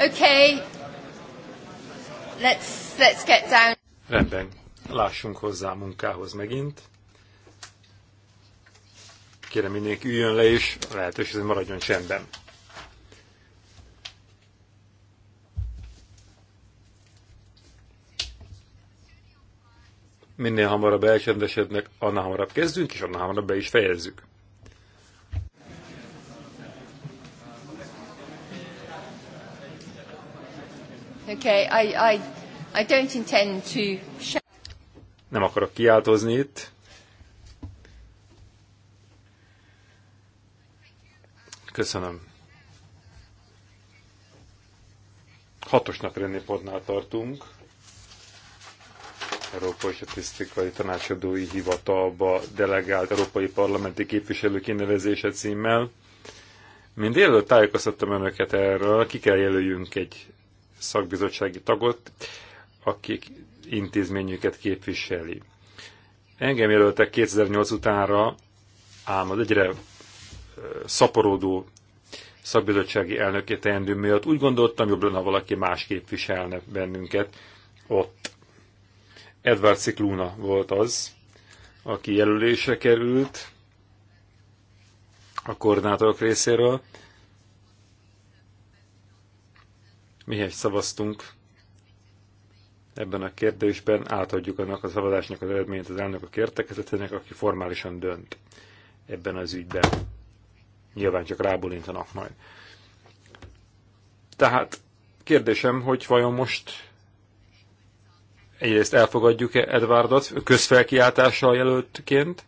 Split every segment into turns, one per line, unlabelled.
Okay. Let's, let's get down.
Rendben, lássunk hozzá a munkához megint. Kérem mindenki üljön le és lehetőség, hogy maradjon csendben. Minél hamarabb elcsendesednek, annál hamarabb kezdünk, és annál hamarabb be is fejezzük.
Okay, I, I, I don't intend to...
Nem akarok kiáltozni itt. Köszönöm. Hatosnak René Pornál tartunk. Európai Statisztikai Tanácsadói Hivatalba delegált Európai Parlamenti Képviselő kinevezése címmel. Mint délelőtt tájékoztattam önöket erről, ki kell jelöljünk egy szakbizottsági tagot, akik intézményüket képviseli. Engem jelöltek 2008 utánra, ám az egyre szaporodó szakbizottsági elnöké teendő miatt úgy gondoltam, jobb lenne, valaki más képviselne bennünket ott. Edward Cicluna volt az, aki jelölése került a koordinátorok részéről, mihez szavaztunk ebben a kérdésben, átadjuk annak a szavazásnak az eredményt az elnök a kértekezetének, aki formálisan dönt ebben az ügyben. Nyilván csak rábulintanak majd. Tehát kérdésem, hogy vajon most egyrészt elfogadjuk-e Edwardot közfelkiáltással jelöltként?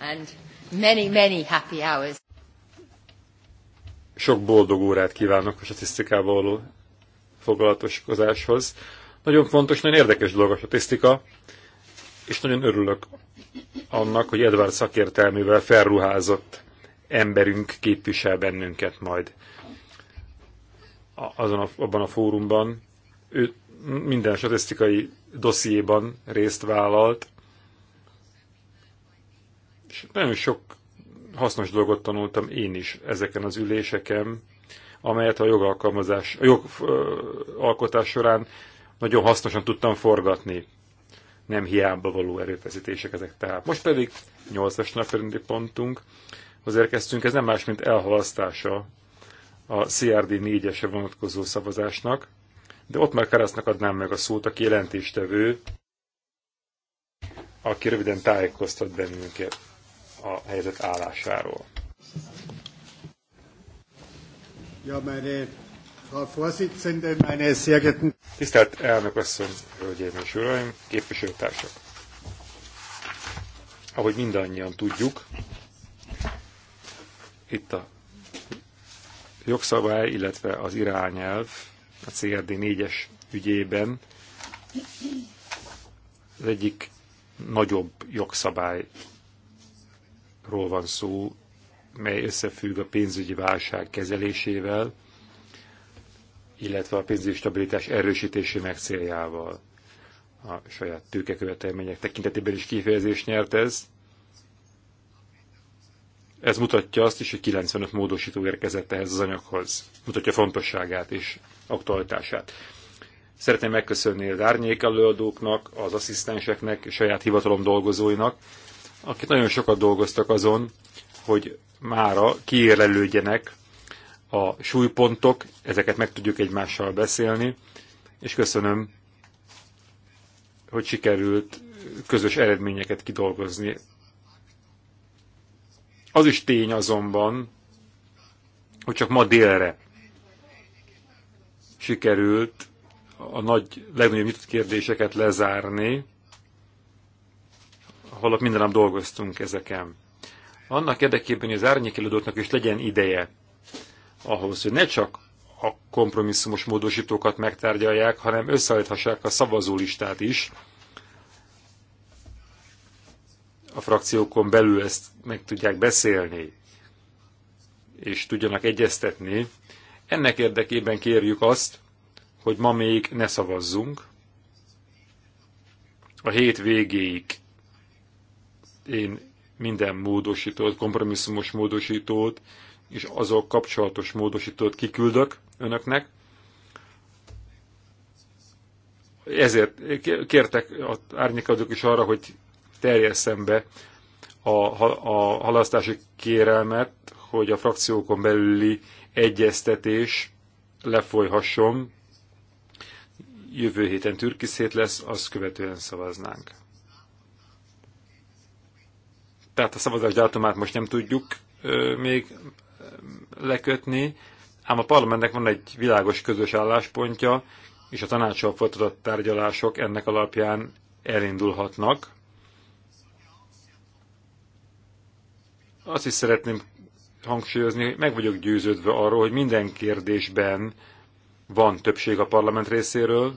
And Many, many happy hours.
Sok boldog órát kívánok a statisztikával való foglalatoskozáshoz. Nagyon fontos, nagyon érdekes dolog a statisztika, és nagyon örülök annak, hogy Edward szakértelmével felruházott emberünk képvisel bennünket majd azon a, abban a fórumban. Ő minden statisztikai dossziéban részt vállalt, és nagyon sok hasznos dolgot tanultam én is ezeken az üléseken, amelyet a jogalkalmazás, a jogalkotás során nagyon hasznosan tudtam forgatni. Nem hiába való erőfeszítések ezek tehát. Most pedig 8-as napirendi pontunk, érkeztünk, ez nem más, mint elhalasztása a CRD 4-esre vonatkozó szavazásnak, de ott már Karasznak adnám meg a szót, aki jelentéstevő, aki röviden tájékoztat bennünket a helyzet állásáról. Ja, meine Frau Vorsitzende, meine sehr geehrten... Tisztelt elnök asszony, hölgyeim és uraim, képviselőtársak! Ahogy mindannyian tudjuk, itt a jogszabály, illetve az irányelv a CRD 4-es ügyében az egyik nagyobb jogszabály ról van szó, mely összefügg a pénzügyi válság kezelésével, illetve a pénzügyi stabilitás erősítésének céljával. A saját tőkekövetelmények tekintetében is kifejezés nyert ez. Ez mutatja azt is, hogy 95 módosító érkezett ehhez az anyaghoz. Mutatja fontosságát és aktualitását. Szeretném megköszönni az árnyék előadóknak, az asszisztenseknek, saját hivatalom dolgozóinak, akik nagyon sokat dolgoztak azon, hogy mára kiérlelődjenek a súlypontok, ezeket meg tudjuk egymással beszélni, és köszönöm, hogy sikerült közös eredményeket kidolgozni. Az is tény azonban, hogy csak ma délre sikerült a nagy, legnagyobb nyitott kérdéseket lezárni, holott minden nap dolgoztunk ezeken. Annak érdekében, hogy az árnyékelődőknek is legyen ideje ahhoz, hogy ne csak a kompromisszumos módosítókat megtárgyalják, hanem összeállíthassák a szavazólistát is. A frakciókon belül ezt meg tudják beszélni, és tudjanak egyeztetni. Ennek érdekében kérjük azt, hogy ma még ne szavazzunk, a hét végéig én minden módosítót, kompromisszumos módosítót és azok kapcsolatos módosítót kiküldök önöknek. Ezért kértek az árnyékadók is arra, hogy terjesszem be a, a halasztási kérelmet, hogy a frakciókon belüli egyeztetés lefolyhasson. Jövő héten türkiszét lesz, azt követően szavaznánk tehát a szavazás dátumát most nem tudjuk ö, még lekötni, ám a parlamentnek van egy világos közös álláspontja, és a tanácssal folytatott tárgyalások ennek alapján elindulhatnak. Azt is szeretném hangsúlyozni, hogy meg vagyok győződve arról, hogy minden kérdésben van többség a parlament részéről.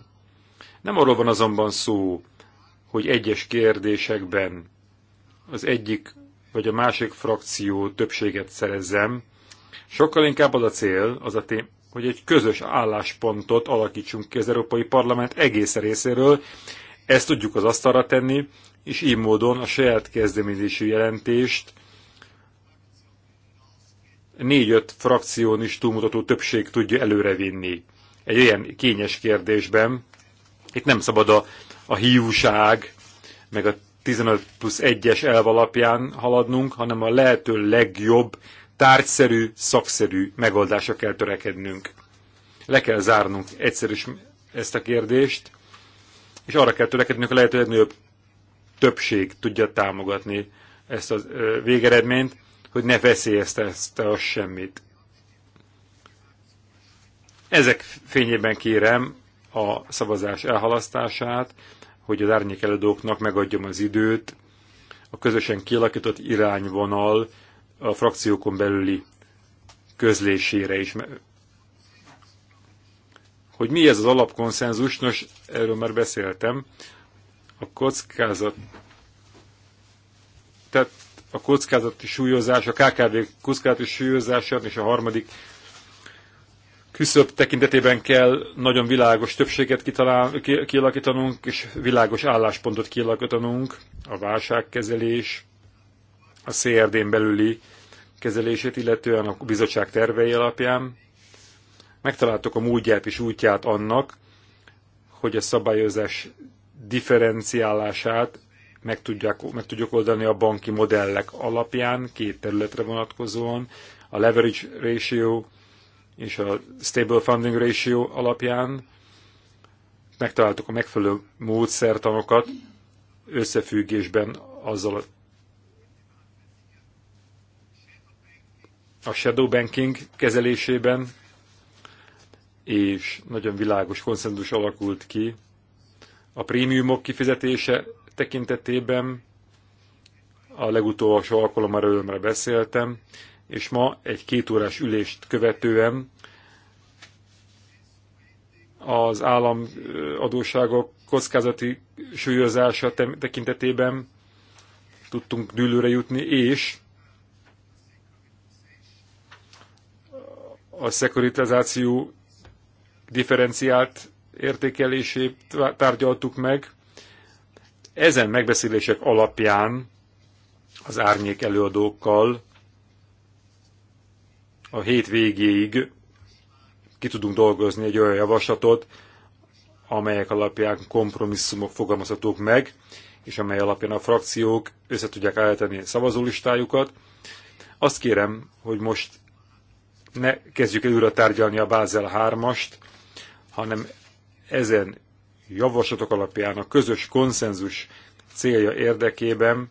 Nem arról van azonban szó, hogy egyes kérdésekben az egyik vagy a másik frakció többséget szerezzem. Sokkal inkább az a cél, az a tém, hogy egy közös álláspontot alakítsunk ki az Európai Parlament egész részéről, ezt tudjuk az asztalra tenni, és így módon a saját kezdeményezésű jelentést négy-öt frakción is túlmutató többség tudja előrevinni. Egy ilyen kényes kérdésben itt nem szabad a, a hiúság, meg a 15 plusz 1-es elv alapján haladnunk, hanem a lehető legjobb, tárgyszerű, szakszerű megoldásra kell törekednünk. Le kell zárnunk egyszerűs ezt a kérdést, és arra kell törekednünk, hogy a lehető legnagyobb többség tudja támogatni ezt a végeredményt, hogy ne ezt a semmit. Ezek fényében kérem a szavazás elhalasztását, hogy az árnyékeladóknak megadjam az időt, a közösen kialakított irányvonal a frakciókon belüli közlésére is. Hogy mi ez az alapkonszenzus, nos, erről már beszéltem, a kockázat, tehát a kockázati súlyozás, a KKV kockázati súlyozása és a harmadik küszöb tekintetében kell nagyon világos többséget kitalál, kialakítanunk, és világos álláspontot kialakítanunk a válságkezelés, a CRD-n belüli kezelését, illetően a bizottság tervei alapján. Megtaláltuk a módját és útját annak, hogy a szabályozás differenciálását meg, tudják, meg tudjuk oldani a banki modellek alapján, két területre vonatkozóan, a leverage ratio és a Stable Funding Ratio alapján megtaláltuk a megfelelő módszertanokat összefüggésben azzal a, a shadow banking kezelésében, és nagyon világos konszenzus alakult ki a prémiumok kifizetése tekintetében, a legutolsó alkalommal erről beszéltem, és ma egy kétórás ülést követően az adóságok kockázati súlyozása tekintetében tudtunk dűlőre jutni, és a szekuritizáció differenciált értékelését tárgyaltuk meg. Ezen megbeszélések alapján az árnyék előadókkal a hét végéig ki tudunk dolgozni egy olyan javaslatot, amelyek alapján kompromisszumok fogalmazhatók meg, és amely alapján a frakciók össze tudják állítani szavazólistájukat. Azt kérem, hogy most ne kezdjük előre tárgyalni a Bázel 3-ast, hanem ezen javaslatok alapján a közös konszenzus célja érdekében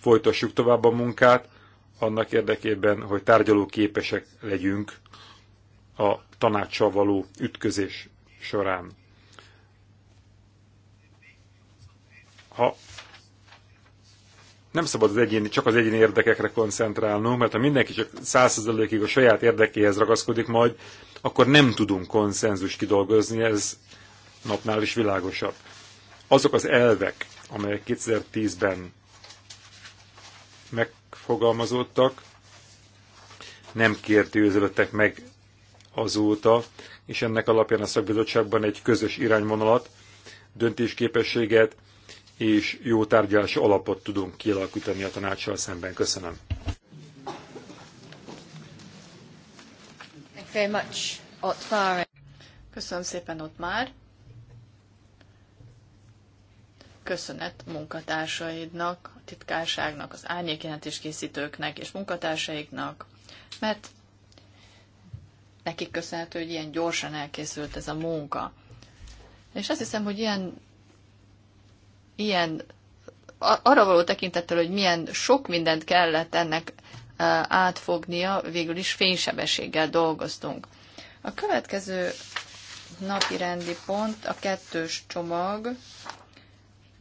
folytassuk tovább a munkát, annak érdekében, hogy tárgyaló képesek legyünk a tanácssal való ütközés során. Ha nem szabad az egyéni, csak az egyéni érdekekre koncentrálnunk, mert ha mindenki csak százszerzelőkig a saját érdekéhez ragaszkodik majd, akkor nem tudunk konszenzus kidolgozni, ez napnál is világosabb. Azok az elvek, amelyek 2010-ben megfogalmazódtak, nem kértőződöttek meg azóta, és ennek alapján a szakbizottságban egy közös irányvonalat, döntésképességet és jó tárgyalási alapot tudunk kialakítani a tanácssal szemben. Köszönöm.
Köszönöm szépen, Ottmar köszönet munkatársaidnak, a titkárságnak, az árnyékjelentés készítőknek és munkatársaiknak, mert nekik köszönhető, hogy ilyen gyorsan elkészült ez a munka. És azt hiszem, hogy ilyen, ilyen arra való tekintettel, hogy milyen sok mindent kellett ennek e, átfognia, végül is fénysebességgel dolgoztunk. A következő napi rendi pont a kettős csomag,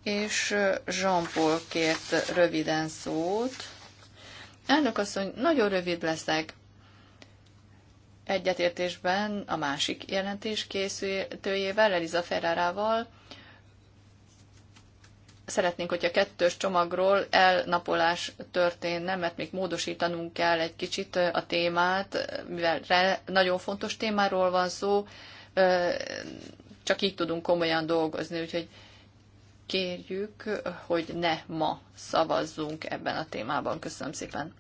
és Jean-Paul kért röviden szót. Elnök asszony, nagyon rövid leszek. Egyetértésben a másik jelentés készítőjével, Eliza Ferrarával, szeretnénk, hogyha kettős csomagról elnapolás történne, mert még módosítanunk kell egy kicsit a témát, mivel nagyon fontos témáról van szó, csak így tudunk komolyan dolgozni, úgyhogy kérjük, hogy ne ma szavazzunk ebben a témában. Köszönöm szépen.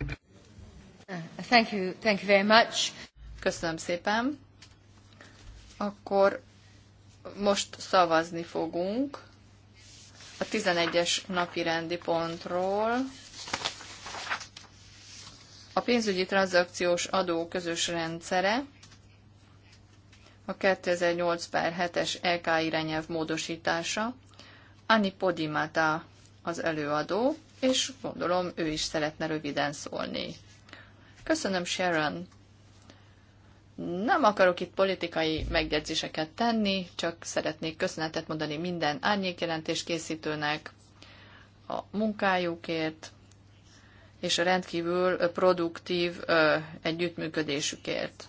Thank you, thank you very much. Köszönöm szépen. Akkor most szavazni fogunk a 11-es napi rendi pontról. A pénzügyi tranzakciós adó közös rendszere a 2008 per 7-es LK irányelv módosítása, Anni Podimata az előadó, és gondolom ő is szeretne röviden szólni. Köszönöm, Sharon! Nem akarok itt politikai megjegyzéseket tenni, csak szeretnék köszönetet mondani minden árnyékjelentés készítőnek a munkájukért, és a rendkívül produktív együttműködésükért.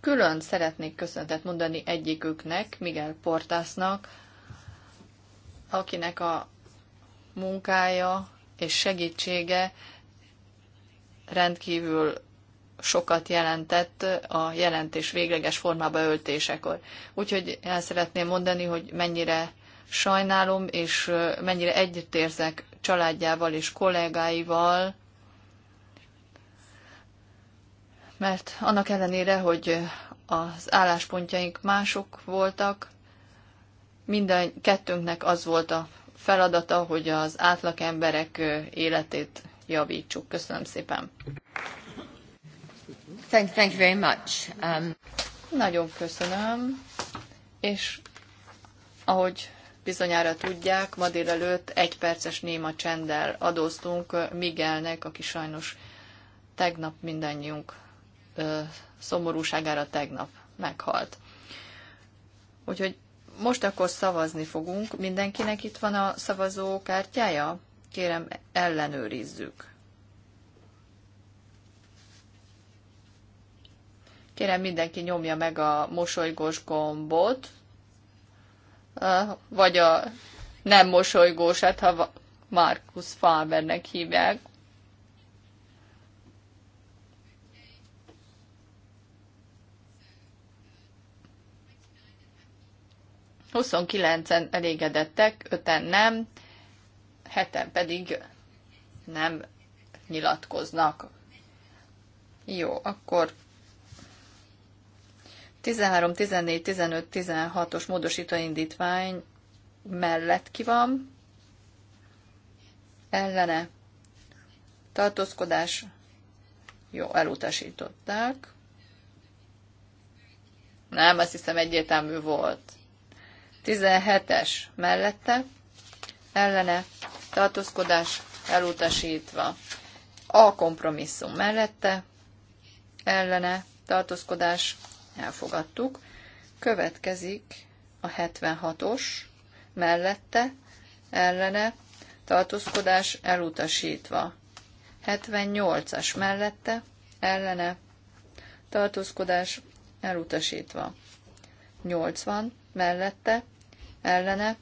Külön szeretnék köszönetet mondani egyiküknek, Miguel Portásnak, akinek a munkája és segítsége rendkívül sokat jelentett a jelentés végleges formába öltésekor. Úgyhogy el szeretném mondani, hogy mennyire sajnálom, és mennyire együttérzek családjával és kollégáival, mert annak ellenére, hogy az álláspontjaink mások voltak, minden kettőnknek az volt a feladata, hogy az átlag emberek életét javítsuk. Köszönöm szépen. Thank, thank you very much. Um... Nagyon köszönöm, és ahogy bizonyára tudják, ma délelőtt egy perces néma csenddel adóztunk Miguelnek, aki sajnos tegnap mindannyiunk ö, szomorúságára tegnap meghalt. Úgyhogy most akkor szavazni fogunk. Mindenkinek itt van a szavazókártyája? Kérem, ellenőrizzük. Kérem, mindenki nyomja meg a mosolygós gombot, vagy a nem mosolygósat, ha Markus Fabernek hívják. 29-en elégedettek, 5-en nem, 7-en pedig nem nyilatkoznak. Jó, akkor 13, 14, 15, 16-os módosítóindítvány mellett ki van, ellene tartózkodás, jó, elutasították. Nem, azt hiszem egyértelmű volt. 17-es mellette, ellene tartózkodás elutasítva. A kompromisszum mellette, ellene tartózkodás elfogadtuk. Következik a 76-os mellette, ellene tartózkodás elutasítva. 78-as mellette, ellene tartózkodás elutasítva. 80 mellette, ellene,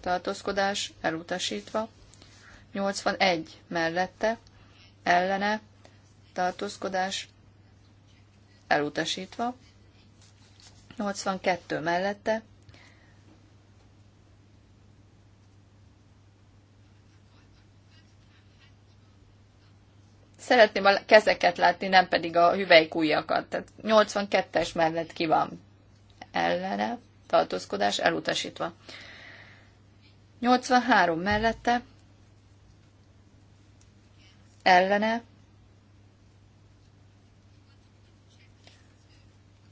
tartózkodás elutasítva, 81 mellette, ellene, tartózkodás elutasítva, 82 mellette, Szeretném a kezeket látni, nem pedig a hüvelykújjakat. Tehát 82-es mellett ki van ellene tartózkodás elutasítva. 83 mellette ellene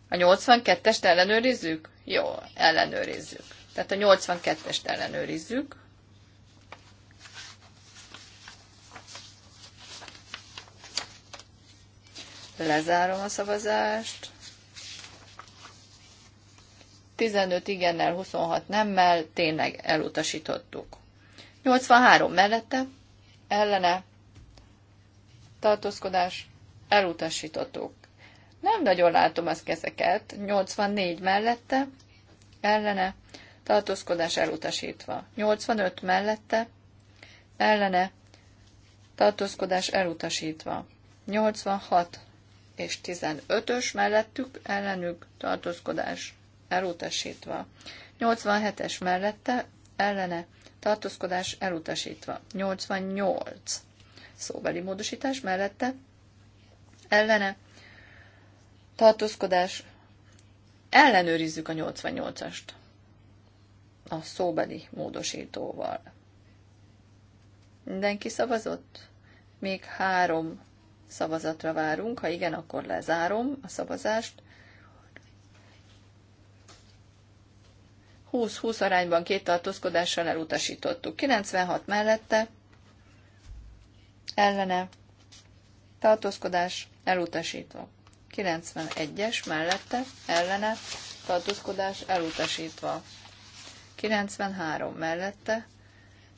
A 82-est ellenőrizzük? Jó, ellenőrizzük. Tehát a 82-est ellenőrizzük. Lezárom a szavazást. 15 igennel, 26 nemmel tényleg elutasítottuk. 83 mellette, ellene, tartózkodás, elutasítottuk. Nem nagyon látom az kezeket, 84 mellette, ellene, tartózkodás elutasítva. 85 mellette, ellene, tartózkodás elutasítva. 86 és 15-ös mellettük ellenük tartózkodás elutasítva. 87-es mellette ellene tartózkodás elutasítva. 88 szóbeli módosítás mellette ellene tartózkodás ellenőrizzük a 88-ast a szóbeli módosítóval. Mindenki szavazott? Még három szavazatra várunk. Ha igen, akkor lezárom a szavazást. 20-20 arányban két tartózkodással elutasítottuk. 96 mellette ellene tartózkodás elutasítva. 91-es mellette ellene tartózkodás elutasítva. 93 mellette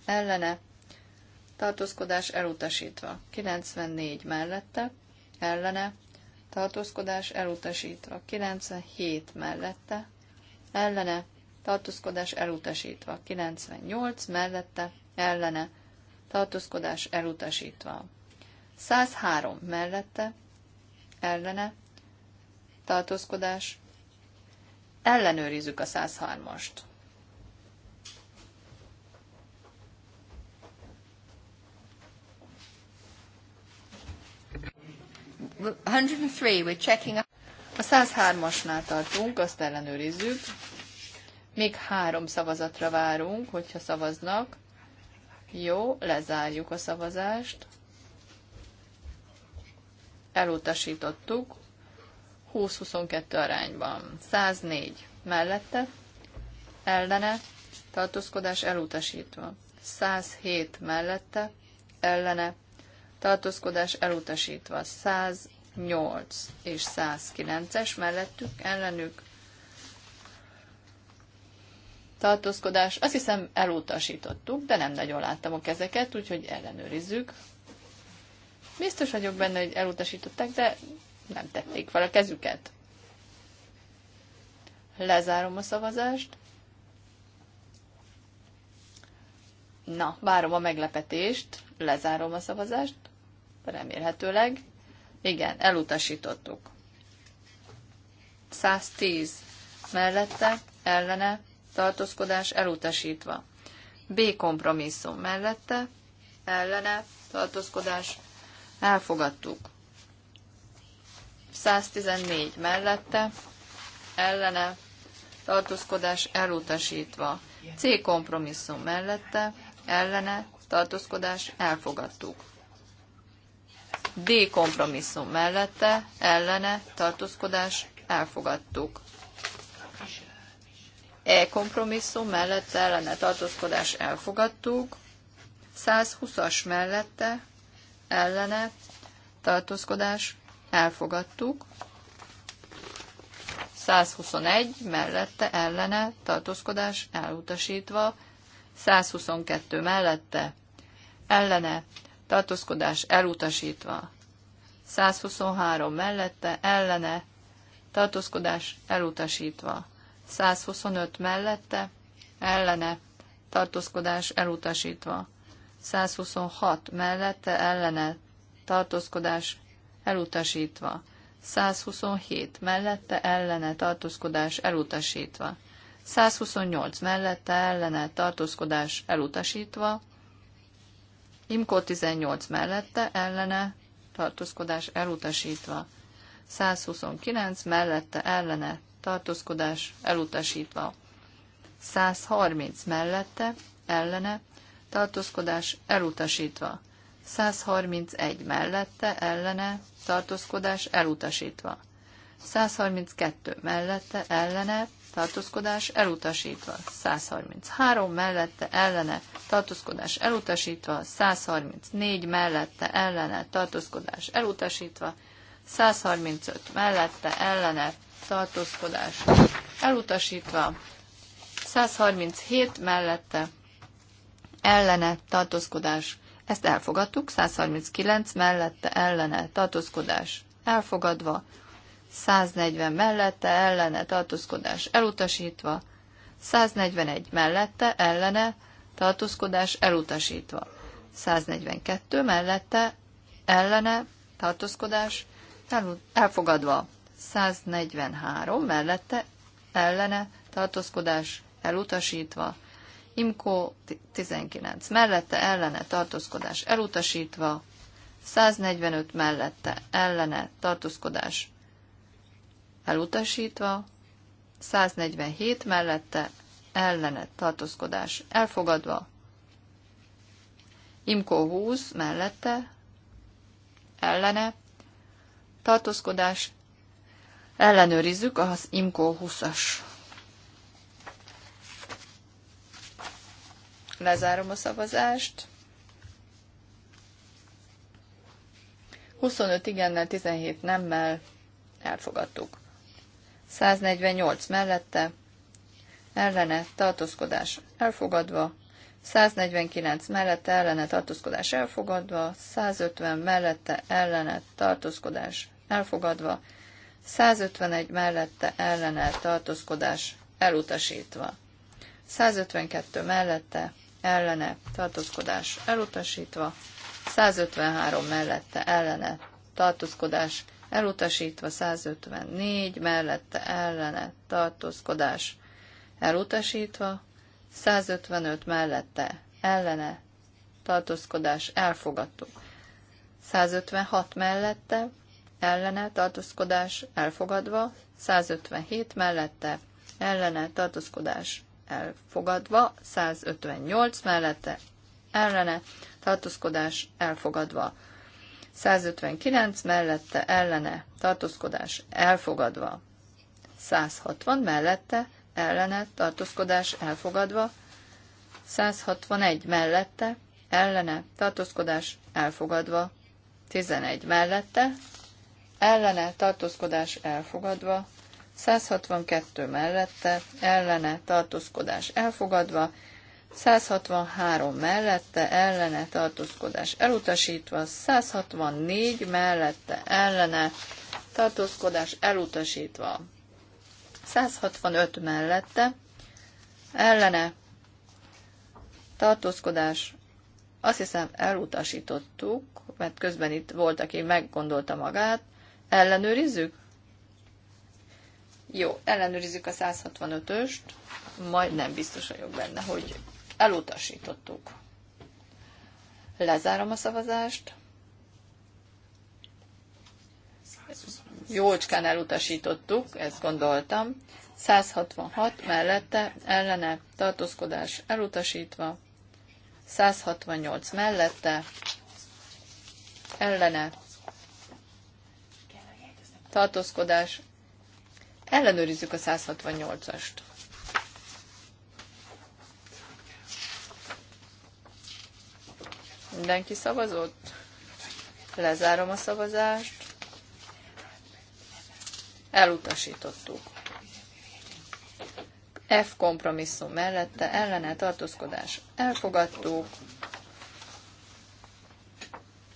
ellene tartózkodás elutasítva. 94 mellette ellene tartózkodás elutasítva. 97 mellette ellene tartózkodás elutasítva. 98 mellette ellene tartózkodás elutasítva. 103 mellette ellene tartózkodás ellenőrizzük a 103-ast. A 103-asnál tartunk, azt ellenőrizzük. Még három szavazatra várunk, hogyha szavaznak. Jó, lezárjuk a szavazást. Elutasítottuk. 20-22 arányban. 104 mellette, ellene, tartózkodás elutasítva. 107 mellette, ellene, tartózkodás elutasítva. 108 és 109-es mellettük, ellenük, tartózkodás. Azt hiszem elutasítottuk, de nem nagyon láttam a kezeket, úgyhogy ellenőrizzük. Biztos vagyok benne, hogy elutasították, de nem tették fel a kezüket. Lezárom a szavazást. Na, várom a meglepetést, lezárom a szavazást, remélhetőleg. Igen, elutasítottuk. 110 mellette, ellene, tartózkodás elutasítva. B kompromisszum mellette, ellene, tartózkodás elfogadtuk. 114 mellette, ellene, tartózkodás elutasítva. C kompromisszum mellette, ellene, tartózkodás elfogadtuk. D kompromisszum mellette, ellene, tartózkodás elfogadtuk. E kompromisszum mellette ellene tartózkodás elfogadtuk, 120-as mellette ellene tartózkodás elfogadtuk, 121 mellette ellene tartózkodás elutasítva, 122 mellette ellene tartózkodás elutasítva, 123 mellette ellene tartózkodás elutasítva. 125 mellette, ellene, tartózkodás elutasítva. 126 mellette, ellene, tartózkodás elutasítva. 127 mellette, ellene, tartózkodás elutasítva. 128 mellette, ellene, tartózkodás elutasítva. Imkó 18 mellette, ellene, tartózkodás elutasítva. 129 mellette, ellene, tartózkodás elutasítva. 130 mellette, ellene, tartózkodás elutasítva. 131 mellette, ellene, tartózkodás elutasítva. 132 mellette, ellene, tartózkodás elutasítva. 133 mellette, ellene, tartózkodás elutasítva. 134 mellette, ellene, tartózkodás elutasítva. 135 mellette, ellene, tartózkodás elutasítva, 137 mellette ellene tartózkodás, ezt elfogadtuk, 139 mellette ellene tartózkodás elfogadva, 140 mellette ellene tartózkodás elutasítva, 141 mellette ellene tartózkodás elutasítva, 142 mellette ellene tartózkodás elfogadva, 143 mellette ellene tartózkodás elutasítva, Imko 19 mellette ellene tartózkodás elutasítva, 145 mellette ellene tartózkodás elutasítva, 147 mellette ellene tartózkodás elfogadva, Imko 20 mellette ellene tartózkodás Ellenőrizzük az IMCO 20-as. Lezárom a szavazást. 25 igennel, 17 nemmel elfogadtuk. 148 mellette, ellene tartózkodás elfogadva, 149 mellette ellene tartózkodás elfogadva, 150 mellette ellene tartózkodás elfogadva, 151 mellette ellene tartózkodás elutasítva. 152 mellette ellene tartózkodás elutasítva. 153 mellette ellene tartózkodás elutasítva. 154 mellette ellene tartózkodás elutasítva. 155 mellette ellene tartózkodás elfogadtuk. 156 mellette ellene tartózkodás elfogadva, 157 mellette ellene tartózkodás elfogadva, 158 mellette ellene tartózkodás elfogadva, 159 mellette ellene tartózkodás elfogadva, 160 mellette ellene tartózkodás elfogadva, 161 mellette ellene tartózkodás elfogadva, 11 mellette ellene tartózkodás elfogadva, 162 mellette, ellene tartózkodás elfogadva, 163 mellette, ellene tartózkodás elutasítva, 164 mellette, ellene tartózkodás elutasítva, 165 mellette, ellene tartózkodás azt hiszem elutasítottuk, mert közben itt volt, aki meggondolta magát, Ellenőrizzük? Jó, ellenőrizzük a 165-öst, majd nem biztos vagyok benne, hogy elutasítottuk. Lezárom a szavazást. Jócskán elutasítottuk, ezt gondoltam. 166 mellette ellene tartózkodás elutasítva, 168 mellette ellene tartózkodás, ellenőrizzük a 168-ast. Mindenki szavazott? Lezárom a szavazást. Elutasítottuk. F kompromisszum mellette ellene tartózkodás elfogadtuk.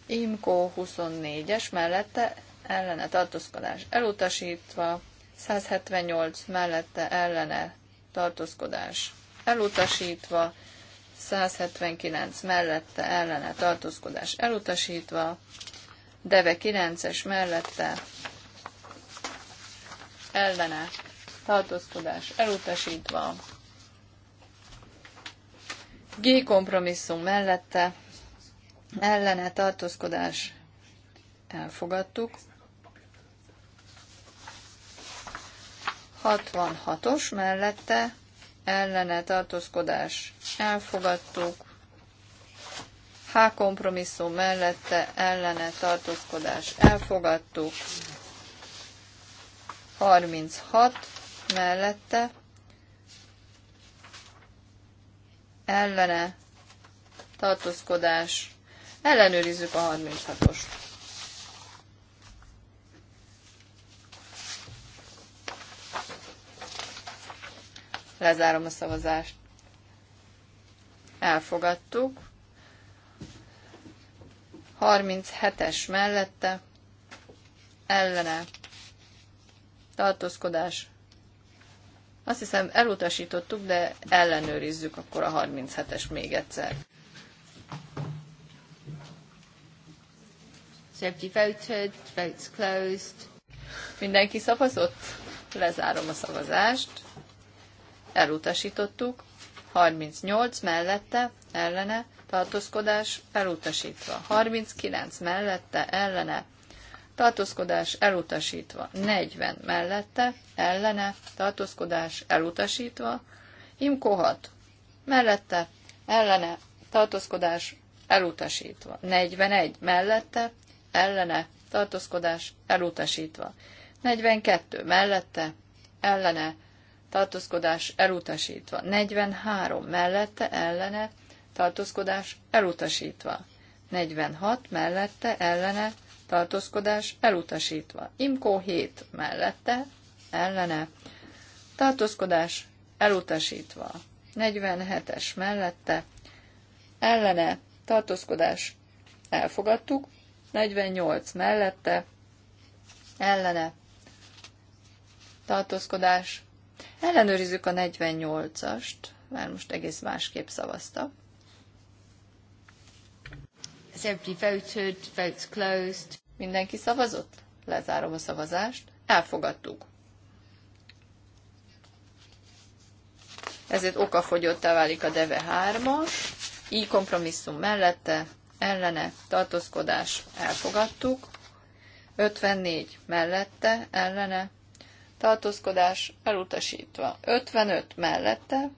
Imko 24-es mellette ellene tartózkodás elutasítva, 178 mellette ellene tartózkodás elutasítva, 179 mellette ellene tartózkodás elutasítva, Deve 9-es mellette ellene tartózkodás elutasítva, G kompromisszum mellette ellene tartózkodás elfogadtuk, 66-os mellette ellene tartózkodás elfogadtuk. H kompromisszum mellette ellene tartózkodás elfogadtuk. 36 mellette ellene tartózkodás ellenőrizzük a 36-ost. Lezárom a szavazást. Elfogadtuk. 37-es mellette ellene tartózkodás. Azt hiszem elutasítottuk, de ellenőrizzük akkor a 37-es még egyszer. voted, votes closed. Mindenki szavazott? Lezárom a szavazást elutasítottuk, 38 mellette, ellene, tartózkodás elutasítva, 39 mellette, ellene, tartózkodás elutasítva, 40 mellette, ellene, tartózkodás elutasítva, Imko 6 mellette, ellene, tartózkodás elutasítva, 41 mellette, ellene, tartózkodás elutasítva, 42 mellette, ellene, tartózkodás elutasítva. 43 mellette ellene tartózkodás elutasítva. 46 mellette ellene tartózkodás elutasítva. Imkó 7 mellette ellene tartózkodás elutasítva. 47-es mellette ellene tartózkodás elfogadtuk. 48 mellette ellene tartózkodás Ellenőrizzük a 48-ast, mert most egész másképp szavaztak. Has everybody voted? Votes closed. Mindenki szavazott? Lezárom a szavazást. Elfogadtuk. Ezért okafogyottá válik a DEVE 3-as. Így kompromisszum mellette, ellene, tartózkodás, elfogadtuk. 54 mellette, ellene, tartózkodás elutasítva. 55 mellette,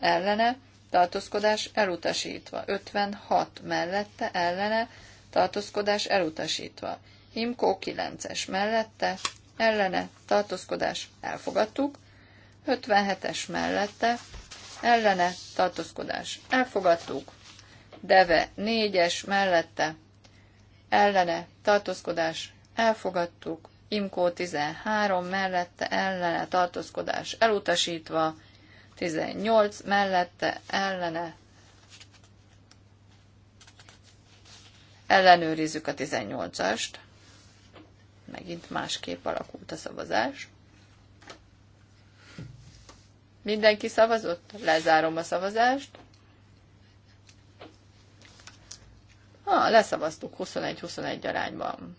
ellene, tartózkodás elutasítva. 56 mellette, ellene, tartózkodás elutasítva. Imkó 9-es mellette, ellene, tartózkodás elfogadtuk. 57-es mellette, ellene, tartózkodás elfogadtuk. Deve 4-es mellette, ellene, tartózkodás elfogadtuk. Imkó 13 mellette ellene tartózkodás elutasítva, 18 mellette ellene ellenőrizzük a 18-ast. Megint másképp alakult a szavazás. Mindenki szavazott? Lezárom a szavazást. Ah, leszavaztuk 21-21 arányban.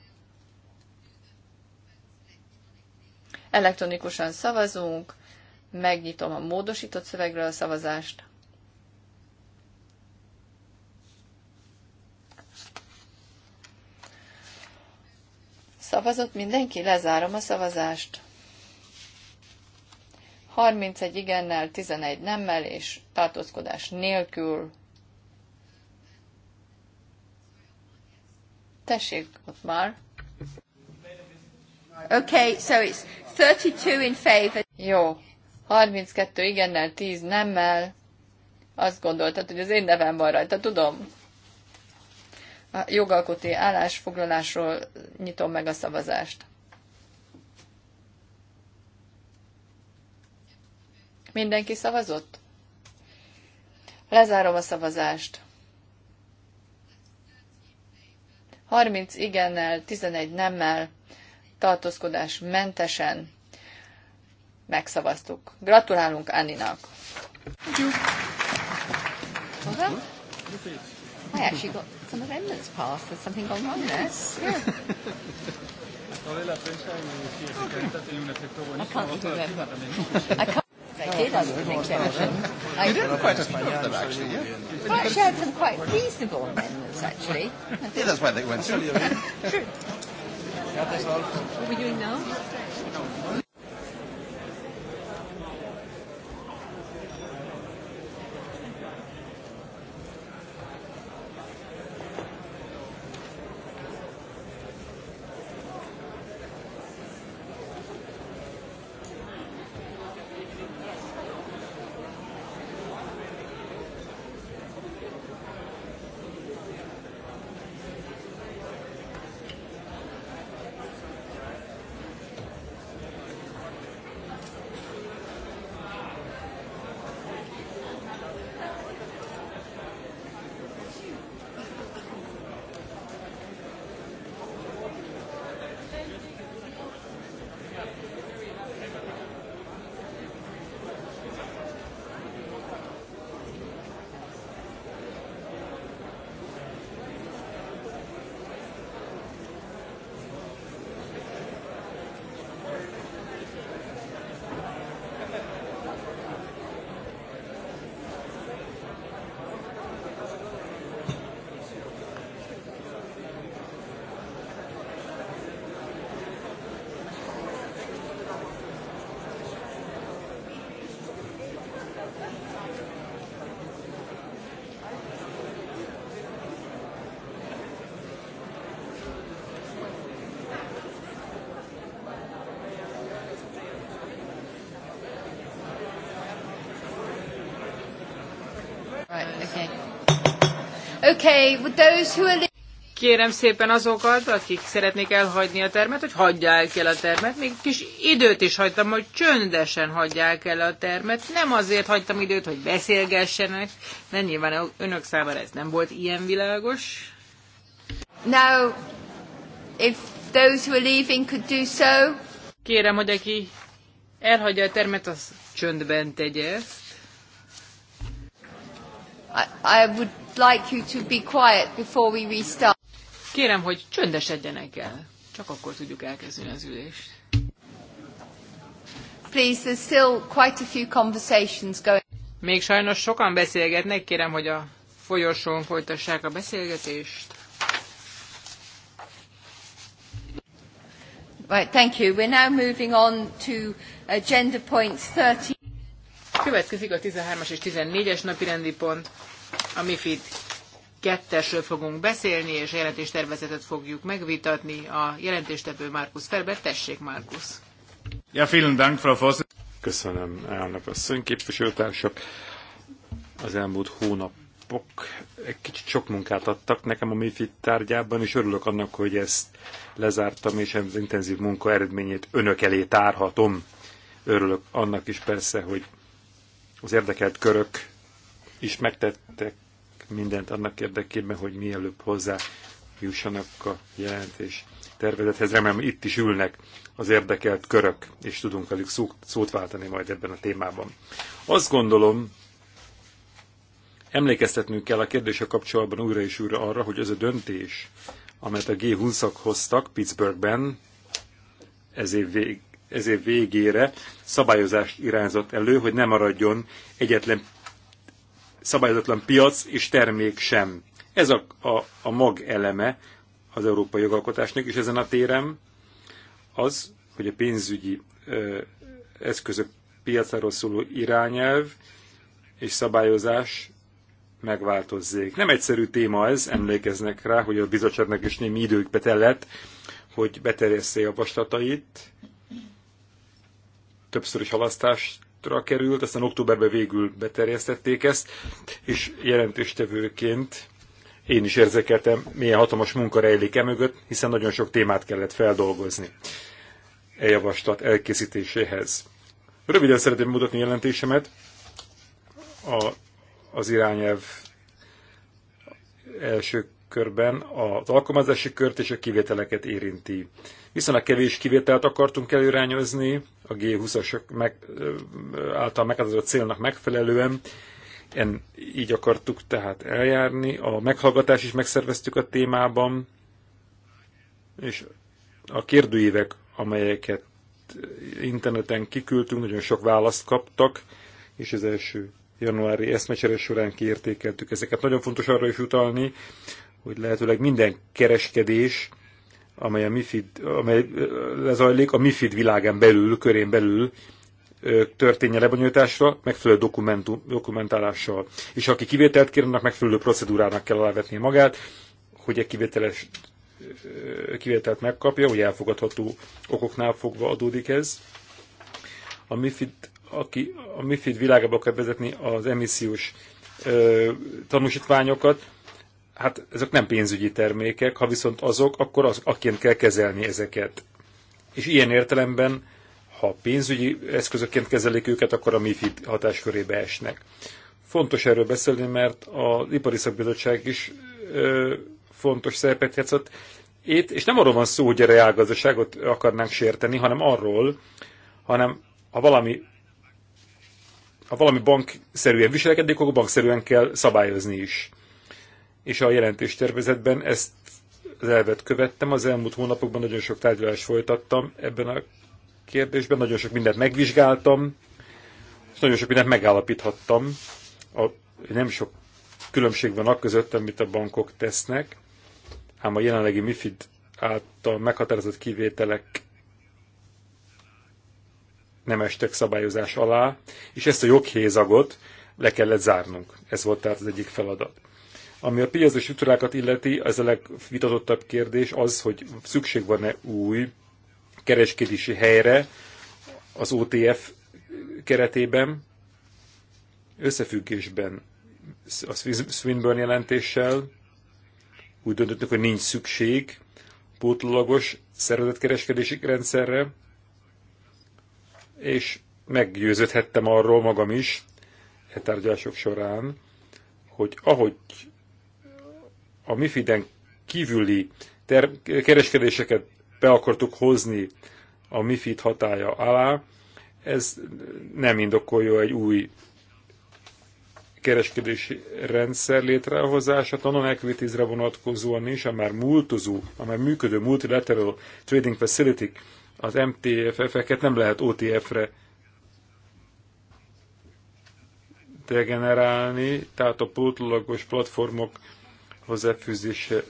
Elektronikusan szavazunk, megnyitom a módosított szövegről a szavazást. Szavazott mindenki? Lezárom a szavazást. 31 igennel, 11 nemmel és tartózkodás nélkül. Tessék, ott már. Okay, so it's 32 in favor. Jó. 32 igennel, 10 nemmel. Azt gondoltad, hogy az én nevem van rajta, tudom. A jogalkoti állásfoglalásról nyitom meg a szavazást. Mindenki szavazott? Lezárom a szavazást. 30 igennel, 11 nemmel tartózkodás mentesen megszavaztuk. Gratulálunk Anninak! I actually got some There's something there. I can't remember. I can't. I did, did quite a few of them, actually, yeah? Well, actually, I had some quite reasonable amendments, actually. yeah, that's why they went True.
Gracias, Adolfo. What are we doing now?
Okay, with those who are...
Kérem szépen azokat, akik szeretnék elhagyni a termet, hogy hagyják el a termet. Még kis időt is hagytam, hogy csöndesen hagyják el a termet. Nem azért hagytam időt, hogy beszélgessenek, mert nyilván önök számára ez nem volt ilyen világos.
Now, if those who are leaving could do so. Kérem, hogy aki
elhagyja a termet, az csöndben tegye ezt. I,
I would like you to be quiet before we restart.
Kérem, hogy csöndesedjenek el. Csak akkor tudjuk elkezdeni az ülést.
Please, there's still quite a few conversations going.
Még sajnos sokan beszélgetnek, kérem, hogy a folyosón folytassák a beszélgetést.
Right, thank you. We're now moving on to agenda points 30.
Következik a 13-as és 14-es napi rendi pont. A MIFID kettesről fogunk beszélni, és jelentéstervezetet fogjuk megvitatni. A jelentéstevő Markus Ferber, tessék Markus.
Ja, vielen Dank, Frau Voss. Köszönöm, elnök asszony, képviselőtársak. Az elmúlt hónapok egy kicsit sok munkát adtak nekem a MIFID tárgyában, és örülök annak, hogy ezt lezártam, és az intenzív munka eredményét önök elé tárhatom. Örülök annak is persze, hogy az érdekelt körök is megtettek mindent annak érdekében, hogy mielőbb hozzá jussanak a jelentés tervezethez. Remélem itt is ülnek az érdekelt körök, és tudunk velük szó, szót váltani majd ebben a témában. Azt gondolom, emlékeztetnünk kell a kérdése kapcsolatban újra és újra arra, hogy ez a döntés, amelyet a G20-ak hoztak Pittsburghben ez év, vég, ez év végére, szabályozást irányzott elő, hogy ne maradjon egyetlen szabályozatlan piac és termék sem. Ez a, a, a mag eleme az európai jogalkotásnak is ezen a téren, az, hogy a pénzügyi ö, eszközök piacáról szóló irányelv és szabályozás megváltozzék. Nem egyszerű téma ez, emlékeznek rá, hogy a bizottságnak is némi idők betellett, hogy beterjessze javaslatait. Többször is halasztást útra került, aztán októberben végül beterjesztették ezt, és jelentéstevőként én is érzekeltem, milyen hatalmas munka rejlik e mögött, hiszen nagyon sok témát kellett feldolgozni e javaslat elkészítéséhez. Röviden szeretném mutatni jelentésemet. A, az irányelv első körben az alkalmazási kört és a kivételeket érinti. Viszont a kevés kivételt akartunk előrányozni, a G20-asok meg, által meghatározott célnak megfelelően. En, így akartuk tehát eljárni. A meghallgatás is megszerveztük a témában, és a kérdőívek, amelyeket interneten kiküldtünk, nagyon sok választ kaptak, és az első januári eszmecsere során kiértékeltük ezeket. Nagyon fontos arra is utalni, hogy lehetőleg minden kereskedés amely a MIFID, amely lezajlik, a MIFID világen belül, körén belül történje lebonyolításra, megfelelő dokumentum, dokumentálással. És aki kivételt kér, annak megfelelő procedúrának kell alávetni magát, hogy egy kivételes kivételt megkapja, hogy elfogadható okoknál fogva adódik ez. A MIFID, aki a MIFID világába kell vezetni az emissziós ö, tanúsítványokat, hát ezek nem pénzügyi termékek, ha viszont azok, akkor az, akként kell kezelni ezeket. És ilyen értelemben, ha pénzügyi eszközökként kezelik őket, akkor a MIFID hatáskörébe esnek. Fontos erről beszélni, mert az Ipari Szakbizottság is ö, fontos szerepet játszott. Itt, és nem arról van szó, hogy a reálgazdaságot akarnánk sérteni, hanem arról, hanem ha valami ha valami bankszerűen viselkedik, akkor bankszerűen kell szabályozni is és a jelentéstervezetben ezt az elvet követtem. Az elmúlt hónapokban nagyon sok tárgyalást folytattam ebben a kérdésben, nagyon sok mindent megvizsgáltam, és nagyon sok mindent megállapíthattam. A, nem sok különbség van a között, amit a bankok tesznek, ám a jelenlegi MIFID által meghatározott kivételek nem estek szabályozás alá, és ezt a joghézagot le kellett zárnunk. Ez volt tehát az egyik feladat. Ami a piacos struktúrákat illeti, ez a legvitatottabb kérdés az, hogy szükség van-e új kereskedési helyre az OTF keretében, összefüggésben a Swinburne jelentéssel úgy döntöttünk, hogy nincs szükség pótlólagos szervezetkereskedési rendszerre, és meggyőződhettem arról magam is, e tárgyalások során, hogy ahogy a MIFID-en kívüli kereskedéseket be akartuk hozni a MIFID hatája alá, ez nem indokolja egy új kereskedési rendszer létrehozását, a non-equities-re vonatkozóan is, a már múltozó, a már működő multilateral trading facility az MTFF-eket nem lehet OTF-re degenerálni, tehát a pótlagos platformok hozzáfűzése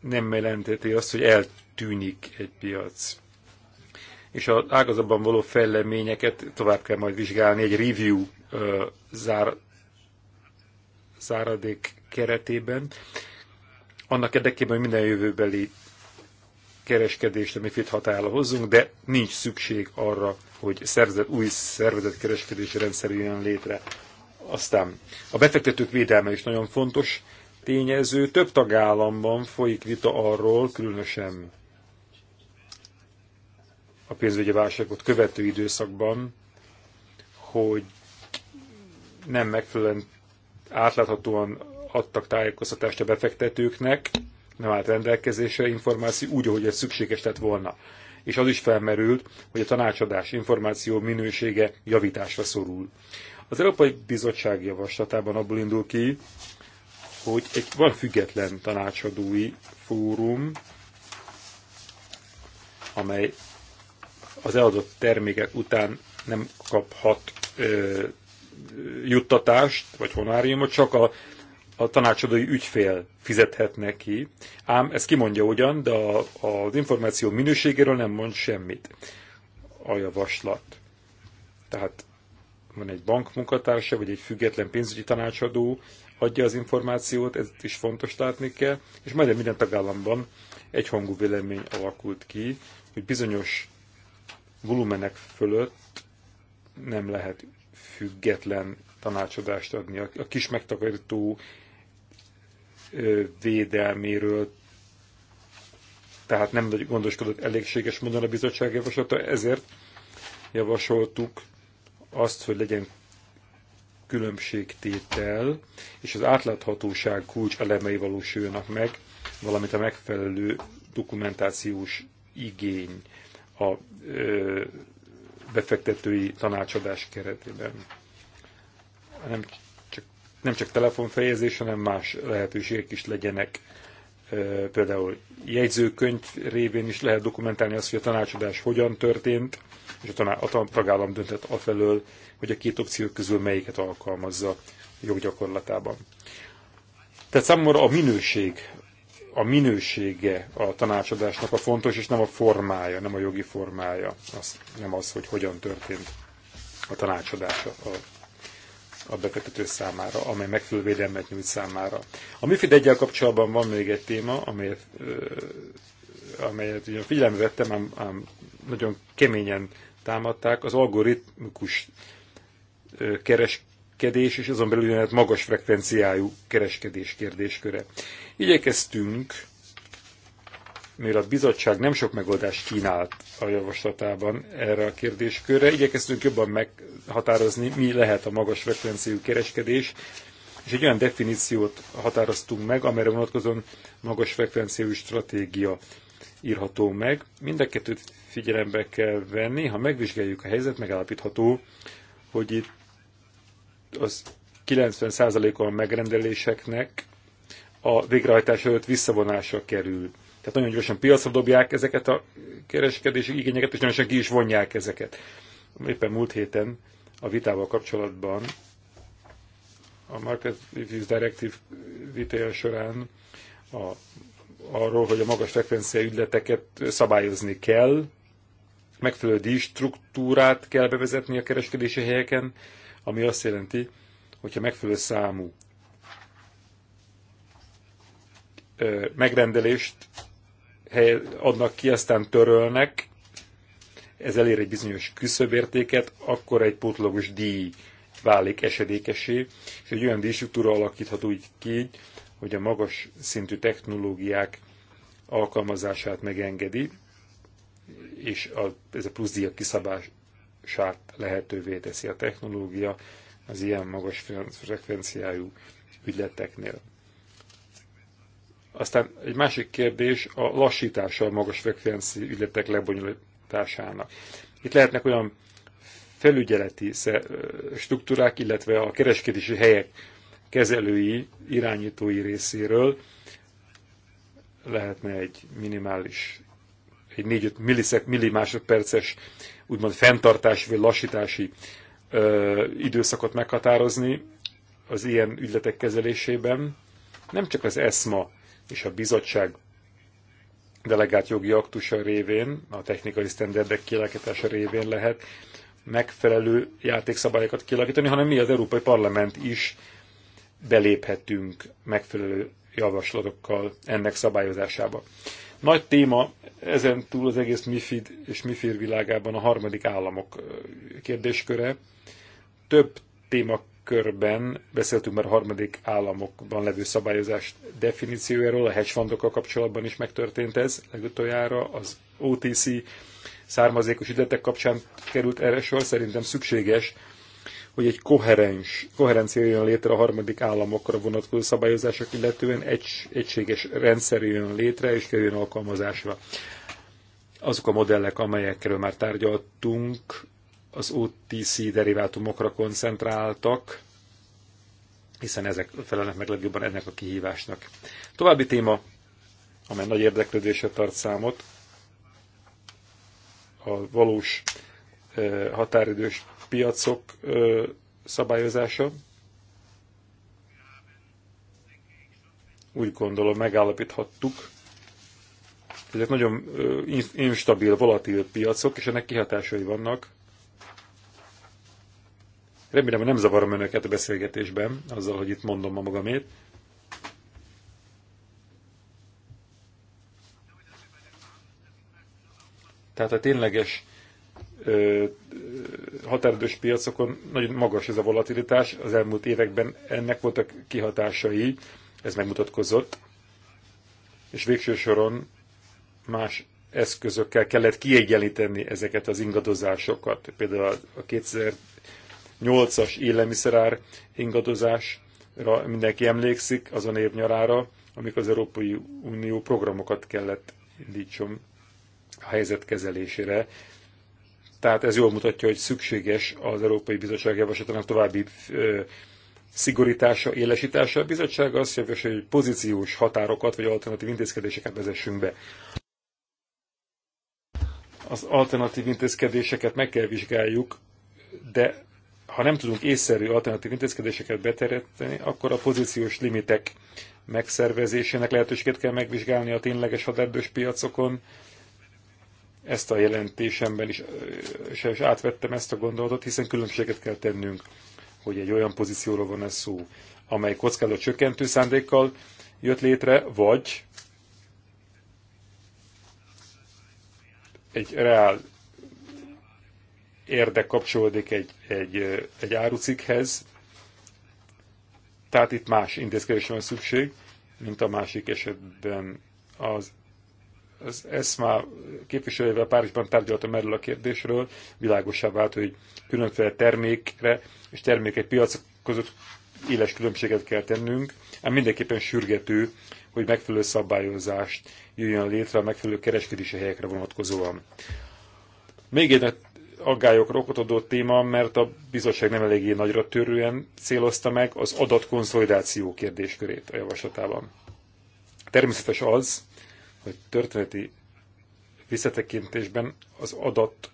nem jelenteti azt, hogy eltűnik egy piac. És az ágazatban való fejleményeket tovább kell majd vizsgálni egy review zár, záradék keretében. Annak érdekében, hogy minden jövőbeli kereskedést, ami fit határa hozzunk, de nincs szükség arra, hogy szervezet, új szervezetkereskedési rendszer jön létre aztán a befektetők védelme is nagyon fontos tényező. Több tagállamban folyik vita arról, különösen a pénzügyi válságot követő időszakban, hogy nem megfelelően átláthatóan adtak tájékoztatást a befektetőknek, nem állt rendelkezésre információ úgy, ahogy ez szükséges lett volna. És az is felmerült, hogy a tanácsadás információ minősége javításra szorul. Az Európai Bizottság javaslatában abból indul ki, hogy egy, van független tanácsadói fórum, amely az eladott termékek után nem kaphat ö, juttatást vagy honáriumot, csak a, a tanácsadói ügyfél fizethet neki. Ám ez kimondja ugyan, de a, az információ minőségéről nem mond semmit a javaslat. Tehát van egy bank munkatársa, vagy egy független pénzügyi tanácsadó adja az információt, ez is fontos látni kell, és majdnem minden tagállamban egyhangú vélemény alakult ki, hogy bizonyos volumenek fölött nem lehet független tanácsadást adni. A kis megtakarító védelméről tehát nem gondoskodott elégséges módon a bizottság javaslata, ezért javasoltuk azt, hogy legyen különbségtétel, és az átláthatóság kulcs elemei valósuljanak meg, valamint a megfelelő dokumentációs igény a ö, befektetői tanácsadás keretében. Nem csak, nem csak telefonfejezés, hanem más lehetőségek is legyenek. Ö, például jegyzőkönyv révén is lehet dokumentálni azt, hogy a tanácsadás hogyan történt, és a, taná, a tagállam döntett afelől, hogy a két opció közül melyiket alkalmazza a joggyakorlatában. Tehát számomra a minőség, a minősége a tanácsadásnak a fontos, és nem a formája, nem a jogi formája, az, nem az, hogy hogyan történt a tanácsadás a, a befektető számára, amely megfelelő védelmet nyújt számára. A MIFID egyel kapcsolatban van még egy téma, amelyet, ö, amelyet ugye figyelembe vettem, ám, ám nagyon keményen támadták, az algoritmikus kereskedés, és azon belül jönhet magas frekvenciájú kereskedés kérdésköre. Igyekeztünk, mivel a bizottság nem sok megoldást kínált a javaslatában erre a kérdéskörre, igyekeztünk jobban meghatározni, mi lehet a magas frekvenciájú kereskedés, és egy olyan definíciót határoztunk meg, amelyre vonatkozóan magas frekvenciájú stratégia írható meg. Mind a kettőt figyelembe kell venni. Ha megvizsgáljuk a helyzet, megállapítható, hogy itt az 90%-on a megrendeléseknek a végrehajtás előtt visszavonásra kerül. Tehát nagyon gyorsan piacra dobják ezeket a kereskedési igényeket, és nagyon gyorsan ki is vonják ezeket. Éppen múlt héten a vitával kapcsolatban a Market Reviews Directive vitája során a arról, hogy a magas frekvencia ügyleteket szabályozni kell, megfelelő díjstruktúrát kell bevezetni a kereskedési helyeken, ami azt jelenti, hogyha megfelelő számú megrendelést adnak ki, aztán törölnek, ez elér egy bizonyos küszöbértéket, akkor egy pótlagos díj válik esedékesé, és egy olyan díjstruktúra alakítható így ki, hogy a magas szintű technológiák alkalmazását megengedi, és a, ez a plusz díjak kiszabását lehetővé teszi a technológia az ilyen magas frekvenciájú ügyleteknél. Aztán egy másik kérdés a lassítása a magas frekvenci ügyletek lebonyolításának. Itt lehetnek olyan felügyeleti struktúrák, illetve a kereskedési helyek kezelői, irányítói részéről lehetne egy minimális, egy 4-5 millimásodperces úgymond fenntartási vagy lassítási ö, időszakot meghatározni az ilyen ügyletek kezelésében. Nem csak az ESMA és a bizottság delegált jogi aktusa révén, a technikai sztenderdek kialakítása révén lehet megfelelő játékszabályokat kialakítani, hanem mi az Európai Parlament is beléphetünk megfelelő javaslatokkal ennek szabályozásába. Nagy téma ezen túl az egész MIFID és MIFIR világában a harmadik államok kérdésköre. Több témakörben beszéltünk már a harmadik államokban levő szabályozás definíciójáról, a hedge fundokkal kapcsolatban is megtörtént ez legutoljára, az OTC származékos ügyletek kapcsán került erre sor, szerintem szükséges, hogy egy koherens, koherencia jön létre a harmadik államokra vonatkozó szabályozások, illetően egy, egységes rendszer jön létre és kerüljön alkalmazásra. Azok a modellek, amelyekről már tárgyaltunk, az OTC derivátumokra koncentráltak, hiszen ezek felelnek meg legjobban ennek a kihívásnak. További téma, amely nagy érdeklődésre tart számot, a valós eh, határidős piacok szabályozása. Úgy gondolom, megállapíthattuk, hogy ezek nagyon instabil, volatil piacok, és ennek kihatásai vannak. Remélem, hogy nem zavarom önöket a beszélgetésben, azzal, hogy itt mondom a magamét. Tehát a tényleges határidős piacokon nagyon magas ez a volatilitás, az elmúlt években ennek voltak kihatásai, ez megmutatkozott, és végső soron más eszközökkel kellett kiegyenlíteni ezeket az ingadozásokat. Például a 2008-as élelmiszerár ingadozásra mindenki emlékszik, azon év nyarára, amikor az Európai Unió programokat kellett indítson a helyzet kezelésére, tehát ez jól mutatja, hogy szükséges az Európai Bizottság javaslatának további ö, szigorítása, élesítása. A bizottság azt javasolja, hogy pozíciós határokat vagy alternatív intézkedéseket vezessünk be. Az alternatív intézkedéseket meg kell vizsgáljuk, de ha nem tudunk észszerű alternatív intézkedéseket beteremteni, akkor a pozíciós limitek megszervezésének lehetőséget kell megvizsgálni a tényleges határdős piacokon, ezt a jelentésemben is, és átvettem ezt a gondolatot, hiszen különbséget kell tennünk, hogy egy olyan pozícióról van ez szó, amely kockázat csökkentő szándékkal jött létre, vagy egy reál érdek kapcsolódik egy, egy, egy árucikhez, tehát itt más intézkedésre van szükség, mint a másik esetben az az ESMA képviselővel Párizsban tárgyaltam erről a kérdésről, világosá vált, hogy különféle termékre és termékek piacok között éles különbséget kell tennünk, ám mindenképpen sürgető, hogy megfelelő szabályozást jöjjön létre a megfelelő kereskedési helyekre vonatkozóan. Még egy aggályokra okot adó téma, mert a bizottság nem eléggé nagyra törően célozta meg az adatkonszolidáció kérdéskörét a javaslatában. Természetes az, hogy történeti visszatekintésben az adat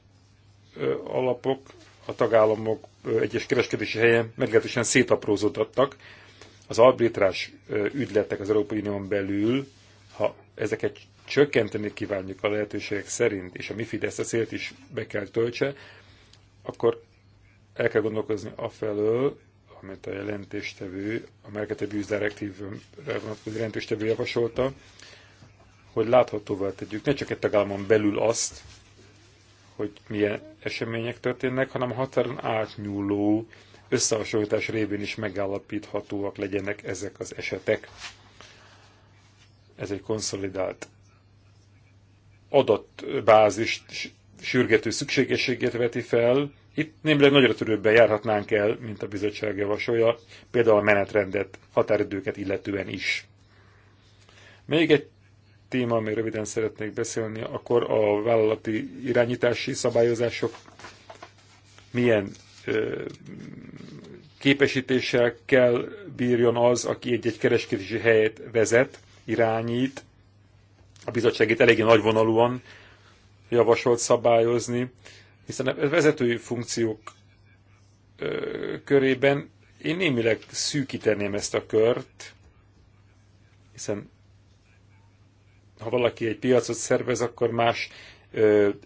alapok a tagállamok egyes kereskedési helyen meglehetősen szétaprózódottak. Az arbitrás ügyletek az Európai Unión belül, ha ezeket csökkenteni kívánjuk a lehetőségek szerint, és a MIFID ezt a célt is be kell töltse, akkor el kell gondolkozni afelől, amit a jelentéstevő, a Merkete Bűz Direktívre vonatkozó jelentéstevő javasolta, hogy láthatóvá tegyük ne csak egy tagállamon belül azt, hogy milyen események történnek, hanem a határon átnyúló összehasonlítás révén is megállapíthatóak legyenek ezek az esetek. Ez egy konszolidált adatbázis sürgető szükségességét veti fel. Itt némileg nagyra törőbben járhatnánk el, mint a bizottság javasolja, például a menetrendet, határidőket illetően is. Még egy téma, amely röviden szeretnék beszélni, akkor a vállalati irányítási szabályozások milyen ö, képesítéssel kell bírjon az, aki egy-egy kereskedési helyet vezet, irányít. A bizottság itt eléggé nagyvonalúan javasolt szabályozni, hiszen a vezetői funkciók ö, körében én némileg szűkíteném ezt a kört, hiszen ha valaki egy piacot szervez, akkor más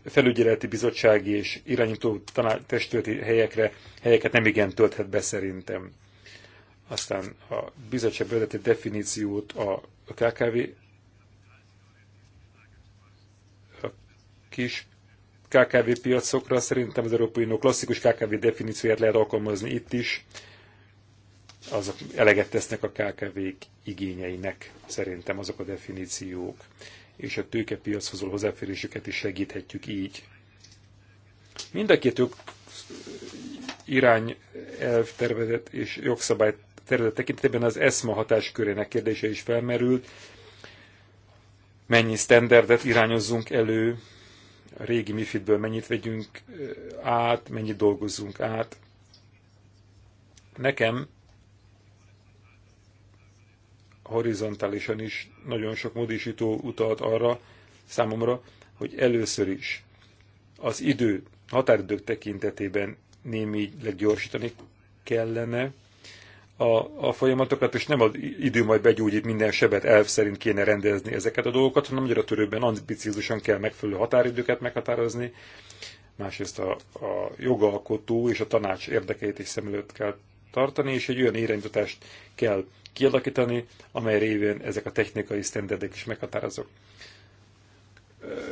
felügyeleti bizottsági és irányító testületi helyekre, helyeket nem igen tölthet be szerintem. Aztán a bizottság vezeti definíciót a KKV a kis KKV piacokra szerintem az európai unió klasszikus KKV definícióját lehet alkalmazni itt is azok eleget tesznek a KKV-k igényeinek, szerintem azok a definíciók, és a tőkepiachoz való hozzáférésüket is segíthetjük így. Mind a két jog irány elvtervezet és jogszabály terület tekintetében az ESMA hatáskörének kérdése is felmerült. Mennyi standardet irányozzunk elő, a régi MIFID-ből mennyit vegyünk át, mennyit dolgozzunk át. Nekem horizontálisan is nagyon sok módosító utalt arra számomra, hogy először is az idő, határidők tekintetében némi leggyorsítani kellene a, a folyamatokat, és nem az idő majd begyógyít minden sebet, elv szerint kéne rendezni ezeket a dolgokat, hanem egyre törőben, ambiciózusan kell megfelelő határidőket meghatározni, másrészt a, a jogalkotó és a tanács érdekeit is szem előtt kell tartani, és egy olyan irányítást kell kialakítani, amely révén ezek a technikai sztenderdek is meghatározok.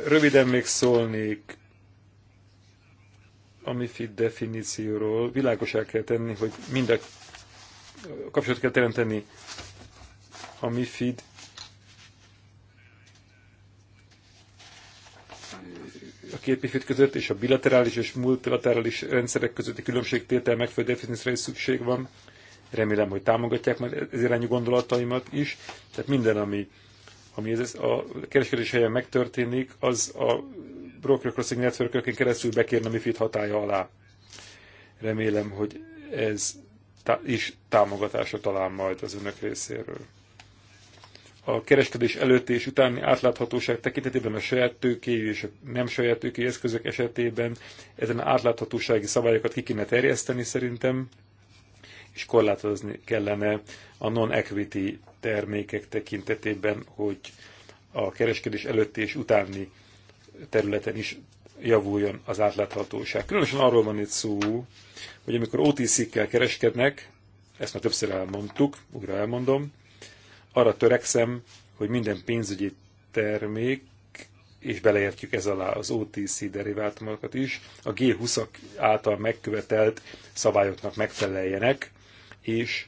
Röviden még szólnék a MIFID definícióról. el kell tenni, hogy mind a kapcsolatot kell teremteni a MIFID képviselők között és a bilaterális és multilaterális rendszerek közötti különbségtétel megfelelő definícióra is szükség van. Remélem, hogy támogatják majd ez irányú gondolataimat is. Tehát minden, ami, ami ez, a kereskedés helyen megtörténik, az a broker crossing network keresztül bekérne a MIFID hatája alá. Remélem, hogy ez is támogatásra talál majd az önök részéről a kereskedés előtti és utáni átláthatóság tekintetében a saját tőkéjű és a nem saját tőkéjű eszközök esetében ezen átláthatósági szabályokat ki kéne terjeszteni szerintem, és korlátozni kellene a non-equity termékek tekintetében, hogy a kereskedés előtti és utáni területen is javuljon az átláthatóság. Különösen arról van itt szó, hogy amikor OTC-kkel kereskednek, ezt már többször elmondtuk, újra elmondom, arra törekszem, hogy minden pénzügyi termék, és beleértjük ez alá az OTC derivátumokat is, a G20-ak által megkövetelt szabályoknak megfeleljenek, és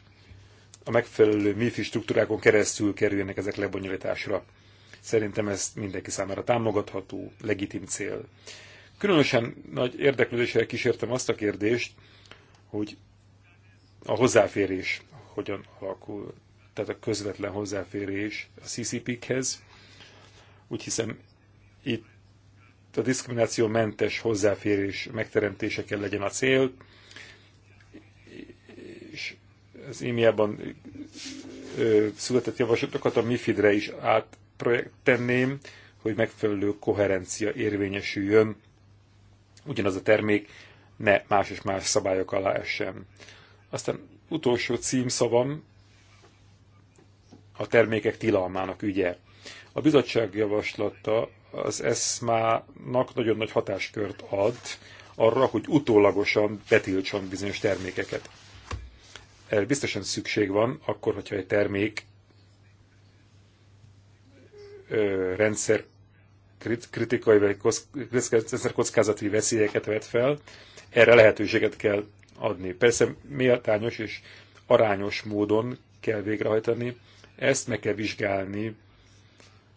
a megfelelő MIFI struktúrákon keresztül kerüljenek ezek lebonyolításra. Szerintem ez mindenki számára támogatható, legitim cél. Különösen nagy érdeklődéssel kísértem azt a kérdést, hogy a hozzáférés hogyan alakul tehát a közvetlen hozzáférés a CCP-khez. Úgy hiszem, itt a diszkriminációmentes hozzáférés megteremtése kell legyen a cél, és az IMIA-ban született javaslatokat a MIFID-re is átprojektenném, hogy megfelelő koherencia érvényesüljön, ugyanaz a termék ne más és más szabályok alá essen. Aztán utolsó címszavam a termékek tilalmának ügye. A bizottság javaslata az ESMA-nak nagyon nagy hatáskört ad arra, hogy utólagosan betiltson bizonyos termékeket. Erre biztosan szükség van, akkor, hogyha egy termék ö, rendszer kritikai vagy rendszer kockázati veszélyeket vet fel, erre lehetőséget kell adni. Persze méltányos és arányos módon kell végrehajtani ezt meg kell vizsgálni,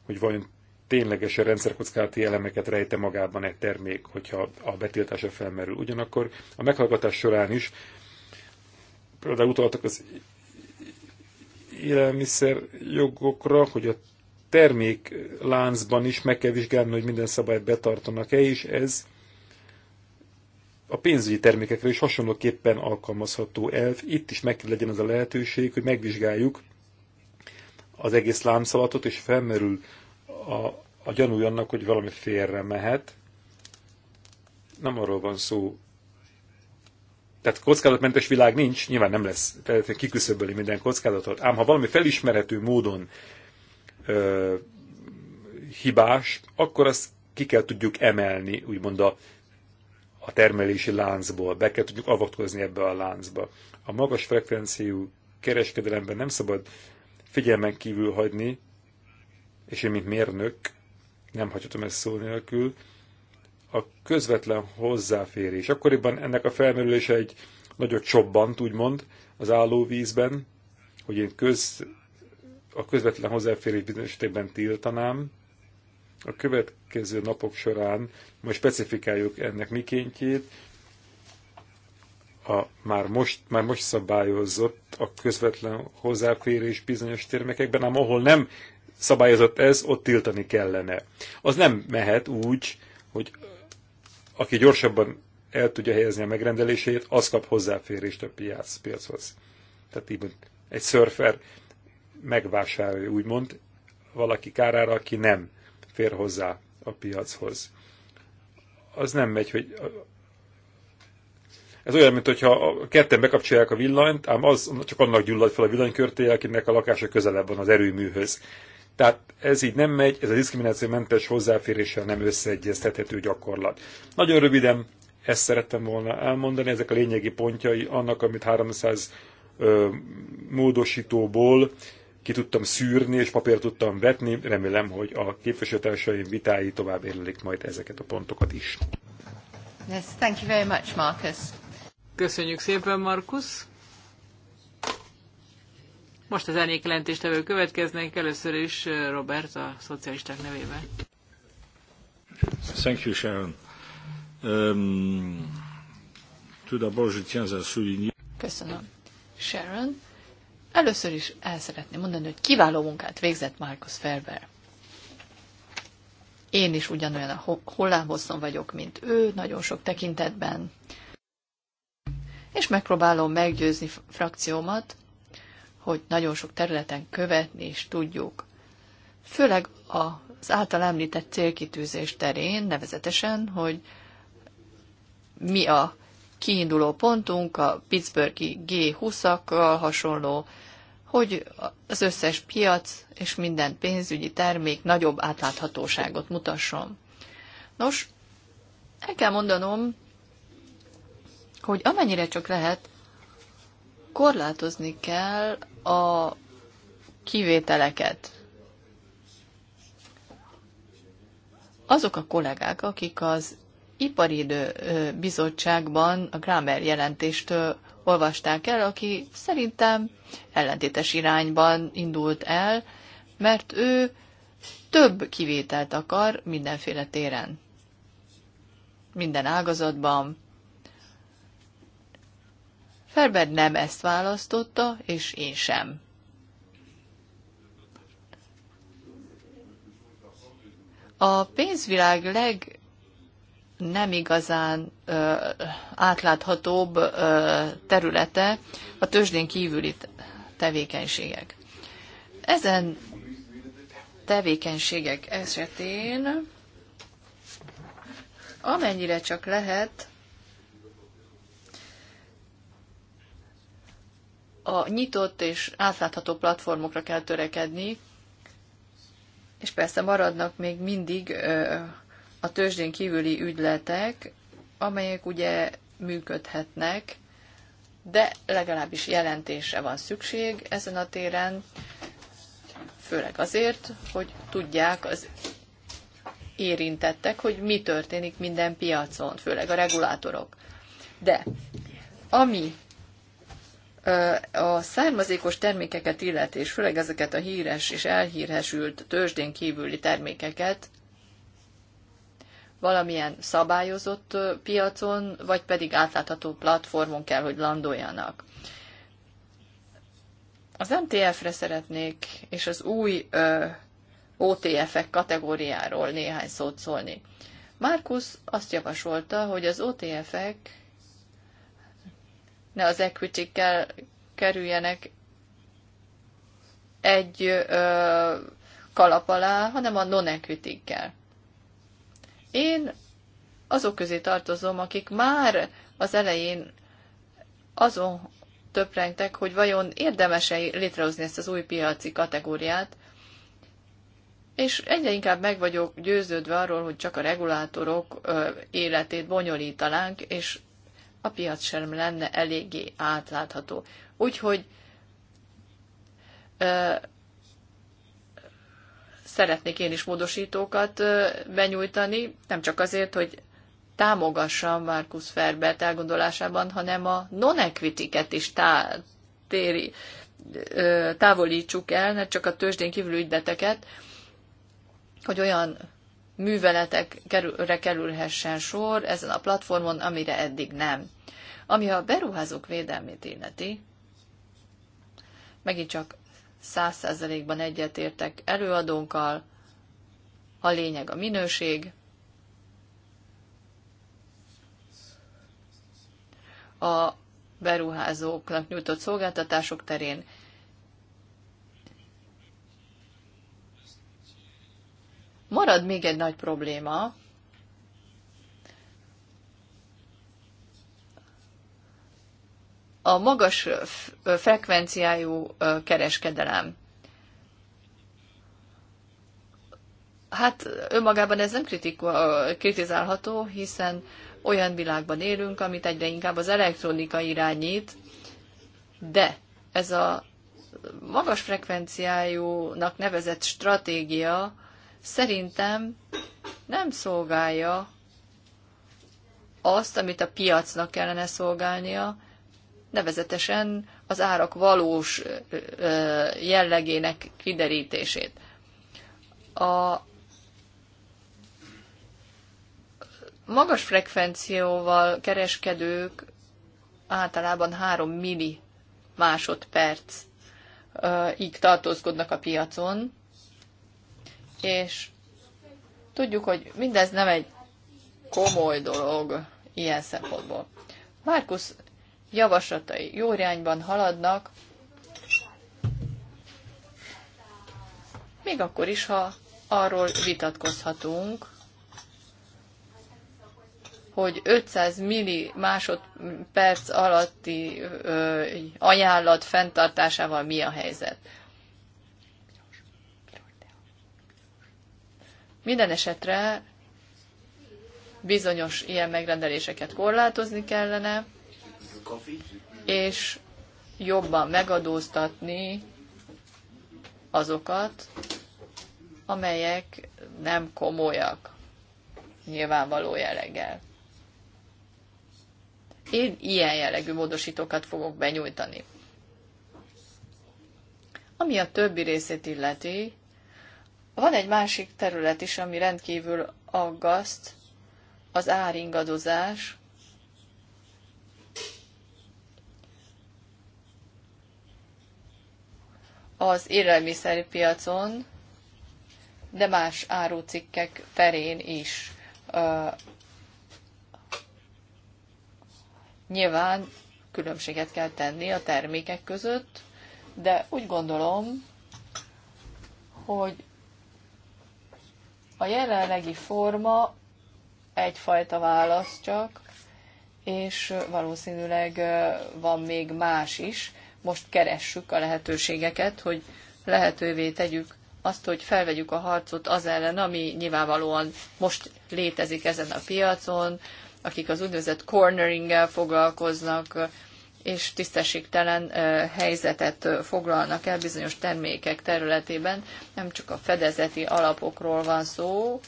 hogy vajon ténylegesen rendszerkockázati elemeket rejte magában egy termék, hogyha a betiltása felmerül. Ugyanakkor a meghallgatás során is például utaltak az élelmiszer jogokra, hogy a termék láncban is meg kell vizsgálni, hogy minden szabályt betartanak-e, és ez a pénzügyi termékekre is hasonlóképpen alkalmazható elv. Itt is meg kell legyen az a lehetőség, hogy megvizsgáljuk, az egész lámszalatot, és felmerül a, a gyanúj annak, hogy valami félre mehet. Nem arról van szó. Tehát kockázatmentes világ nincs, nyilván nem lesz, kiküszöböli minden kockázatot. Ám ha valami felismerhető módon ö, hibás, akkor azt ki kell tudjuk emelni, úgymond a, a termelési láncból, be kell tudjuk avatkozni ebbe a láncba. A magas frekvenciú kereskedelemben nem szabad figyelmen kívül hagyni, és én, mint mérnök, nem hagyhatom ezt szó nélkül, a közvetlen hozzáférés. Akkoriban ennek a felmerülése egy nagyon csobbant, úgymond, az állóvízben, hogy én köz, a közvetlen hozzáférés bizonyosítékben tiltanám. A következő napok során most specifikáljuk ennek mikéntjét, a már most, már most szabályozott a közvetlen hozzáférés bizonyos termékekben, ám ahol nem szabályozott ez, ott tiltani kellene. Az nem mehet úgy, hogy aki gyorsabban el tudja helyezni a megrendelését, az kap hozzáférést a piac, piachoz. Tehát így egy szörfer megvásárolja, úgymond, valaki kárára, aki nem fér hozzá a piachoz. Az nem megy, hogy ez olyan, mint a ketten bekapcsolják a villanyt, ám az csak annak gyullad fel a villanykörtéje, akinek a lakása közelebb van az erőműhöz. Tehát ez így nem megy, ez a mentes hozzáféréssel nem összeegyeztethető gyakorlat. Nagyon röviden ezt szerettem volna elmondani, ezek a lényegi pontjai annak, amit 300 ö, módosítóból ki tudtam szűrni és papírt tudtam vetni. Remélem, hogy a képviselőtársaim vitái tovább érlelik majd ezeket a pontokat is.
Yes, thank you very much, Marcus.
Köszönjük szépen, Markus! Most az elnékjelentéstevő következnek, először is eh, Robert a szocialisták nevében.
Thank you, Sharon. Um, tout d'abord, je tiens à souligner...
Köszönöm. Sharon, először is el szeretném mondani, hogy kiváló munkát végzett Markus Ferber. Én is ugyanolyan a hullámhosszon vagyok, mint ő, nagyon sok tekintetben. Uh, és megpróbálom meggyőzni frakciómat, hogy nagyon sok területen követni is tudjuk. Főleg az által említett célkitűzés terén, nevezetesen, hogy mi a kiinduló pontunk a Pittsburghi G20-akkal hasonló, hogy az összes piac és minden pénzügyi termék nagyobb átláthatóságot mutasson. Nos, el kell mondanom, hogy amennyire csak lehet, korlátozni kell a kivételeket. Azok a kollégák, akik az ipari idő bizottságban a Grammer jelentést olvasták el, aki szerintem ellentétes irányban indult el, mert ő több kivételt akar mindenféle téren. Minden ágazatban, Herbert nem ezt választotta, és én sem. A pénzvilág leg nem igazán ö, átláthatóbb ö, területe a tőzsdén kívüli tevékenységek. Ezen tevékenységek esetén amennyire csak lehet, a nyitott és átlátható platformokra kell törekedni, és persze maradnak még mindig a tőzsdén kívüli ügyletek, amelyek ugye működhetnek, de legalábbis jelentésre van szükség ezen a téren, főleg azért, hogy tudják az érintettek, hogy mi történik minden piacon, főleg a regulátorok. De ami a származékos termékeket illeti, és főleg ezeket a híres és elhírhesült tőzsdén kívüli termékeket valamilyen szabályozott piacon, vagy pedig átlátható platformon kell, hogy landoljanak. Az MTF-re szeretnék, és az új ö, OTF-ek kategóriáról néhány szót szólni. Markus azt javasolta, hogy az OTF-ek ne az equity kerüljenek egy ö, kalap alá, hanem a non equity -kel. Én azok közé tartozom, akik már az elején azon töprengtek, hogy vajon érdemes-e létrehozni ezt az új piaci kategóriát, és egyre inkább meg vagyok győződve arról, hogy csak a regulátorok életét bonyolítanánk, és a piac sem lenne eléggé átlátható. Úgyhogy ö, szeretnék én is módosítókat ö, benyújtani, nem csak azért, hogy támogassam Markus Ferbert elgondolásában, hanem a non-equitiket is tá- téri, ö, távolítsuk el, ne csak a tőzsdén kívül ügyleteket, hogy olyan műveletekre kerülhessen sor ezen a platformon, amire eddig nem. Ami a beruházók védelmét illeti, megint csak száz százalékban egyetértek előadónkkal, a lényeg a minőség, a beruházóknak nyújtott szolgáltatások terén Marad még egy nagy probléma, a magas frekvenciájú kereskedelem. Hát önmagában ez nem kritizálható, hiszen olyan világban élünk, amit egyre inkább az elektronika irányít, de ez a magas frekvenciájúnak nevezett stratégia szerintem nem szolgálja azt, amit a piacnak kellene szolgálnia, nevezetesen az árak valós jellegének kiderítését. A magas frekvencióval kereskedők általában 3 milli másodperc így tartózkodnak a piacon, és tudjuk, hogy mindez nem egy komoly dolog ilyen szempontból. Márkusz javaslatai jó irányban haladnak, még akkor is, ha arról vitatkozhatunk, hogy 500 milli másodperc alatti ö, ajánlat fenntartásával mi a helyzet. Minden esetre bizonyos ilyen megrendeléseket korlátozni kellene, és jobban megadóztatni azokat, amelyek nem komolyak nyilvánvaló jelleggel. Én ilyen jellegű módosítókat fogok benyújtani. Ami a többi részét illeti, van egy másik terület is, ami rendkívül aggaszt, az áringadozás. Az piacon, de más árucikkek terén is. Uh, nyilván különbséget kell tenni a termékek között, de úgy gondolom, hogy a jelenlegi forma egyfajta válasz csak, és valószínűleg van még más is. Most keressük a lehetőségeket, hogy lehetővé tegyük azt, hogy felvegyük a harcot az ellen, ami nyilvánvalóan most létezik ezen a piacon, akik az úgynevezett corneringgel foglalkoznak, és tisztességtelen helyzetet foglalnak el bizonyos termékek területében. Nem csak a fedezeti alapokról van szó,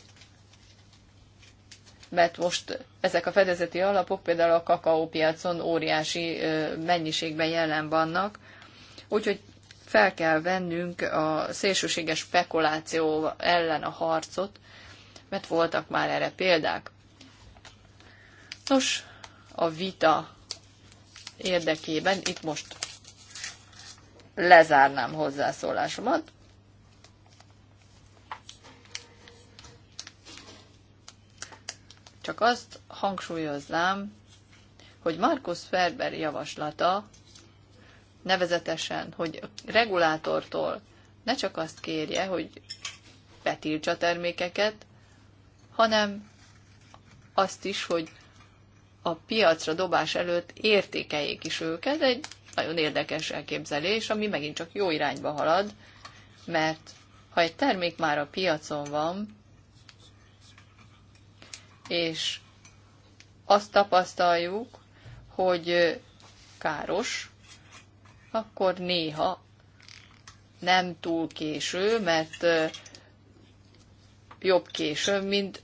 mert most ezek a fedezeti alapok például a kakaópiacon óriási mennyiségben jelen vannak, úgyhogy fel kell vennünk a szélsőséges spekuláció ellen a harcot, mert voltak már erre példák. Nos, a vita érdekében itt most lezárnám hozzászólásomat. Csak azt hangsúlyoznám, hogy Markus Ferber javaslata nevezetesen, hogy a regulátortól ne csak azt kérje, hogy betiltsa termékeket, hanem azt is, hogy a piacra dobás előtt értékeljék is őket. Egy nagyon érdekes elképzelés, ami megint csak jó irányba halad, mert ha egy termék már a piacon van, és azt tapasztaljuk, hogy káros, akkor néha nem túl késő, mert jobb későn, mint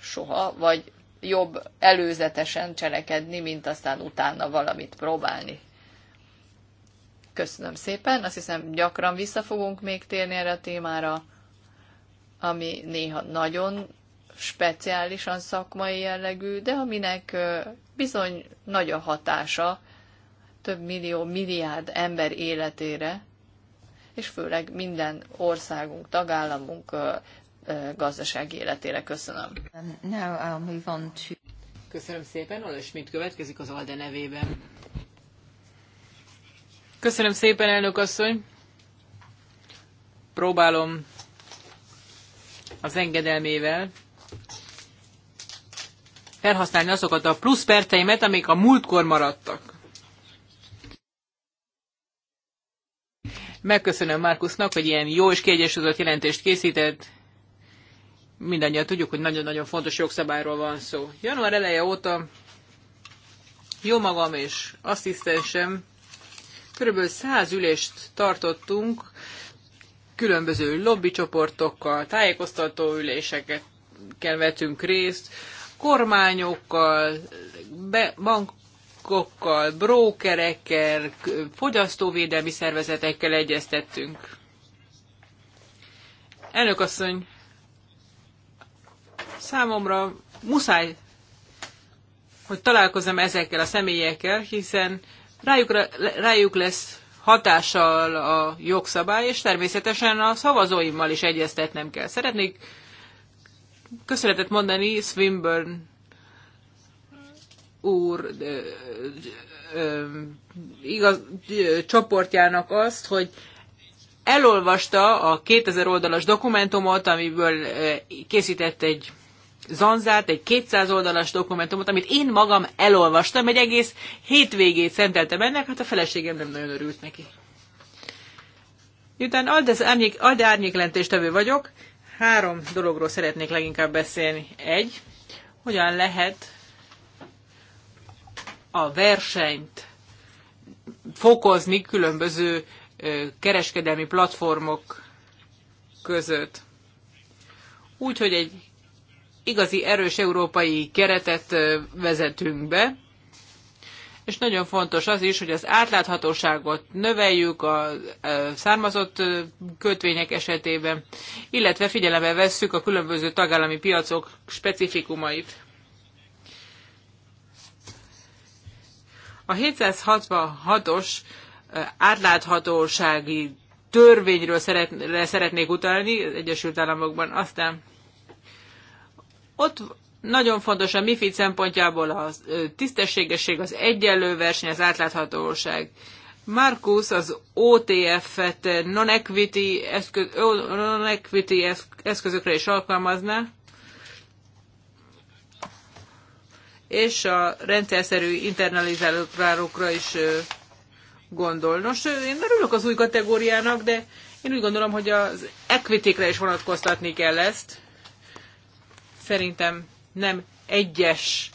soha, vagy jobb előzetesen cselekedni, mint aztán utána valamit próbálni. Köszönöm szépen, azt hiszem gyakran vissza fogunk még térni erre a témára, ami néha nagyon speciálisan szakmai jellegű, de aminek bizony nagy a hatása több millió, milliárd ember életére, és főleg minden országunk, tagállamunk gazdasági életére. Köszönöm.
Um, now I'll move on to... Köszönöm szépen, Ola Schmidt következik az Alde nevében. Köszönöm szépen, elnök asszony. Próbálom az engedelmével felhasználni azokat a plusz perceimet, amik a múltkor maradtak. Megköszönöm Márkusznak, hogy ilyen jó és kiegyensúlyozott jelentést készített mindannyian tudjuk, hogy nagyon-nagyon fontos jogszabályról van szó. Január eleje óta jó magam és asszisztensem körülbelül 100 ülést tartottunk különböző lobbycsoportokkal, tájékoztató üléseket vettünk részt, kormányokkal, be, bankokkal, brókerekkel, fogyasztóvédelmi szervezetekkel egyeztettünk. Elnök asszony, Számomra muszáj, hogy találkozom ezekkel a személyekkel, hiszen rájuk, rájuk lesz hatással a jogszabály, és természetesen a szavazóimmal is egyeztetnem kell. Szeretnék köszönetet mondani Swinburne úr de, de, igaz, de, csoportjának azt, hogy elolvasta a 2000 oldalas dokumentumot, amiből készített egy zanzát, egy 200 oldalas dokumentumot, amit én magam elolvastam, egy egész hétvégét szenteltem ennek, hát a feleségem nem nagyon örült neki. Miután Aldez árnyék, Alde árnyéklentéstevő vagyok, három dologról szeretnék leginkább beszélni. Egy, hogyan lehet a versenyt fokozni különböző kereskedelmi platformok között. Úgy, hogy egy igazi erős európai keretet vezetünk be, és nagyon fontos az is, hogy az átláthatóságot növeljük a származott kötvények esetében, illetve figyelembe vesszük a különböző tagállami piacok specifikumait. A 766-os átláthatósági törvényről szeretnék utalni az Egyesült Államokban, aztán ott nagyon fontos a MIFID szempontjából a tisztességesség, az egyenlő verseny, az átláthatóság. Markus az OTF-et non-equity, eszköz, non-equity eszközökre is alkalmazná, és a rendszerszerű internalizálókra is gondol. Nos, én örülök az új kategóriának, de én úgy gondolom, hogy az equity is vonatkoztatni kell ezt. Szerintem nem egyes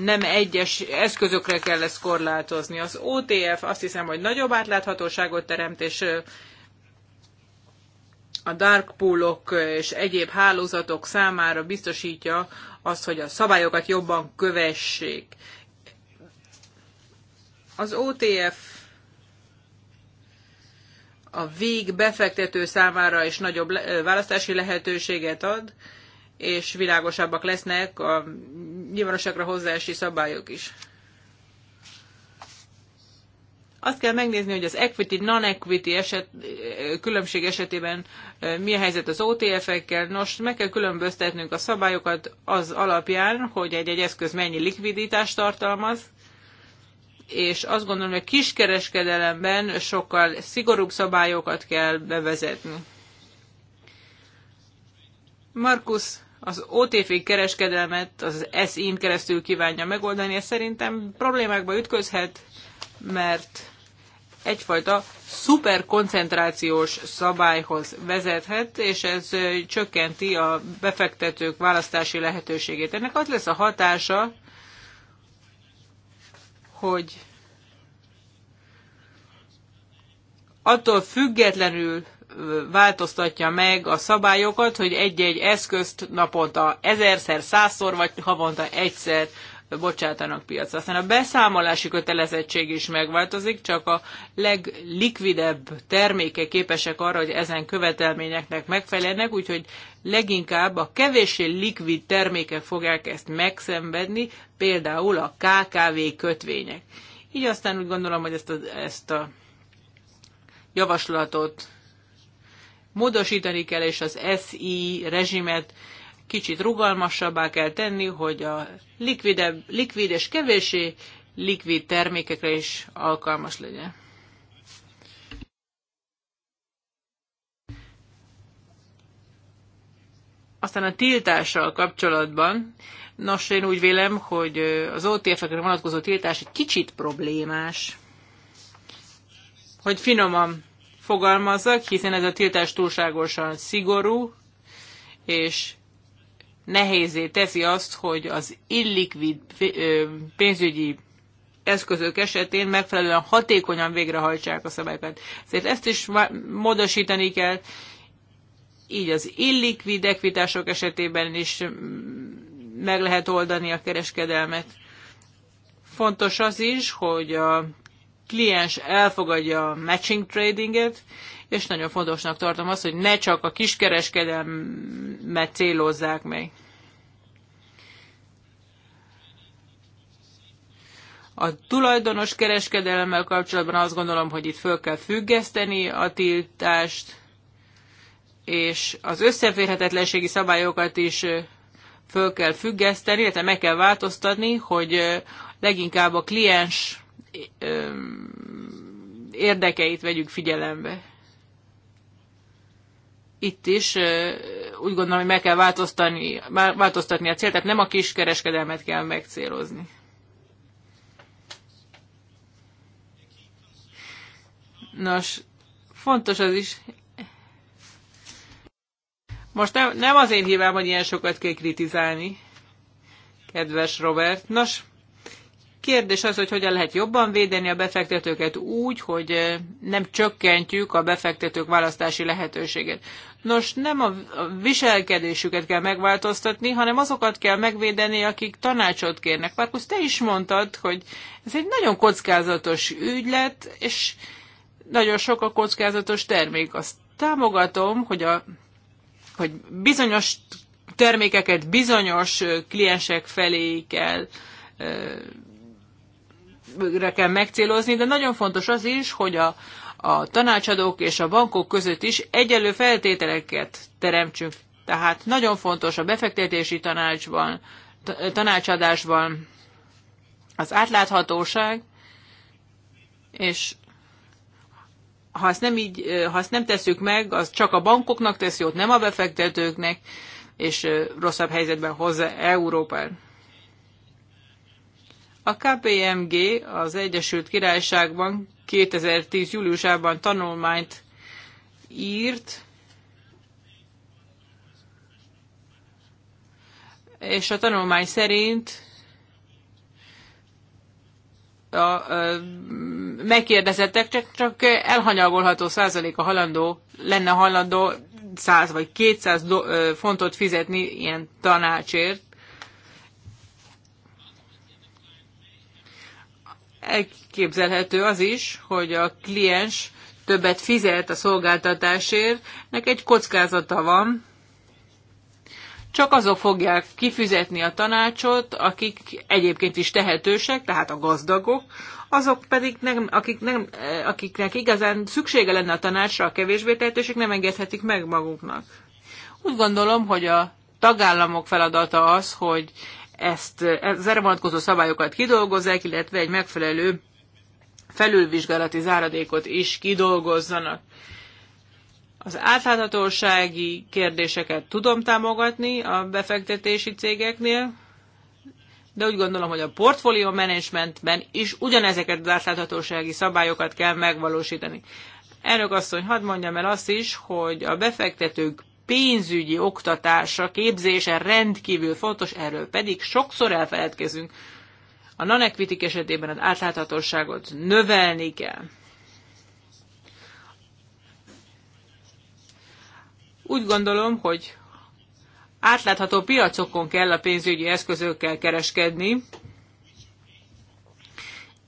nem egyes eszközökre kell ezt korlátozni. Az OTF azt hiszem, hogy nagyobb átláthatóságot teremt, és a dark poolok és egyéb hálózatok számára biztosítja azt, hogy a szabályokat jobban kövessék. Az OTF a vég befektető számára is nagyobb választási lehetőséget ad, és világosabbak lesznek a nyilvánosságra hozzási szabályok is. Azt kell megnézni, hogy az equity, non-equity eset, különbség esetében eh, mi a helyzet az OTF-ekkel. Nos, meg kell különböztetnünk a szabályokat az alapján, hogy egy-egy eszköz mennyi likviditást tartalmaz, és azt gondolom, hogy a kiskereskedelemben sokkal szigorúbb szabályokat kell bevezetni. Markus az OTF kereskedelmet az SIN keresztül kívánja megoldani, ez szerintem problémákba ütközhet, mert egyfajta szuperkoncentrációs szabályhoz vezethet, és ez csökkenti a befektetők választási lehetőségét. Ennek az lesz a hatása, hogy attól függetlenül, változtatja meg a szabályokat, hogy egy-egy eszközt naponta ezerszer, százszor, vagy havonta egyszer bocsátanak piacra. Aztán a beszámolási kötelezettség is megváltozik, csak a leglikvidebb termékek képesek arra, hogy ezen követelményeknek megfelelnek, úgyhogy leginkább a kevéssé likvid termékek fogják ezt megszenvedni, például a KKV kötvények. Így aztán úgy gondolom, hogy ezt a, ezt a javaslatot módosítani kell, és az SI rezsimet kicsit rugalmasabbá kell tenni, hogy a likvidebb, likvid és kevésé likvid termékekre is alkalmas legyen. Aztán a tiltással kapcsolatban, nos, én úgy vélem, hogy az OTF-ekre vonatkozó tiltás egy kicsit problémás. Hogy finoman fogalmazzak, hiszen ez a tiltás túlságosan szigorú, és nehézé teszi azt, hogy az illikvid pénzügyi eszközök esetén megfelelően hatékonyan végrehajtsák a szabályokat. Ezért ezt is módosítani kell, így az illikvid ekvitások esetében is meg lehet oldani a kereskedelmet. Fontos az is, hogy a kliens elfogadja a matching tradinget, és nagyon fontosnak tartom azt, hogy ne csak a kiskereskedelmet célozzák meg. A tulajdonos kereskedelemmel kapcsolatban azt gondolom, hogy itt föl kell függeszteni a tiltást, és az összeférhetetlenségi szabályokat is föl kell függeszteni, illetve meg kell változtatni, hogy leginkább a kliens érdekeit vegyük figyelembe. Itt is úgy gondolom, hogy meg kell változtatni, változtatni a célt, tehát nem a kis kereskedelmet kell megcélozni. Nos, fontos az is. Most nem, nem az én hibám, hogy ilyen sokat kell kritizálni, kedves Robert. Nos, Kérdés az, hogy hogyan lehet jobban védeni a befektetőket úgy, hogy eh, nem csökkentjük a befektetők választási lehetőséget. Nos, nem a viselkedésüket kell megváltoztatni, hanem azokat kell megvédeni, akik tanácsot kérnek. Márkusz, te is mondtad, hogy ez egy nagyon kockázatos ügylet, és nagyon sok a kockázatos termék. Azt támogatom, hogy, a, hogy bizonyos termékeket bizonyos kliensek felé kell eh, kell megcélozni, de nagyon fontos az is, hogy a, a tanácsadók és a bankok között is egyenlő feltételeket teremtsünk. Tehát nagyon fontos a befektetési tanácsban, tanácsadásban az átláthatóság, és ha ezt nem, így, ha ezt nem tesszük meg, az csak a bankoknak tesz jót, nem a befektetőknek, és rosszabb helyzetben hozza Európát. A KPMG az Egyesült Királyságban 2010. júliusában tanulmányt írt, és a tanulmány szerint a, a, megkérdezettek csak, csak elhanyagolható százaléka halandó, lenne halandó 100 vagy 200 do, fontot fizetni ilyen tanácsért. elképzelhető az is, hogy a kliens többet fizet a szolgáltatásért, nek egy kockázata van, csak azok fogják kifizetni a tanácsot, akik egyébként is tehetősek, tehát a gazdagok, azok pedig, nem, akik nem, eh, akiknek igazán szüksége lenne a tanácsra, a kevésbé tehetőség nem engedhetik meg maguknak. Úgy gondolom, hogy a tagállamok feladata az, hogy ezt, az erre vonatkozó szabályokat kidolgozzák, illetve egy megfelelő felülvizsgálati záradékot is kidolgozzanak. Az átláthatósági kérdéseket tudom támogatni a befektetési cégeknél, de úgy gondolom, hogy a portfólió menedzsmentben is ugyanezeket az átláthatósági szabályokat kell megvalósítani. Elnök asszony, hadd mondjam el azt is, hogy a befektetők pénzügyi oktatása, képzése rendkívül fontos, erről pedig sokszor elfeledkezünk. A nanekvitik esetében az átláthatóságot növelni kell. Úgy gondolom, hogy átlátható piacokon kell a pénzügyi eszközökkel kereskedni,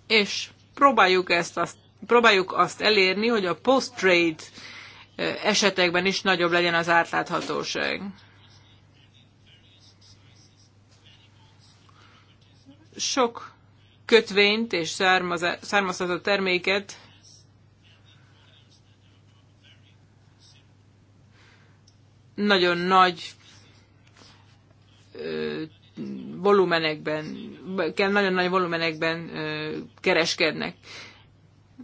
és próbáljuk, ezt azt, próbáljuk azt elérni, hogy a post-trade esetekben is nagyobb legyen az átláthatóság. Sok kötvényt és származható terméket nagyon nagy volumenekben, nagyon nagy volumenekben kereskednek.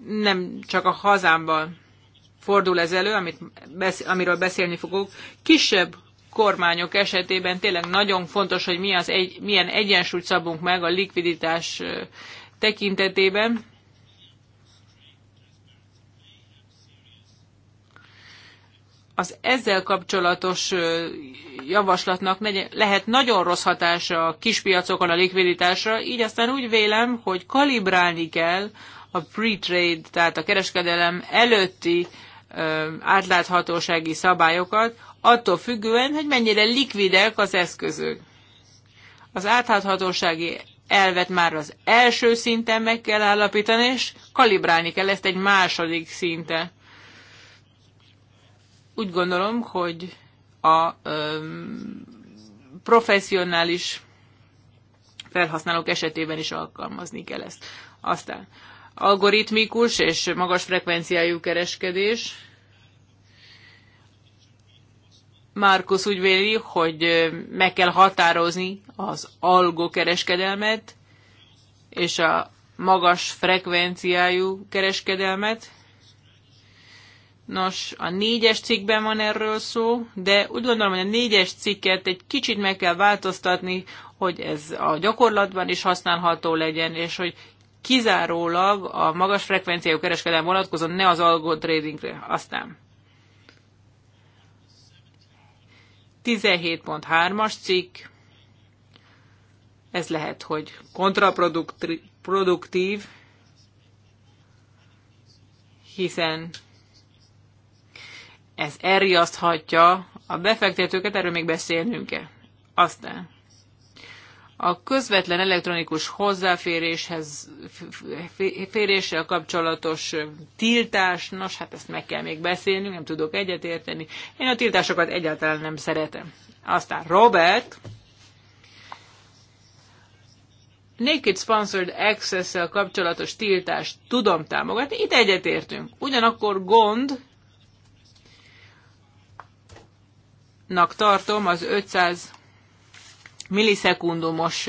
Nem csak a hazámban fordul ez elő, amit, amiről beszélni fogok. Kisebb kormányok esetében tényleg nagyon fontos, hogy mi az egy, milyen egyensúlyt szabunk meg a likviditás tekintetében. Az ezzel kapcsolatos javaslatnak lehet nagyon rossz hatása a kispiacokon a likviditásra, így aztán úgy vélem, hogy kalibrálni kell a pre-trade, tehát a kereskedelem előtti uh, átláthatósági szabályokat, attól függően, hogy mennyire likvidek az eszközök. Az átláthatósági elvet már az első szinten meg kell állapítani, és kalibrálni kell ezt egy második szinten. Úgy gondolom, hogy a öm, professzionális felhasználók esetében is alkalmazni kell ezt. Aztán algoritmikus és magas frekvenciájú kereskedés. Márkusz úgy véli, hogy meg kell határozni az algokereskedelmet és a magas frekvenciájú kereskedelmet. Nos, a négyes cikkben van erről szó, de úgy gondolom, hogy a négyes cikket egy kicsit meg kell változtatni, hogy ez a gyakorlatban is használható legyen, és hogy kizárólag a magas frekvenciájú kereskedelem vonatkozó, ne az algo tradingre. Aztán 17.3-as cikk, ez lehet, hogy kontraproduktív, hiszen ez elriaszthatja a befektetőket, erről még beszélnünk kell. Aztán a közvetlen elektronikus hozzáféréshez féréssel kapcsolatos tiltás, nos, hát ezt meg kell még beszélni, nem tudok egyetérteni. Én a tiltásokat egyáltalán nem szeretem. Aztán Robert, Naked Sponsored access kapcsolatos tiltást tudom támogatni, itt egyetértünk. Ugyanakkor gond, tartom az 500 millisekundumos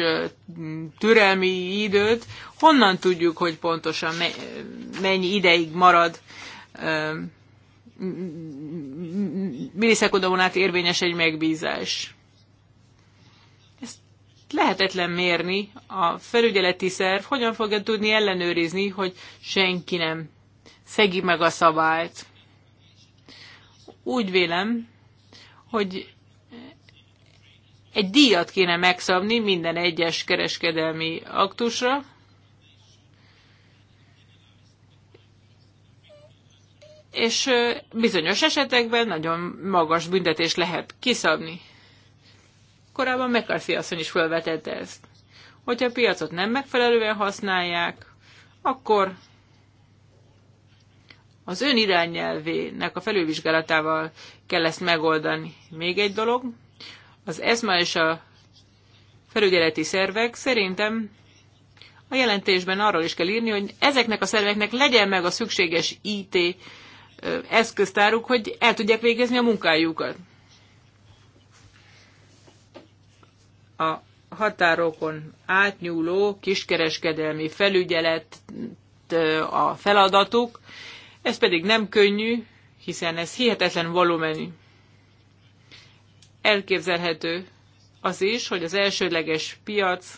türelmi időt, honnan tudjuk, hogy pontosan mennyi ideig marad millisekundumon át érvényes egy megbízás. Ezt lehetetlen mérni. A felügyeleti szerv hogyan fogja tudni ellenőrizni, hogy senki nem szegi meg a szabályt. Úgy vélem, hogy egy díjat kéne megszabni minden egyes kereskedelmi aktusra, és bizonyos esetekben nagyon magas büntetés lehet kiszabni. Korábban McCarthy asszony is felvetette ezt. Hogyha a piacot nem megfelelően használják, akkor az ön irányelvének a felülvizsgálatával kell ezt megoldani. Még egy dolog, az ESMA és a felügyeleti szervek szerintem a jelentésben arról is kell írni, hogy ezeknek a szerveknek legyen meg a szükséges IT eszköztáruk, hogy el tudják végezni a munkájukat. A határokon átnyúló kiskereskedelmi felügyelet a feladatuk, ez pedig nem könnyű, hiszen ez hihetetlen volumenű elképzelhető az is, hogy az elsődleges piac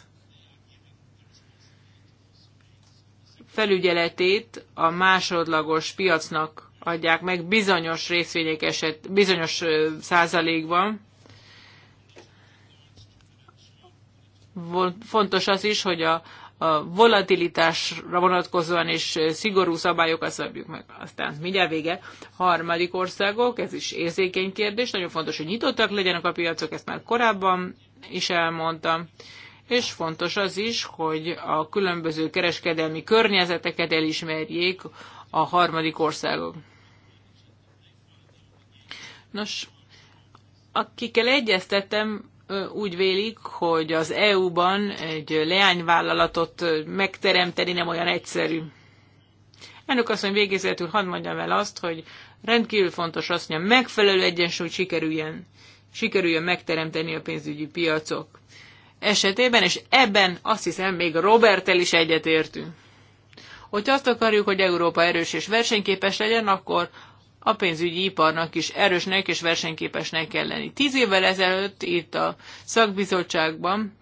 felügyeletét a másodlagos piacnak adják meg bizonyos részvények eset, bizonyos százalékban. Fontos az is, hogy a, a volatilitásra vonatkozóan és szigorú szabályokat szabjuk meg. Aztán mindjárt vége. Harmadik országok, ez is érzékeny kérdés, nagyon fontos, hogy nyitottak legyenek a piacok, ezt már korábban is elmondtam. És fontos az is, hogy a különböző kereskedelmi környezeteket elismerjék a harmadik országok. Nos, akikkel egyeztettem, úgy vélik, hogy az EU-ban egy leányvállalatot megteremteni nem olyan egyszerű. Ennek azt mondja, végézetül hadd mondjam el azt, hogy rendkívül fontos azt a megfelelő egyensúly sikerüljön, sikerüljön megteremteni a pénzügyi piacok esetében, és ebben azt hiszem még Robertel is egyetértünk. Hogyha azt akarjuk, hogy Európa erős és versenyképes legyen, akkor a pénzügyi iparnak is erősnek és versenyképesnek kell lenni. Tíz évvel ezelőtt itt a szakbizottságban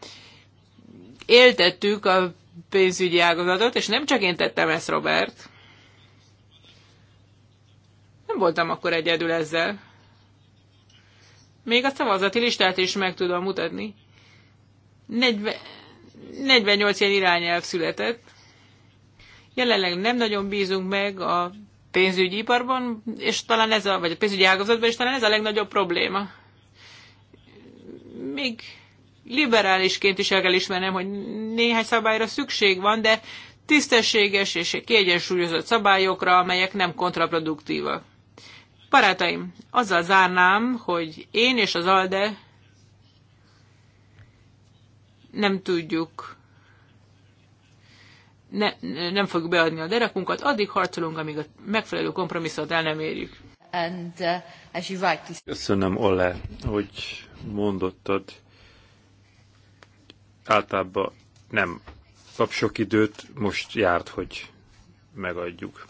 éltettük a pénzügyi ágazatot, és nem csak én tettem ezt, Robert. Nem voltam akkor egyedül ezzel. Még a szavazati listát is meg tudom mutatni. 40, 48 ilyen irányelv született. Jelenleg nem nagyon bízunk meg a pénzügyi iparban, és talán ez a, vagy a pénzügyi ágazatban, és talán ez a legnagyobb probléma. Még liberálisként is el kell ismernem, hogy néhány szabályra szükség van, de tisztességes és kiegyensúlyozott szabályokra, amelyek nem kontraproduktívak. Barátaim, azzal zárnám, hogy én és az ALDE nem tudjuk ne, nem fogjuk beadni a derekunkat, addig harcolunk, amíg a megfelelő kompromisszot el nem érjük. And, uh, as you this...
Köszönöm, Ole, hogy mondottad. Általában nem kap sok időt, most járt, hogy megadjuk.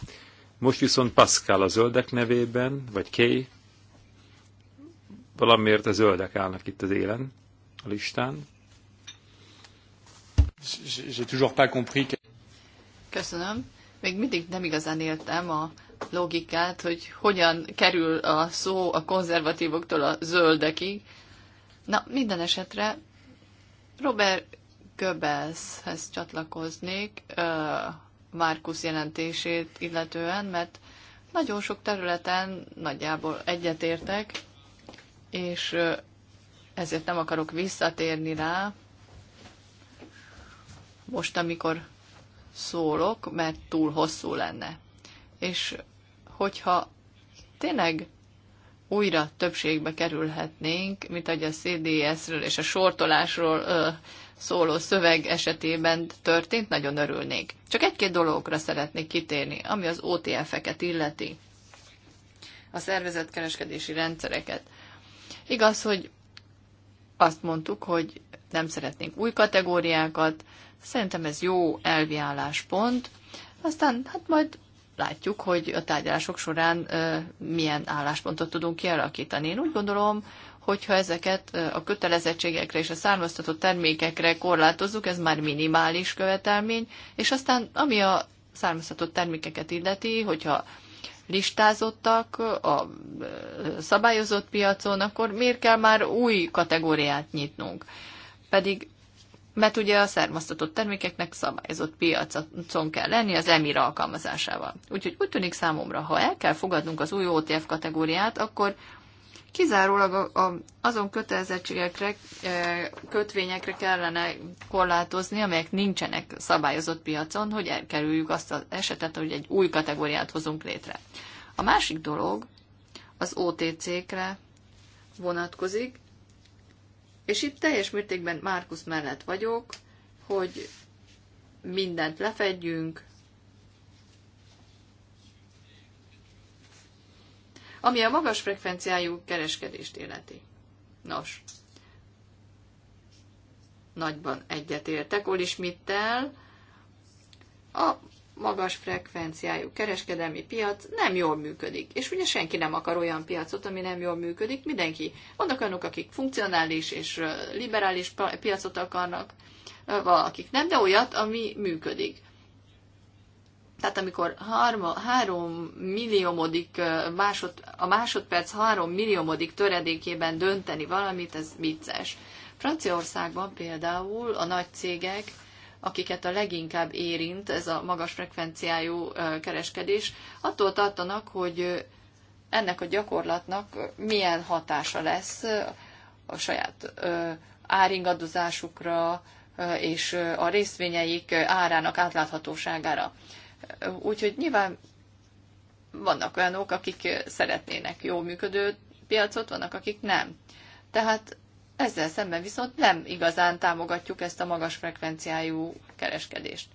Most viszont Pascal a zöldek nevében, vagy Kay, valamiért a zöldek állnak itt az élen, a listán. J'ai toujours pas compris.
Köszönöm. Még mindig nem igazán éltem a logikát, hogy hogyan kerül a szó a konzervatívoktól a zöldekig. Na, minden esetre Robert Goebbelshez csatlakoznék Markus jelentését illetően, mert nagyon sok területen nagyjából egyetértek, és ezért nem akarok visszatérni rá, most, amikor szólok, mert túl hosszú lenne. És hogyha tényleg újra többségbe kerülhetnénk, mint ahogy a CDS-ről és a sortolásról ö, szóló szöveg esetében történt, nagyon örülnék. Csak egy-két dologra szeretnék kitérni, ami az OTF-eket illeti, a szervezetkereskedési rendszereket. Igaz, hogy azt mondtuk, hogy nem szeretnénk új kategóriákat, Szerintem ez jó elvi álláspont. Aztán hát majd látjuk, hogy a tárgyalások során milyen álláspontot tudunk kialakítani. Én úgy gondolom, hogyha ezeket a kötelezettségekre és a származtatott termékekre korlátozzuk, ez már minimális követelmény, és aztán ami a származtatott termékeket illeti, hogyha listázottak a szabályozott piacon, akkor miért kell már új kategóriát nyitnunk? Pedig mert ugye a származtatott termékeknek szabályozott piacon kell lenni az EMIR alkalmazásával. Úgyhogy úgy tűnik számomra, ha el kell fogadnunk az új OTF kategóriát, akkor kizárólag a, a, azon kötelezettségekre, e, kötvényekre kellene korlátozni, amelyek nincsenek szabályozott piacon, hogy elkerüljük azt az esetet, hogy egy új kategóriát hozunk létre. A másik dolog az OTC-kre vonatkozik, és itt teljes mértékben Márkus mellett vagyok, hogy mindent lefedjünk, ami a magas frekvenciájú kereskedést életi. Nos, nagyban egyetértek Oli Schmidt-tel, a magas frekvenciájú kereskedelmi piac nem jól működik. És ugye senki nem akar olyan piacot, ami nem jól működik, mindenki. Vannak olyanok, akik funkcionális és liberális piacot akarnak, valakik nem, de olyat, ami működik. Tehát amikor harma, három milliómodik másod, a másodperc három milliómodik töredékében dönteni valamit, ez vicces. Franciaországban például a nagy cégek akiket a leginkább érint ez a magas frekvenciájú kereskedés, attól tartanak, hogy ennek a gyakorlatnak milyen hatása lesz a saját áringadozásukra és a részvényeik árának átláthatóságára. Úgyhogy nyilván vannak olyanok, akik szeretnének jó működő piacot, vannak, akik nem. Tehát ezzel szemben viszont nem igazán támogatjuk ezt a magas frekvenciájú kereskedést.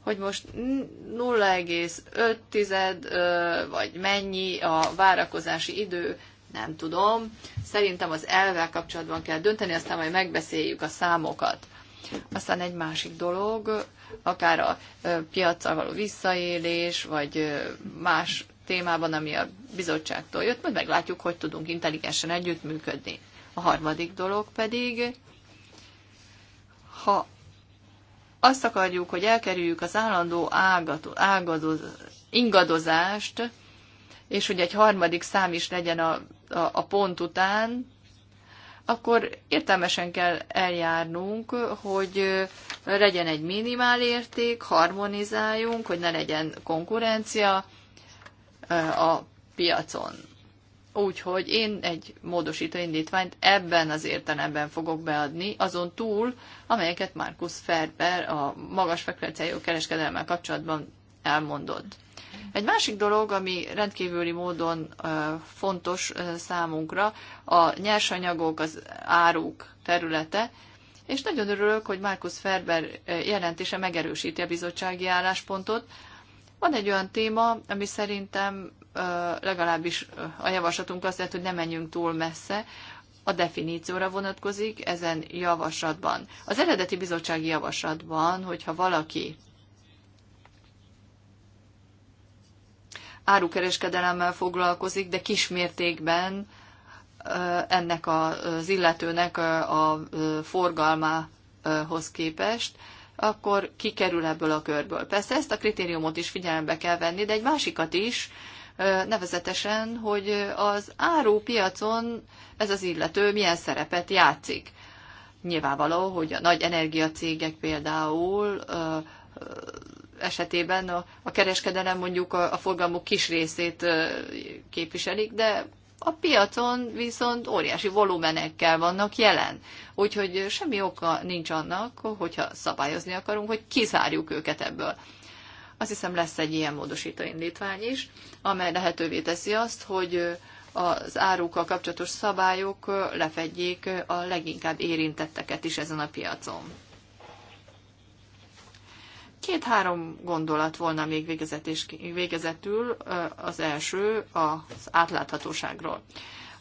Hogy most 0,5 vagy mennyi a várakozási idő, nem tudom. Szerintem az elvel kapcsolatban kell dönteni, aztán majd megbeszéljük a számokat. Aztán egy másik dolog, akár a piacsal való visszaélés, vagy más témában, ami a bizottságtól jött, majd meglátjuk, hogy tudunk intelligensen együttműködni. A harmadik dolog pedig, ha azt akarjuk, hogy elkerüljük az állandó ágató, ágadoz, ingadozást, és hogy egy harmadik szám is legyen a, a, a pont után, akkor értelmesen kell eljárnunk, hogy legyen egy minimál érték, harmonizáljunk, hogy ne legyen konkurencia, a piacon. Úgyhogy én egy módosító indítványt ebben az értelemben fogok beadni, azon túl, amelyeket Markus Ferber a magas frekvenciájú kereskedelemmel kapcsolatban elmondott. Egy másik dolog, ami rendkívüli módon fontos számunkra, a nyersanyagok, az áruk területe, és nagyon örülök, hogy Markus Ferber jelentése megerősíti a bizottsági álláspontot, van egy olyan téma, ami szerintem legalábbis a javaslatunk az lehet, hogy ne menjünk túl messze, a definícióra vonatkozik ezen javaslatban. Az eredeti bizottsági javaslatban, hogyha valaki árukereskedelemmel foglalkozik, de kismértékben ennek az illetőnek a forgalmához képest, akkor kikerül ebből a körből. Persze ezt a kritériumot is figyelembe kell venni, de egy másikat is, nevezetesen, hogy az árupiacon ez az illető milyen szerepet játszik. Nyilvánvaló, hogy a nagy energiacégek például esetében a kereskedelem mondjuk a forgalmuk kis részét képviselik, de a piacon viszont óriási volumenekkel vannak jelen. Úgyhogy semmi oka nincs annak, hogyha szabályozni akarunk, hogy kizárjuk őket ebből. Azt hiszem lesz egy ilyen módosító indítvány is, amely lehetővé teszi azt, hogy az árukkal kapcsolatos szabályok lefedjék a leginkább érintetteket is ezen a piacon. Két-három gondolat volna még végezetés, végezetül. Az első az átláthatóságról.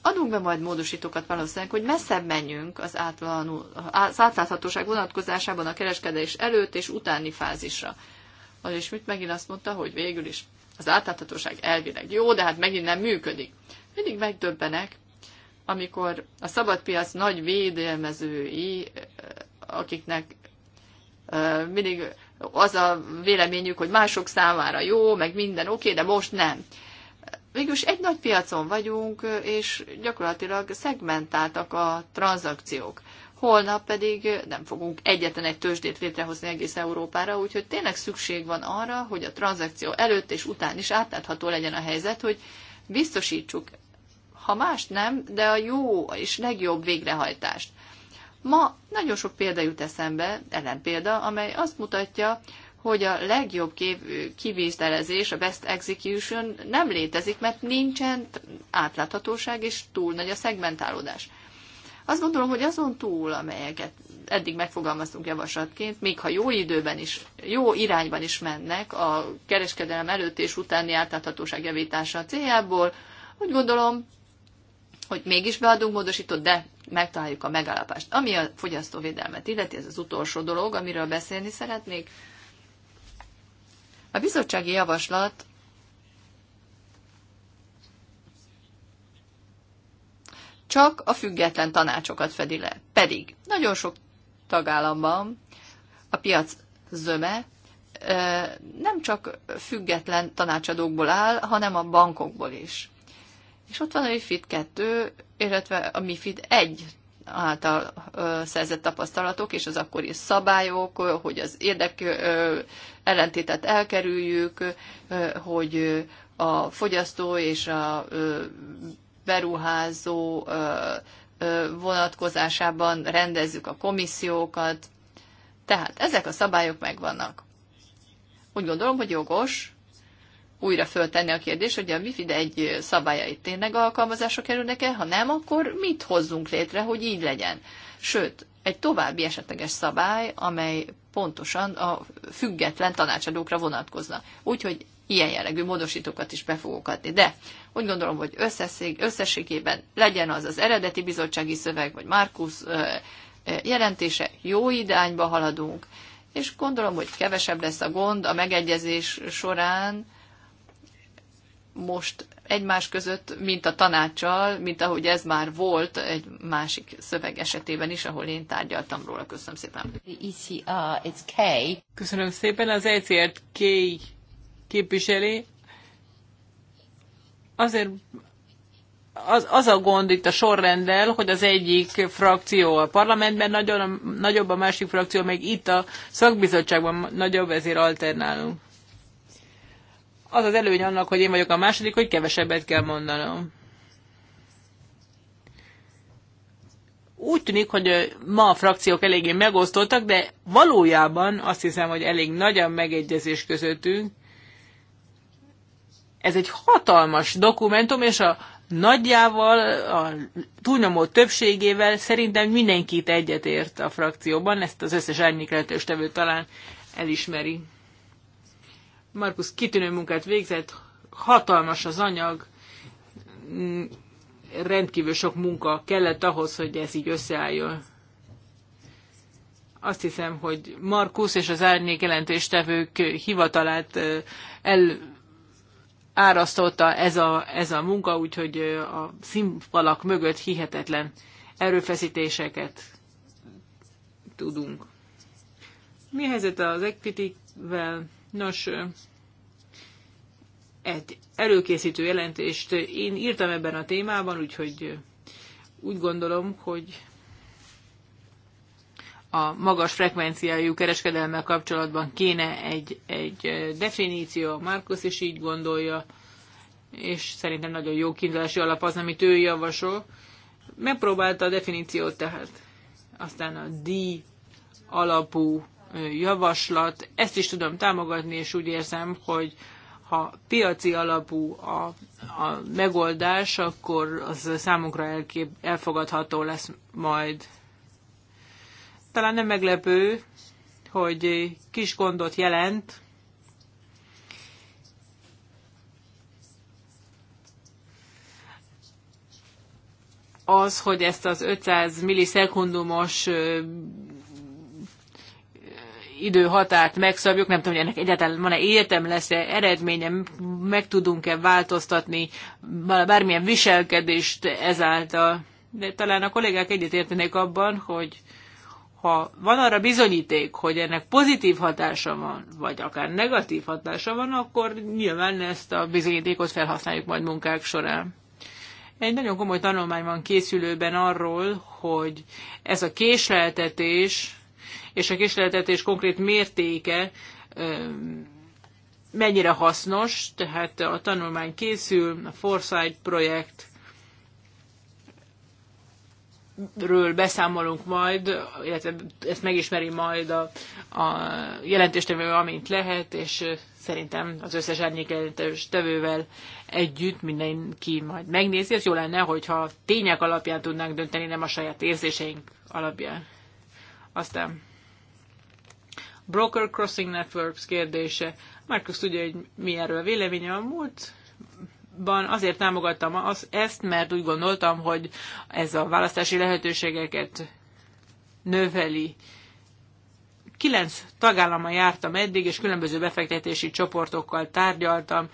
Adunk be majd módosítókat valószínűleg, hogy messzebb menjünk az, átlanul, az átláthatóság vonatkozásában a kereskedés előtt és utáni fázisra. Az is mit megint azt mondta, hogy végül is az átláthatóság elvileg jó, de hát megint nem működik. Mindig megdöbbenek, amikor a szabadpiac nagy védelmezői, akiknek mindig az a véleményük, hogy mások számára jó, meg minden oké, okay, de most nem. Végülis egy nagy piacon vagyunk, és gyakorlatilag szegmentáltak a tranzakciók. Holnap pedig nem fogunk egyetlen egy tőzsdét létrehozni egész Európára, úgyhogy tényleg szükség van arra, hogy a tranzakció előtt és után is átlátható legyen a helyzet, hogy biztosítsuk, ha más nem, de a jó és legjobb végrehajtást. Ma nagyon sok példa jut eszembe, ellenpélda, amely azt mutatja, hogy a legjobb kivételezés, a best execution nem létezik, mert nincsen átláthatóság és túl nagy a szegmentálódás. Azt gondolom, hogy azon túl, amelyeket eddig megfogalmaztunk javaslatként, még ha jó időben is, jó irányban is mennek a kereskedelem előtt és utáni átláthatóság javítása céljából, úgy gondolom, hogy mégis beadunk módosítót, de megtaláljuk a megállapást. Ami a fogyasztóvédelmet illeti, ez az utolsó dolog, amiről beszélni szeretnék. A bizottsági javaslat csak a független tanácsokat fedi le. Pedig nagyon sok tagállamban a piac zöme nem csak független tanácsadókból áll, hanem a bankokból is. És ott van a MIFID 2, illetve a MIFID 1 által szerzett tapasztalatok és az akkori szabályok, hogy az érdek ellentétet elkerüljük, hogy a fogyasztó és a beruházó vonatkozásában rendezzük a komissziókat. Tehát ezek a szabályok megvannak. Úgy gondolom, hogy jogos, újra föltenni a kérdést, hogy a de egy szabályait tényleg alkalmazásra kerülnek-e, ha nem, akkor mit hozzunk létre, hogy így legyen. Sőt, egy további esetleges szabály, amely pontosan a független tanácsadókra vonatkozna. Úgyhogy ilyen jellegű módosítókat is be fogok adni. De úgy gondolom, hogy összesség, összességében legyen az az eredeti bizottsági szöveg, vagy Markus jelentése, jó irányba haladunk, és gondolom, hogy kevesebb lesz a gond a megegyezés során, most egymás között, mint a tanácsal, mint ahogy ez már volt egy másik szöveg esetében is, ahol én tárgyaltam róla. Köszönöm szépen. The
ECR, it's K. Köszönöm szépen, az ECR-t K képviseli. Azért az, az a gond itt a sorrendel, hogy az egyik frakció a parlamentben nagyon, nagyobb, a másik frakció meg itt a szakbizottságban nagyobb, ezért alternálunk. Az az előny annak, hogy én vagyok a második, hogy kevesebbet kell mondanom. Úgy tűnik, hogy ma a frakciók eléggé megosztottak, de valójában azt hiszem, hogy elég nagy a megegyezés közöttünk. Ez egy hatalmas dokumentum, és a nagyjával, a túlnyomó többségével szerintem mindenkit egyetért a frakcióban, ezt az összes árnyékletős tevő talán elismeri. Markus kitűnő munkát végzett, hatalmas az anyag, mm, rendkívül sok munka kellett ahhoz, hogy ez így összeálljon. Azt hiszem, hogy Markus és az árnyék jelentéstevők hivatalát el árasztotta ez a, ez a munka, úgyhogy a színfalak mögött hihetetlen erőfeszítéseket tudunk. Mi helyzet az equity-vel? Nos, egy előkészítő jelentést én írtam ebben a témában, úgyhogy úgy gondolom, hogy a magas frekvenciájú kereskedelmel kapcsolatban kéne egy, egy definíció, Markus is így gondolja, és szerintem nagyon jó kiindulási alap az, amit ő javasol. Megpróbálta a definíciót tehát. Aztán a D alapú javaslat, ezt is tudom támogatni, és úgy érzem, hogy ha piaci alapú a, a megoldás, akkor az számunkra elkép, elfogadható lesz majd. Talán nem meglepő, hogy kis gondot jelent, az, hogy ezt az 500 millisekundumos időhatárt megszabjuk, nem tudom, hogy ennek egyáltalán van-e értem, lesz-e eredménye, meg tudunk-e változtatni bármilyen viselkedést ezáltal. De talán a kollégák egyetértenek abban, hogy ha van arra bizonyíték, hogy ennek pozitív hatása van, vagy akár negatív hatása van, akkor nyilván ezt a bizonyítékot felhasználjuk majd munkák során. Egy nagyon komoly tanulmány van készülőben arról, hogy ez a késleltetés és a kísérletetés konkrét mértéke mennyire hasznos, tehát a tanulmány készül, a Foresight projekt, ről beszámolunk majd, illetve ezt megismeri majd a, a jelentéstevő, amint lehet, és szerintem az összes árnyékelentéstevővel együtt mindenki majd megnézi. Ez jó lenne, hogyha tények alapján tudnánk dönteni, nem a saját érzéseink alapján. Aztán Broker Crossing Networks kérdése. Markus tudja, hogy mi erről a véleménye a múlt ban azért támogattam az, ezt, mert úgy gondoltam, hogy ez a választási lehetőségeket növeli. Kilenc tagállama jártam eddig, és különböző befektetési csoportokkal tárgyaltam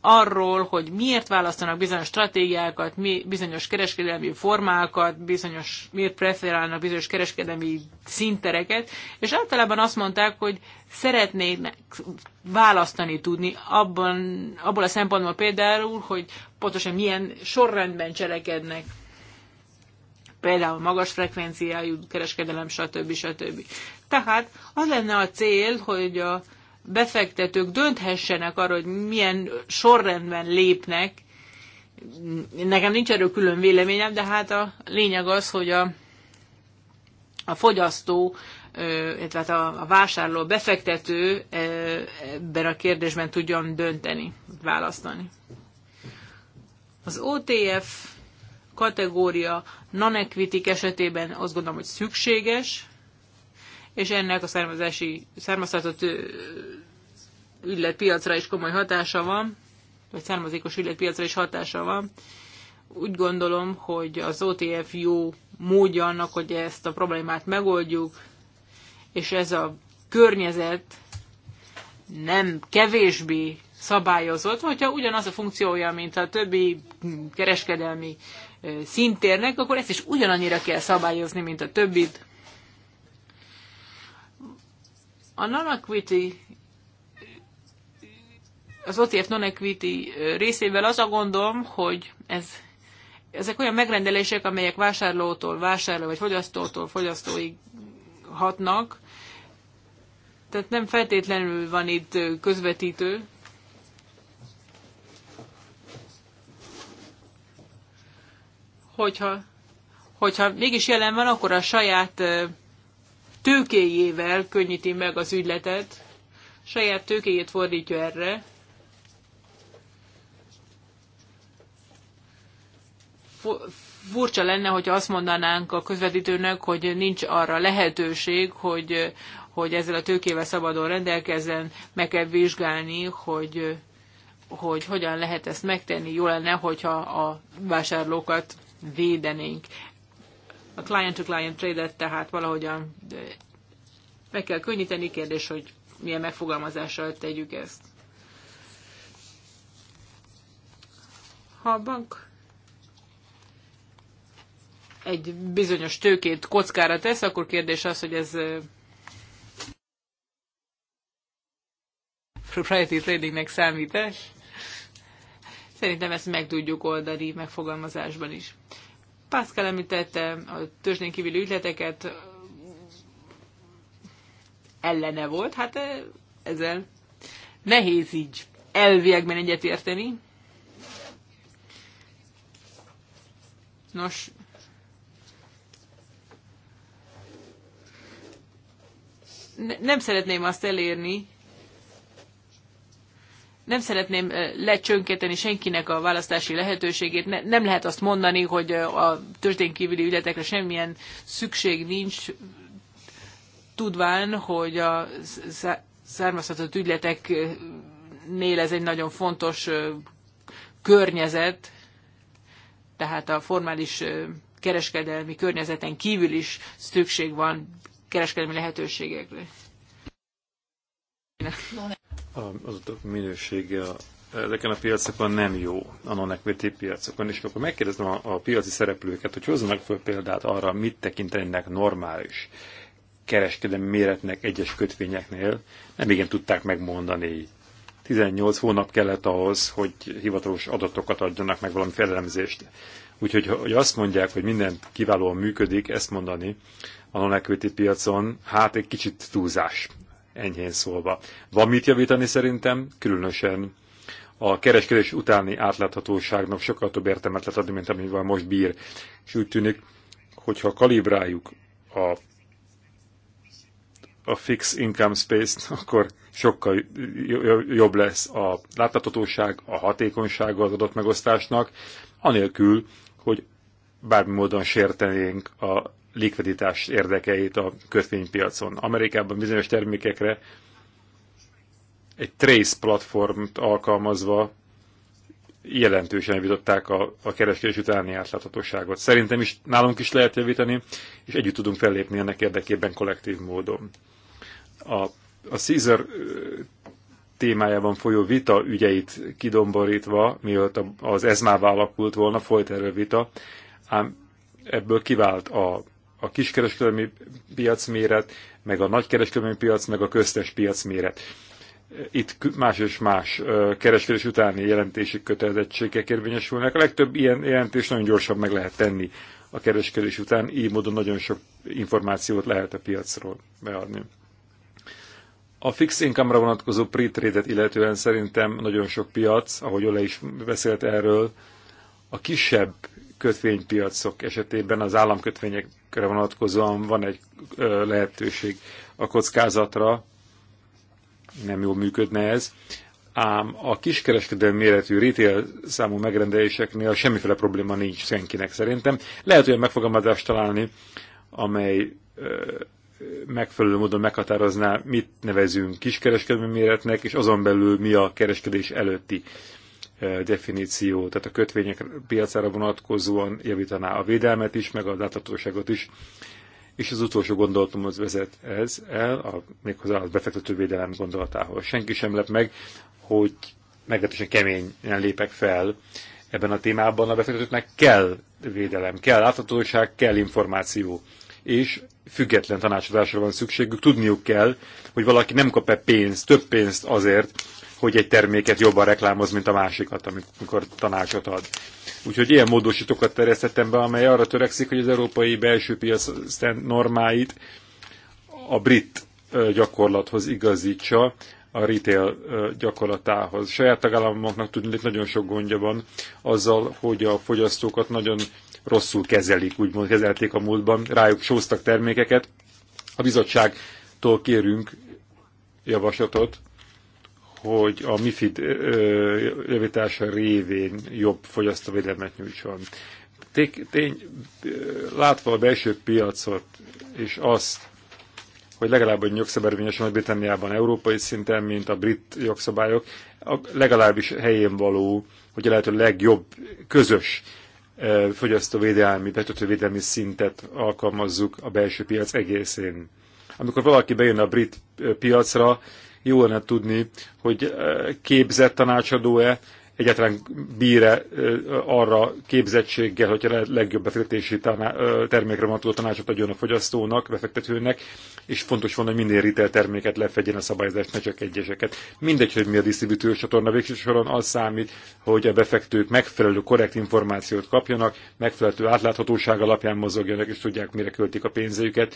arról, hogy miért választanak bizonyos stratégiákat, mi, bizonyos kereskedelmi formákat, bizonyos, miért preferálnak bizonyos kereskedelmi szintereket, és általában azt mondták, hogy szeretnének választani tudni abban, abból a szempontból például, hogy pontosan milyen sorrendben cselekednek például magas frekvenciájú kereskedelem, stb. stb. Tehát az lenne a cél, hogy a befektetők dönthessenek arra, hogy milyen sorrendben lépnek. Nekem nincs erről külön véleményem, de hát a lényeg az, hogy a, a fogyasztó, illetve hát a, a vásárló, a befektető ebben a kérdésben tudjon dönteni, választani. Az OTF kategória non-equity esetében azt gondolom, hogy szükséges, és ennek a származási, származtatott ügyletpiacra is komoly hatása van, vagy származékos ügyletpiacra is hatása van. Úgy gondolom, hogy az OTF jó módja annak, hogy ezt a problémát megoldjuk, és ez a környezet nem kevésbé szabályozott, hogyha ugyanaz a funkciója, mint a többi kereskedelmi szintérnek, akkor ezt is ugyanannyira kell szabályozni, mint a többit. A non-equity az OTF non-equity részével az a gondom, hogy ez, ezek olyan megrendelések, amelyek vásárlótól vásárló, vagy fogyasztótól fogyasztóig hatnak. Tehát nem feltétlenül van itt közvetítő. Hogyha, hogyha mégis jelen van, akkor a saját tőkéjével könnyíti meg az ügyletet, saját tőkéjét fordítja erre, furcsa lenne, hogy azt mondanánk a közvetítőnek, hogy nincs arra lehetőség, hogy, hogy ezzel a tőkével szabadon rendelkezzen, meg kell vizsgálni, hogy, hogy hogyan lehet ezt megtenni. Jó lenne, hogyha a vásárlókat védenénk. A client-to-client trade-et tehát valahogyan meg kell könnyíteni, kérdés, hogy milyen megfogalmazással tegyük ezt. Ha a bank egy bizonyos tőkét kockára tesz, akkor kérdés az, hogy ez propriety tradingnek számít -e? Szerintem ezt meg tudjuk oldani megfogalmazásban is. Pászkál említette a törzsnén kívüli ügyleteket, ellene volt, hát eh, ezzel nehéz így elviekben egyetérteni. Nos, ne, nem szeretném azt elérni, nem szeretném lecsönketeni senkinek a választási lehetőségét. Ne, nem lehet azt mondani, hogy a kívüli ügyletekre semmilyen szükség nincs, tudván, hogy a származhatott ügyleteknél ez egy nagyon fontos környezet, tehát a formális kereskedelmi környezeten kívül is szükség van kereskedelmi lehetőségekre.
Az adatok minősége ezeken a piacokon nem jó, a non piacokon, és akkor megkérdezem a, a piaci szereplőket, hogy hozzanak fel példát arra, mit tekintenek normális kereskedelmi méretnek egyes kötvényeknél, nem igen tudták megmondani. 18 hónap kellett ahhoz, hogy hivatalos adatokat adjanak meg valami felelemzést. Úgyhogy hogy azt mondják, hogy minden kiválóan működik, ezt mondani a non piacon, hát egy kicsit túlzás enyhén szólva. Van mit javítani szerintem, különösen a kereskedés utáni átláthatóságnak sokkal több értelmet lehet adni, mint amivel most bír. És úgy tűnik, hogyha kalibráljuk a, a fix income space-t, akkor sokkal jobb lesz a láthatóság, a hatékonysága az adott megosztásnak, anélkül, hogy bármi módon sértenénk a likviditás érdekeit a kötvénypiacon. Amerikában bizonyos termékekre egy Trace platformt alkalmazva jelentősen javították a, a kereskedés utáni átláthatóságot. Szerintem is nálunk is lehet javítani, és együtt tudunk fellépni ennek érdekében kollektív módon. A, a Caesar témájában folyó vita ügyeit kidomborítva, mielőtt az már alakult volna, folyt erről vita, ám ebből kivált a a kiskereskedelmi piac méret, meg a nagykereskedelmi piac, meg a köztes piac méret. Itt más és más kereskedés utáni jelentési kötelezettségek érvényesülnek. A legtöbb ilyen jelentést nagyon gyorsan meg lehet tenni a kereskedés után, így módon nagyon sok információt lehet a piacról beadni. A fix income-ra vonatkozó pre-trade-et illetően szerintem nagyon sok piac, ahogy Ole is beszélt erről, a kisebb kötvénypiacok esetében az államkötvényekre vonatkozóan van egy lehetőség a kockázatra, nem jól működne ez, ám a kiskereskedelmi méretű retail számú megrendeléseknél semmiféle probléma nincs senkinek szerintem. Lehet olyan megfogalmazást találni, amely megfelelő módon meghatározná, mit nevezünk kiskereskedelmi méretnek, és azon belül mi a kereskedés előtti definíció, tehát a kötvények piacára vonatkozóan javítaná a védelmet is, meg a láthatóságot is. És az utolsó gondolatom az vezet ez el, a, méghozzá a befektetővédelem gondolatához. Senki sem lep meg, hogy meglehetősen keményen lépek fel ebben a témában. A befektetőknek kell védelem, kell láthatóság, kell információ. És független tanácsadásra van szükségük, tudniuk kell, hogy valaki nem kap-e pénzt, több pénzt azért, hogy egy terméket jobban reklámoz, mint a másikat, amikor tanácsot ad. Úgyhogy ilyen módosítókat terjesztettem be, amely arra törekszik, hogy az európai belső piac normáit a brit gyakorlathoz igazítsa, a retail gyakorlatához. Saját tagállamoknak tudni hogy nagyon sok gondja van azzal, hogy a fogyasztókat nagyon rosszul kezelik, úgymond kezelték a múltban, rájuk sóztak termékeket. A bizottságtól kérünk javaslatot, hogy a MIFID javítása révén jobb fogyasztóvédelmet nyújtson. Tény, tény, látva a belső piacot, és azt, hogy legalább egy jogszabályos Nagy-Britanniában európai szinten, mint a brit jogszabályok, legalábbis helyén való, hogy a lehető legjobb közös fogyasztóvédelmi, betötővédelmi szintet alkalmazzuk a belső piac egészén. Amikor valaki bejön a brit piacra, jó lenne tudni, hogy eh, képzett tanácsadó-e, egyáltalán bíre eh, arra képzettséggel, hogy a legjobb befektetési eh, termékre vonatkozó tanácsot adjon a fogyasztónak, befektetőnek, és fontos volna, hogy minden retail terméket lefedjen a szabályozást, ne csak egyeseket. Mindegy, hogy mi a disztribúciós csatorna végső soron, az számít, hogy a befektők megfelelő korrekt információt kapjanak, megfelelő átláthatóság alapján mozogjanak, és tudják, mire költik a pénzüket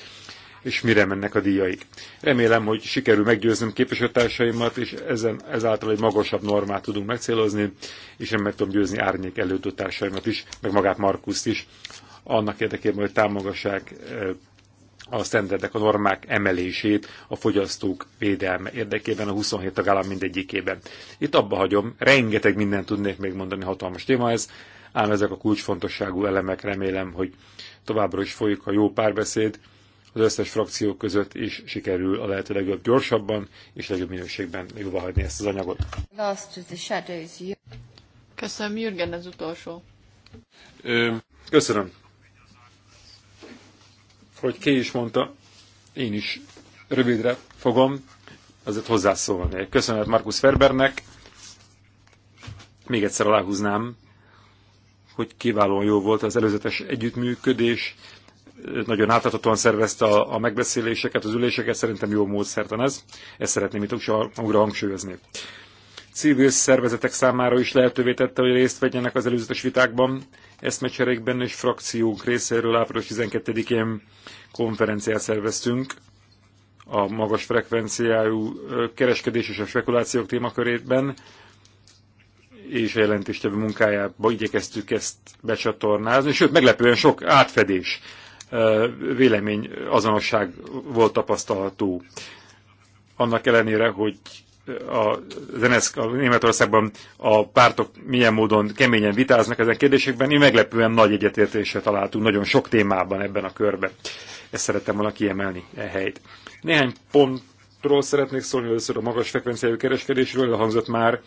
és mire mennek a díjaik. Remélem, hogy sikerül meggyőznöm képviselőtársaimat, és ezen, ezáltal egy magasabb normát tudunk megcélozni, és én meg tudom győzni árnyék előtt társaimat is, meg magát Markuszt is, annak érdekében, hogy támogassák eh, a standardek, a normák emelését a fogyasztók védelme érdekében a 27 tagállam mindegyikében. Itt abba hagyom, rengeteg mindent tudnék még mondani, hatalmas téma ez, ám ezek a kulcsfontosságú elemek remélem, hogy továbbra is folyik a jó párbeszéd, az összes frakció között is sikerül a lehető legjobb gyorsabban és legjobb minőségben jóvá hagyni ezt az anyagot.
Köszönöm, Jürgen az utolsó.
köszönöm. Hogy ki is mondta, én is rövidre fogom, azért hozzászólni. Köszönet Markus Ferbernek. Még egyszer aláhúznám, hogy kiválóan jó volt az előzetes együttműködés, nagyon átláthatóan szervezte a, a megbeszéléseket, az üléseket, szerintem jó módszertan ez. Ezt szeretném itt újra hangsúlyozni. Civil szervezetek számára is lehetővé tette, hogy részt vegyenek az előzetes vitákban, eszmecserékben és frakciók részéről április 12-én konferenciát szerveztünk a magas frekvenciájú kereskedés és a spekulációk témakörében, és a jelentéstevő munkájába igyekeztük ezt becsatornázni, sőt, meglepően sok átfedés vélemény azonosság volt tapasztalható. Annak ellenére, hogy a, Zenesk, a Németországban a pártok milyen módon keményen vitáznak ezen kérdésekben, mi meglepően nagy egyetértésre találtunk nagyon sok témában ebben a körben. Ezt szerettem volna kiemelni e helyt. Néhány pontról szeretnék szólni először a magas frekvenciájú kereskedésről, elhangzott már,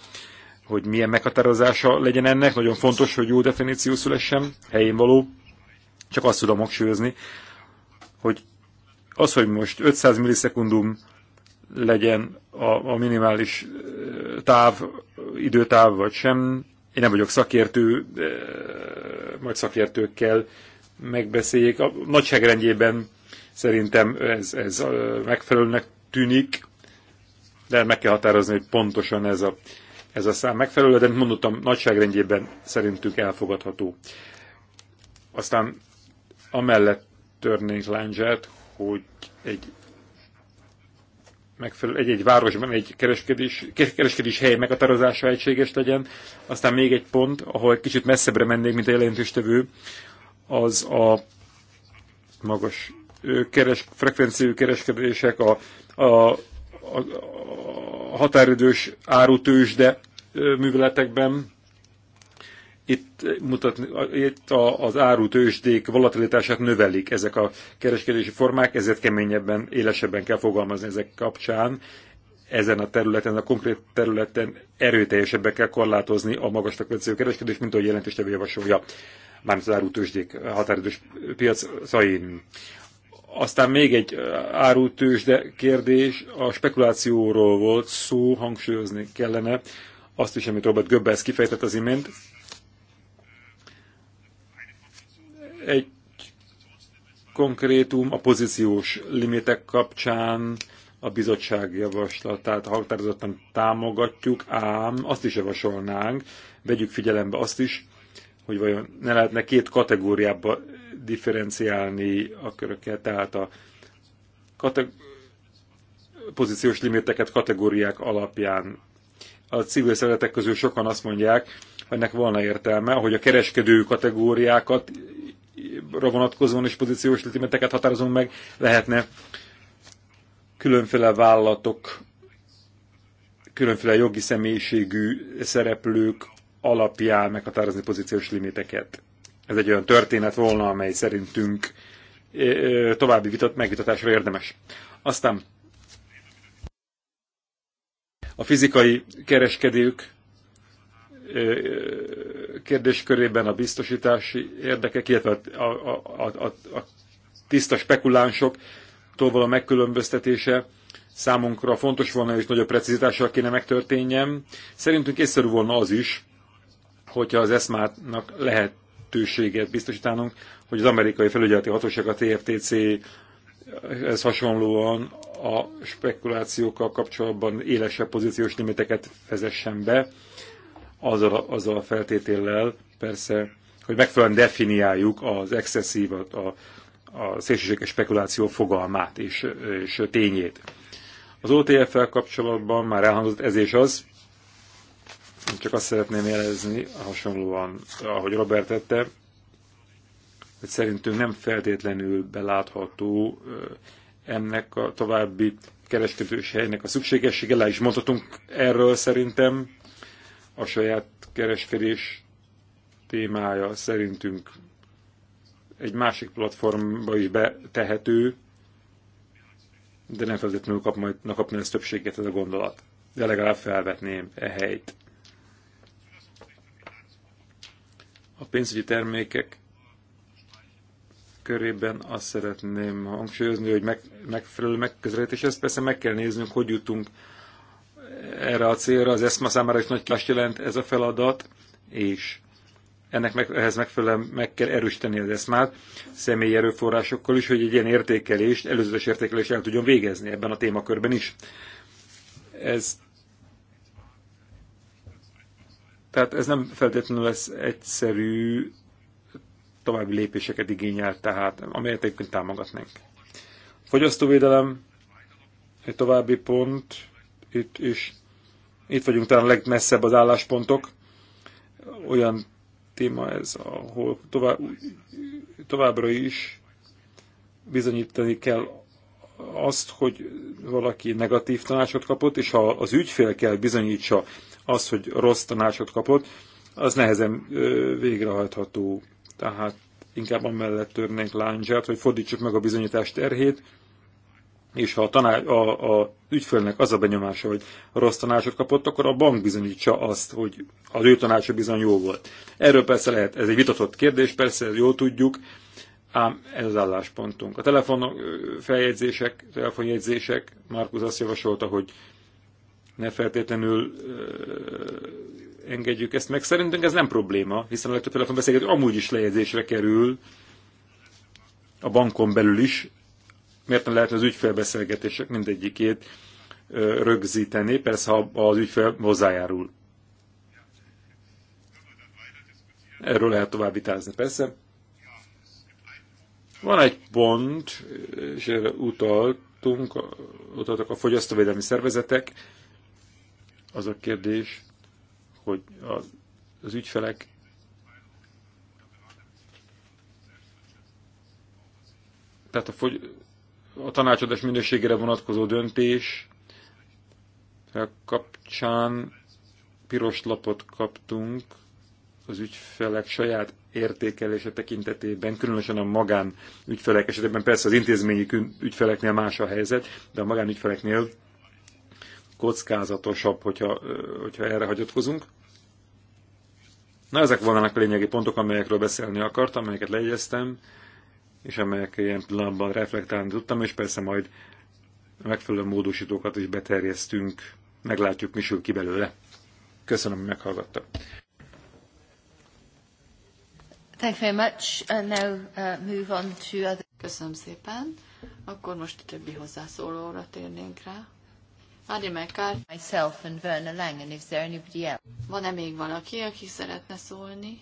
hogy milyen meghatározása legyen ennek. Nagyon fontos, hogy jó definíció szülessen, helyén való csak azt tudom hangsúlyozni, hogy az, hogy most 500 millisekundum legyen a, a minimális táv, időtáv vagy sem, én nem vagyok szakértő, majd szakértőkkel megbeszéljék. A nagyságrendjében szerintem ez, ez megfelelőnek tűnik, de meg kell határozni, hogy pontosan ez a, ez a szám megfelelő, de mondottam, nagyságrendjében szerintünk elfogadható. Aztán amellett törnénk lányzsát, hogy egy megfelelő, egy, egy városban egy kereskedés, kereskedés hely meghatározása egységes legyen. Aztán még egy pont, ahol kicsit messzebbre mennék, mint a jelentéstevő, az a magas keres, frekvenciú kereskedések, a, a, a, a határidős de műveletekben, itt, mutat, itt az áru tőzsdék volatilitását növelik ezek a kereskedési formák, ezért keményebben, élesebben kell fogalmazni ezek kapcsán. Ezen a területen, a konkrét területen erőteljesebben kell korlátozni a magas frekvenciú kereskedést, mint ahogy jelentéstevő javasolja mármint az áru-ösdék árutősdék határidős piacain. Aztán még egy árutősde kérdés, a spekulációról volt szó, hangsúlyozni kellene, azt is, amit Robert Goebbels kifejtett az imént, egy konkrétum a pozíciós limitek kapcsán a bizottság javaslatát határozottan támogatjuk, ám azt is javasolnánk, vegyük figyelembe azt is, hogy vajon ne lehetne két kategóriába differenciálni a köröket, tehát a kate- pozíciós limiteket kategóriák alapján. A civil szeretek közül sokan azt mondják, hogy ennek volna értelme, hogy a kereskedő kategóriákat vonatkozóan és pozíciós limiteket határozunk meg, lehetne különféle vállalatok, különféle jogi személyiségű szereplők alapján meghatározni pozíciós limiteket. Ez egy olyan történet volna, amely szerintünk további vitat, megvitatásra érdemes. Aztán a fizikai kereskedők kérdéskörében a biztosítási érdekek, illetve a, a, a, a, a tiszta spekulánsoktól való megkülönböztetése számunkra fontos volna, és nagyobb precizitással kéne megtörténjen. Szerintünk észszerű volna az is, hogyha az ESMA-nak lehetőséget biztosítanunk, hogy az amerikai felügyeleti hatóság, a TFTC ez hasonlóan a spekulációkkal kapcsolatban élesebb pozíciós limiteket vezessen be, azzal, a, azzal a feltétellel persze, hogy megfelelően definiáljuk az excesszív, a, a szélsőséges spekuláció fogalmát és, és tényét. Az OTF-fel kapcsolatban már elhangzott ez és az, csak azt szeretném jelezni, hasonlóan, ahogy Robert tette, hogy szerintünk nem feltétlenül belátható ennek a további kereskedős helynek a szükségessége. Le is mondhatunk erről szerintem, a saját kereskedés témája szerintünk egy másik platformba is betehető, de nem feltétlenül kap majd, na kapna ezt többséget ez a gondolat. De legalább felvetném e helyt. A pénzügyi termékek körében azt szeretném hangsúlyozni, hogy meg, megfelelő megközelítés. Ezt persze meg kell néznünk, hogy jutunk erre a célra, az ESMA számára is nagy kívást jelent ez a feladat, és ennek meg, ehhez megfelelően meg kell erősíteni az eszmát személyi erőforrásokkal is, hogy egy ilyen értékelést, előzetes értékelést el tudjon végezni ebben a témakörben is. Ez tehát ez nem feltétlenül lesz egyszerű, további lépéseket igényel, tehát amelyet egyébként támogatnánk. Fogyasztóvédelem, egy további pont, itt is, itt vagyunk talán legmesszebb az álláspontok. Olyan téma ez, ahol tovább, továbbra is bizonyítani kell azt, hogy valaki negatív tanácsot kapott, és ha az ügyfél kell bizonyítsa azt, hogy rossz tanácsot kapott, az nehezen végrehajtható. Tehát inkább amellett törnénk lányzsát, hogy fordítsuk meg a bizonyítás terhét, és ha a, a, a ügyfélnek az a benyomása, hogy rossz tanácsot kapott, akkor a bank bizonyítsa azt, hogy az ő tanácsa bizony jó volt. Erről persze lehet, ez egy vitatott kérdés, persze, ezt jól tudjuk, ám ez az álláspontunk. A telefon feljegyzések, telefonjegyzések, Márkusz azt javasolta, hogy ne feltétlenül ö, engedjük ezt meg. Szerintünk ez nem probléma, hiszen a legtöbb telefonbeszélgető amúgy is lejegyzésre kerül, a bankon belül is, miért nem lehet az ügyfélbeszélgetések mindegyikét rögzíteni, persze ha az ügyfél hozzájárul. Erről lehet tovább vitázni, persze. Van egy pont, és erre utaltunk, utaltak a fogyasztóvédelmi szervezetek, az a kérdés, hogy az, az ügyfelek tehát a fogy, a tanácsadás minőségére vonatkozó döntés kapcsán piros lapot kaptunk az ügyfelek saját értékelése tekintetében, különösen a magán ügyfelek esetében, persze az intézményi ügyfeleknél más a helyzet, de a magán ügyfeleknél kockázatosabb, hogyha, hogyha erre hagyatkozunk. Na, ezek volnának a lényegi pontok, amelyekről beszélni akartam, amelyeket legyeztem és amelyek ilyen pillanatban reflektálni tudtam, és persze majd megfelelő módosítókat is beterjesztünk, meglátjuk, mi sül ki belőle. Köszönöm, hogy meghallgattak.
very much. And now uh, move on to other... Köszönöm szépen. Akkor most a többi hozzászólóra térnénk rá. Adi Mekar. Myself and Werner Langen, if there anybody else. Van-e még valaki, aki szeretne szólni?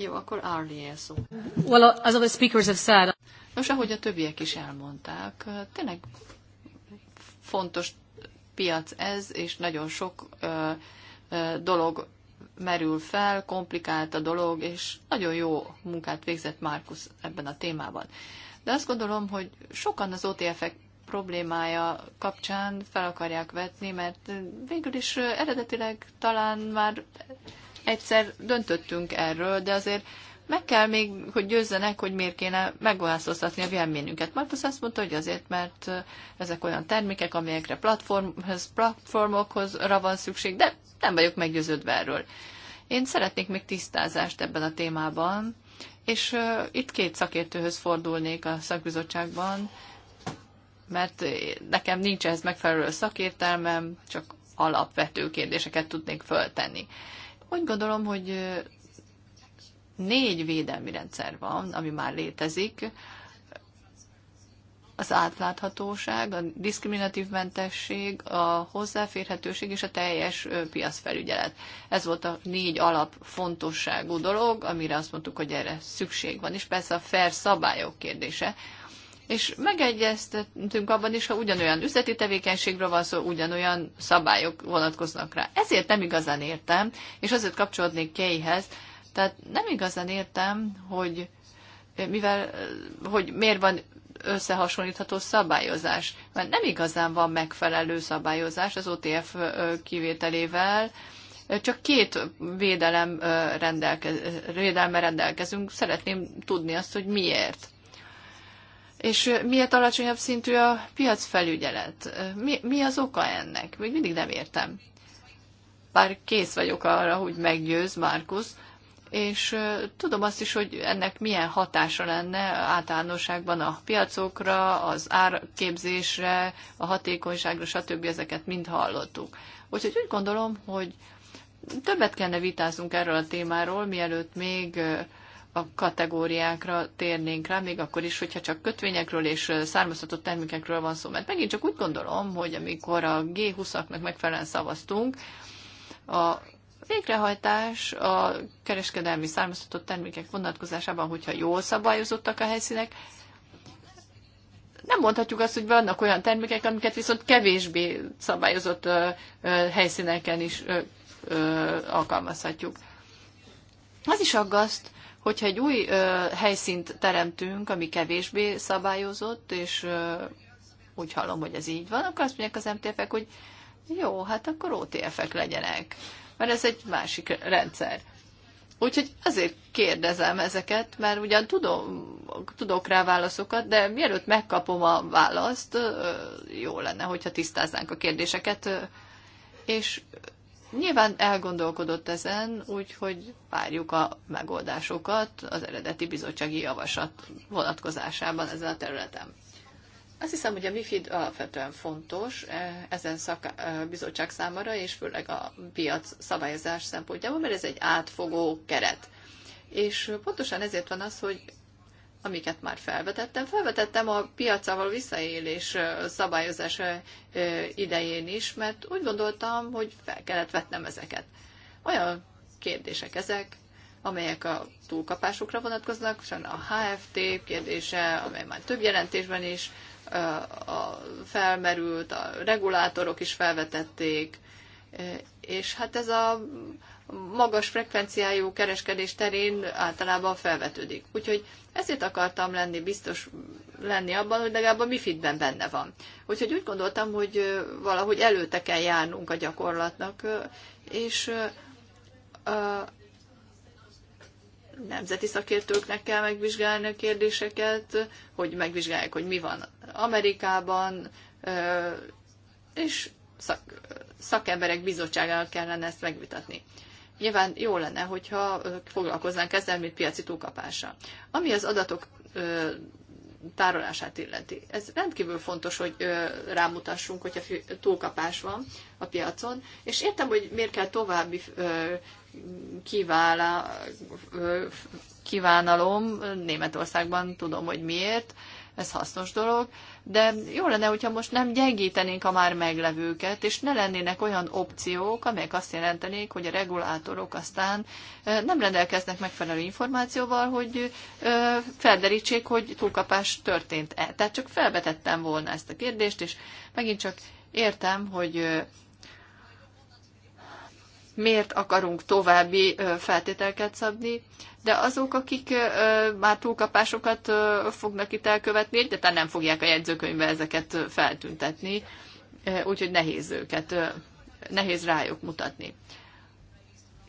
Jó, akkor Arlie szó. Well, as other speakers have said. Nos, ahogy a többiek is elmondták, tényleg fontos piac ez, és nagyon sok dolog merül fel, komplikált a dolog, és nagyon jó munkát végzett Markus ebben a témában. De azt gondolom, hogy sokan az OTF-ek problémája kapcsán fel akarják vetni, mert végül is eredetileg talán már egyszer döntöttünk erről, de azért meg kell még, hogy győzzenek, hogy miért kéne megváltoztatni a véleményünket. Markus azt mondta, hogy azért, mert ezek olyan termékek, amelyekre platformhoz, platformokhoz van szükség, de nem vagyok meggyőződve erről. Én szeretnék még tisztázást ebben a témában, és itt két szakértőhöz fordulnék a szakbizottságban, mert nekem nincs ehhez megfelelő szakértelmem, csak alapvető kérdéseket tudnék föltenni. Úgy gondolom, hogy négy védelmi rendszer van, ami már létezik. Az átláthatóság, a diszkriminatív mentesség, a hozzáférhetőség és a teljes piacfelügyelet. Ez volt a négy alap fontosságú dolog, amire azt mondtuk, hogy erre szükség van. És persze a fair szabályok kérdése, és megegyeztetünk abban is, ha ugyanolyan üzleti tevékenységről van szó, ugyanolyan szabályok vonatkoznak rá. Ezért nem igazán értem, és azért kapcsolódnék Kéhez, tehát nem igazán értem, hogy mivel, hogy miért van összehasonlítható szabályozás, mert nem igazán van megfelelő szabályozás az OTF kivételével, csak két védelem rendelkez, védelme rendelkezünk, szeretném tudni azt, hogy miért. És miért alacsonyabb szintű a piacfelügyelet? Mi, mi az oka ennek? Még mindig nem értem. Bár kész vagyok arra, hogy meggyőz Márkusz, és tudom azt is, hogy ennek milyen hatása lenne általánosságban a piacokra, az árképzésre, a hatékonyságra, stb. ezeket mind hallottuk. Úgyhogy úgy gondolom, hogy többet kellene vitáznunk erről a témáról, mielőtt még a kategóriákra térnénk rá, még akkor is, hogyha csak kötvényekről és származtatott termékekről van szó. Mert megint csak úgy gondolom, hogy amikor a G20-aknak megfelelően szavaztunk, a végrehajtás a kereskedelmi származtatott termékek vonatkozásában, hogyha jól szabályozottak a helyszínek, nem mondhatjuk azt, hogy vannak olyan termékek, amiket viszont kevésbé szabályozott ö, ö, helyszíneken is ö, ö, alkalmazhatjuk. Az is aggaszt, hogyha egy új ö, helyszínt teremtünk, ami kevésbé szabályozott, és ö, úgy hallom, hogy ez így van, akkor azt mondják az MTF-ek, hogy jó, hát akkor OTF-ek legyenek, mert ez egy másik rendszer. Úgyhogy azért kérdezem ezeket, mert ugyan tudom, tudok rá válaszokat, de mielőtt megkapom a választ, jó lenne, hogyha tisztáznánk a kérdéseket, és Nyilván elgondolkodott ezen, úgyhogy várjuk a megoldásokat az eredeti bizottsági javaslat vonatkozásában ezen a területen. Azt hiszem, hogy a MIFID alapvetően fontos e, ezen szak, e, bizottság számára, és főleg a piac szabályozás szempontjából, mert ez egy átfogó keret. És pontosan ezért van az, hogy amiket már felvetettem. Felvetettem a piacával visszaélés szabályozás idején is, mert úgy gondoltam, hogy fel kellett vetnem ezeket. Olyan kérdések ezek, amelyek a túlkapásokra vonatkoznak, és a HFT kérdése, amely már több jelentésben is felmerült, a regulátorok is felvetették, és hát ez a magas frekvenciájú kereskedés terén általában felvetődik. Úgyhogy ezért akartam lenni biztos lenni abban, hogy legalább a MIFID-ben benne van. Úgyhogy úgy gondoltam, hogy valahogy előtte kell járnunk a gyakorlatnak, és a nemzeti szakértőknek kell megvizsgálni a kérdéseket, hogy megvizsgálják, hogy mi van Amerikában, és szak, szakemberek bizottságával kellene ezt megvitatni. Nyilván jó lenne, hogyha foglalkoznánk ezzel, mint piaci túlkapással. Ami az adatok tárolását illeti. Ez rendkívül fontos, hogy rámutassunk, hogyha túlkapás van a piacon, és értem, hogy miért kell további kívánalom Németországban, tudom, hogy miért, ez hasznos dolog, de jó lenne, hogyha most nem gyengítenénk a már meglevőket, és ne lennének olyan opciók, amelyek azt jelentenék, hogy a regulátorok aztán nem rendelkeznek megfelelő információval, hogy felderítsék, hogy túlkapás történt-e. Tehát csak felbetettem volna ezt a kérdést, és megint csak értem, hogy miért akarunk további feltételeket szabni, de azok, akik már túlkapásokat fognak itt elkövetni, egyáltalán nem fogják a jegyzőkönyvbe ezeket feltüntetni, úgyhogy nehéz őket, nehéz rájuk mutatni.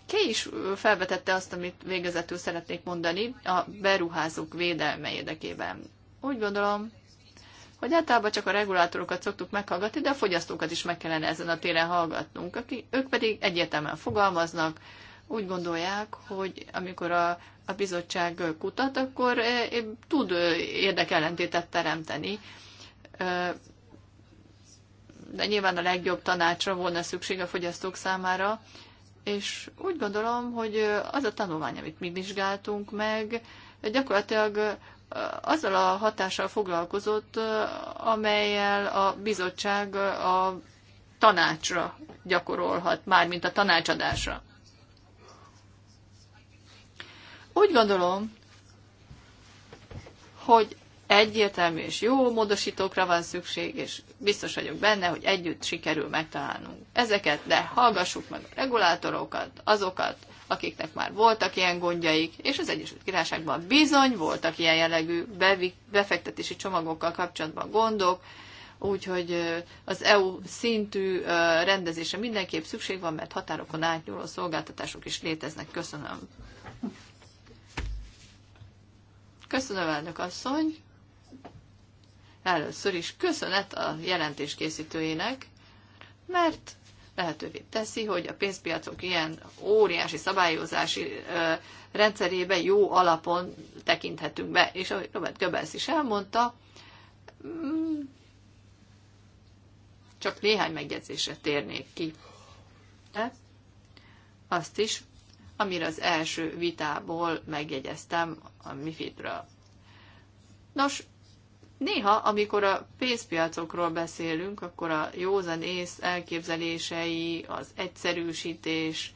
Ki is felvetette azt, amit végezetül szeretnék mondani, a beruházók védelme érdekében. Úgy gondolom, hogy általában csak a regulátorokat szoktuk meghallgatni, de a fogyasztókat is meg kellene ezen a téren hallgatnunk, akik, ők pedig egyértelműen fogalmaznak, úgy gondolják, hogy amikor a, a bizottság kutat, akkor e, e tud e, érdekellentétet teremteni. E, de nyilván a legjobb tanácsra volna szükség a fogyasztók számára, és úgy gondolom, hogy az a tanulmány, amit mi vizsgáltunk meg, gyakorlatilag azzal a hatással foglalkozott, amelyel a bizottság a tanácsra gyakorolhat, mármint a tanácsadásra. Úgy gondolom, hogy egyértelmű és jó módosítókra van szükség, és biztos vagyok benne, hogy együtt sikerül megtalálnunk ezeket, de hallgassuk meg a regulátorokat, azokat, akiknek már voltak ilyen gondjaik, és az Egyesült Királyságban bizony voltak ilyen jellegű befektetési csomagokkal kapcsolatban gondok, úgyhogy az EU szintű rendezése mindenképp szükség van, mert határokon átnyúló szolgáltatások is léteznek. Köszönöm. Köszönöm, elnök asszony. Először is köszönet a jelentés készítőjének, mert lehetővé teszi, hogy a pénzpiacok ilyen óriási szabályozási rendszerébe jó alapon tekinthetünk be. És ahogy Robert Goebbels is elmondta, mm, csak néhány megjegyzésre térnék ki. De azt is, amire az első vitából megjegyeztem a MIFID-ről. Nos, Néha, amikor a pénzpiacokról beszélünk, akkor a józan ész elképzelései, az egyszerűsítés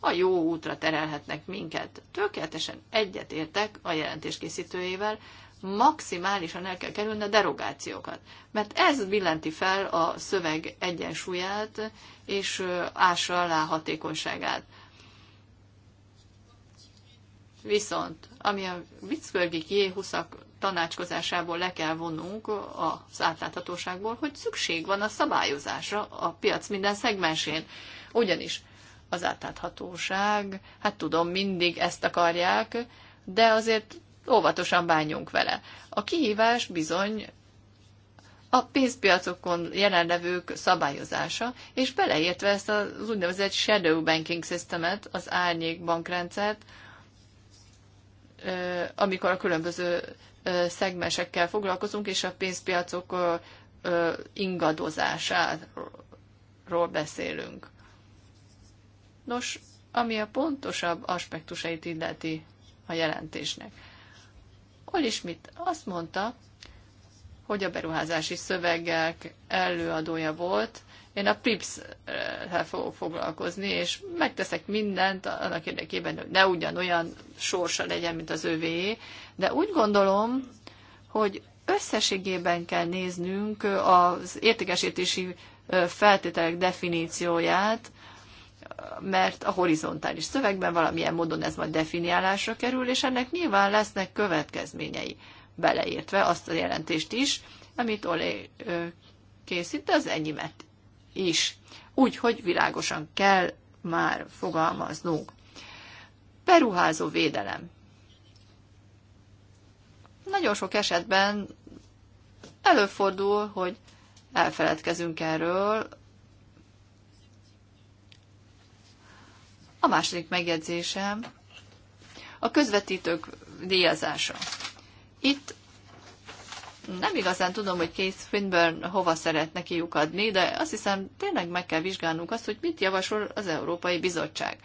a jó útra terelhetnek minket. Tökéletesen egyetértek a jelentéskészítőjével, maximálisan el kell kerülni a derogációkat, mert ez billenti fel a szöveg egyensúlyát és ássa alá hatékonyságát. Viszont, ami a Vitzbörgi j tanácskozásából le kell vonnunk az átláthatóságból, hogy szükség van a szabályozásra a piac minden szegmensén. Ugyanis az átláthatóság, hát tudom, mindig ezt akarják, de azért óvatosan bánjunk vele. A kihívás bizony a pénzpiacokon jelenlevők szabályozása, és beleértve ezt az úgynevezett shadow banking systemet, az árnyék bankrendszert, amikor a különböző szegmensekkel foglalkozunk, és a pénzpiacok ingadozásáról beszélünk. Nos, ami a pontosabb aspektusait illeti a jelentésnek. Olismit azt mondta, hogy a beruházási szövegek előadója volt, én a pips hez fogok foglalkozni, és megteszek mindent annak érdekében, hogy ne ugyanolyan sorsa legyen, mint az övé, de úgy gondolom, hogy összességében kell néznünk az értékesítési feltételek definícióját, mert a horizontális szövegben valamilyen módon ez majd definiálásra kerül, és ennek nyilván lesznek következményei, beleértve azt a jelentést is, amit Olé készít, de az enyimet is. Úgy, hogy világosan kell már fogalmaznunk. Beruházó védelem. Nagyon sok esetben előfordul, hogy elfeledkezünk erről. A második megjegyzésem a közvetítők díjazása. Itt nem igazán tudom, hogy Keith Finburn hova szeretne kiukadni, de azt hiszem tényleg meg kell vizsgálnunk azt, hogy mit javasol az Európai Bizottság.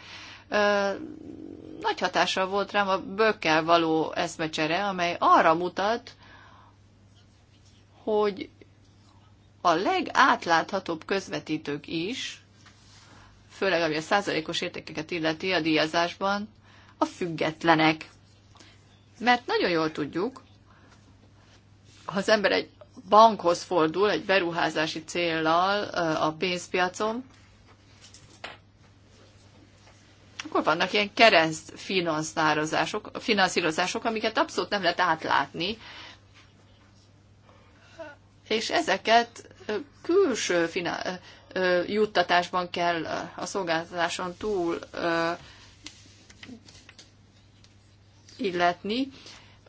Ö, nagy hatással volt rám a bökkel való eszmecsere, amely arra mutat, hogy a legátláthatóbb közvetítők is, főleg ami a százalékos értékeket illeti a díjazásban, a függetlenek. Mert nagyon jól tudjuk, ha az ember egy bankhoz fordul egy beruházási céllal a pénzpiacon, akkor vannak ilyen kereszt finanszírozások, finanszírozások, amiket abszolút nem lehet átlátni, és ezeket külső finan- juttatásban kell a szolgáltatáson túl illetni,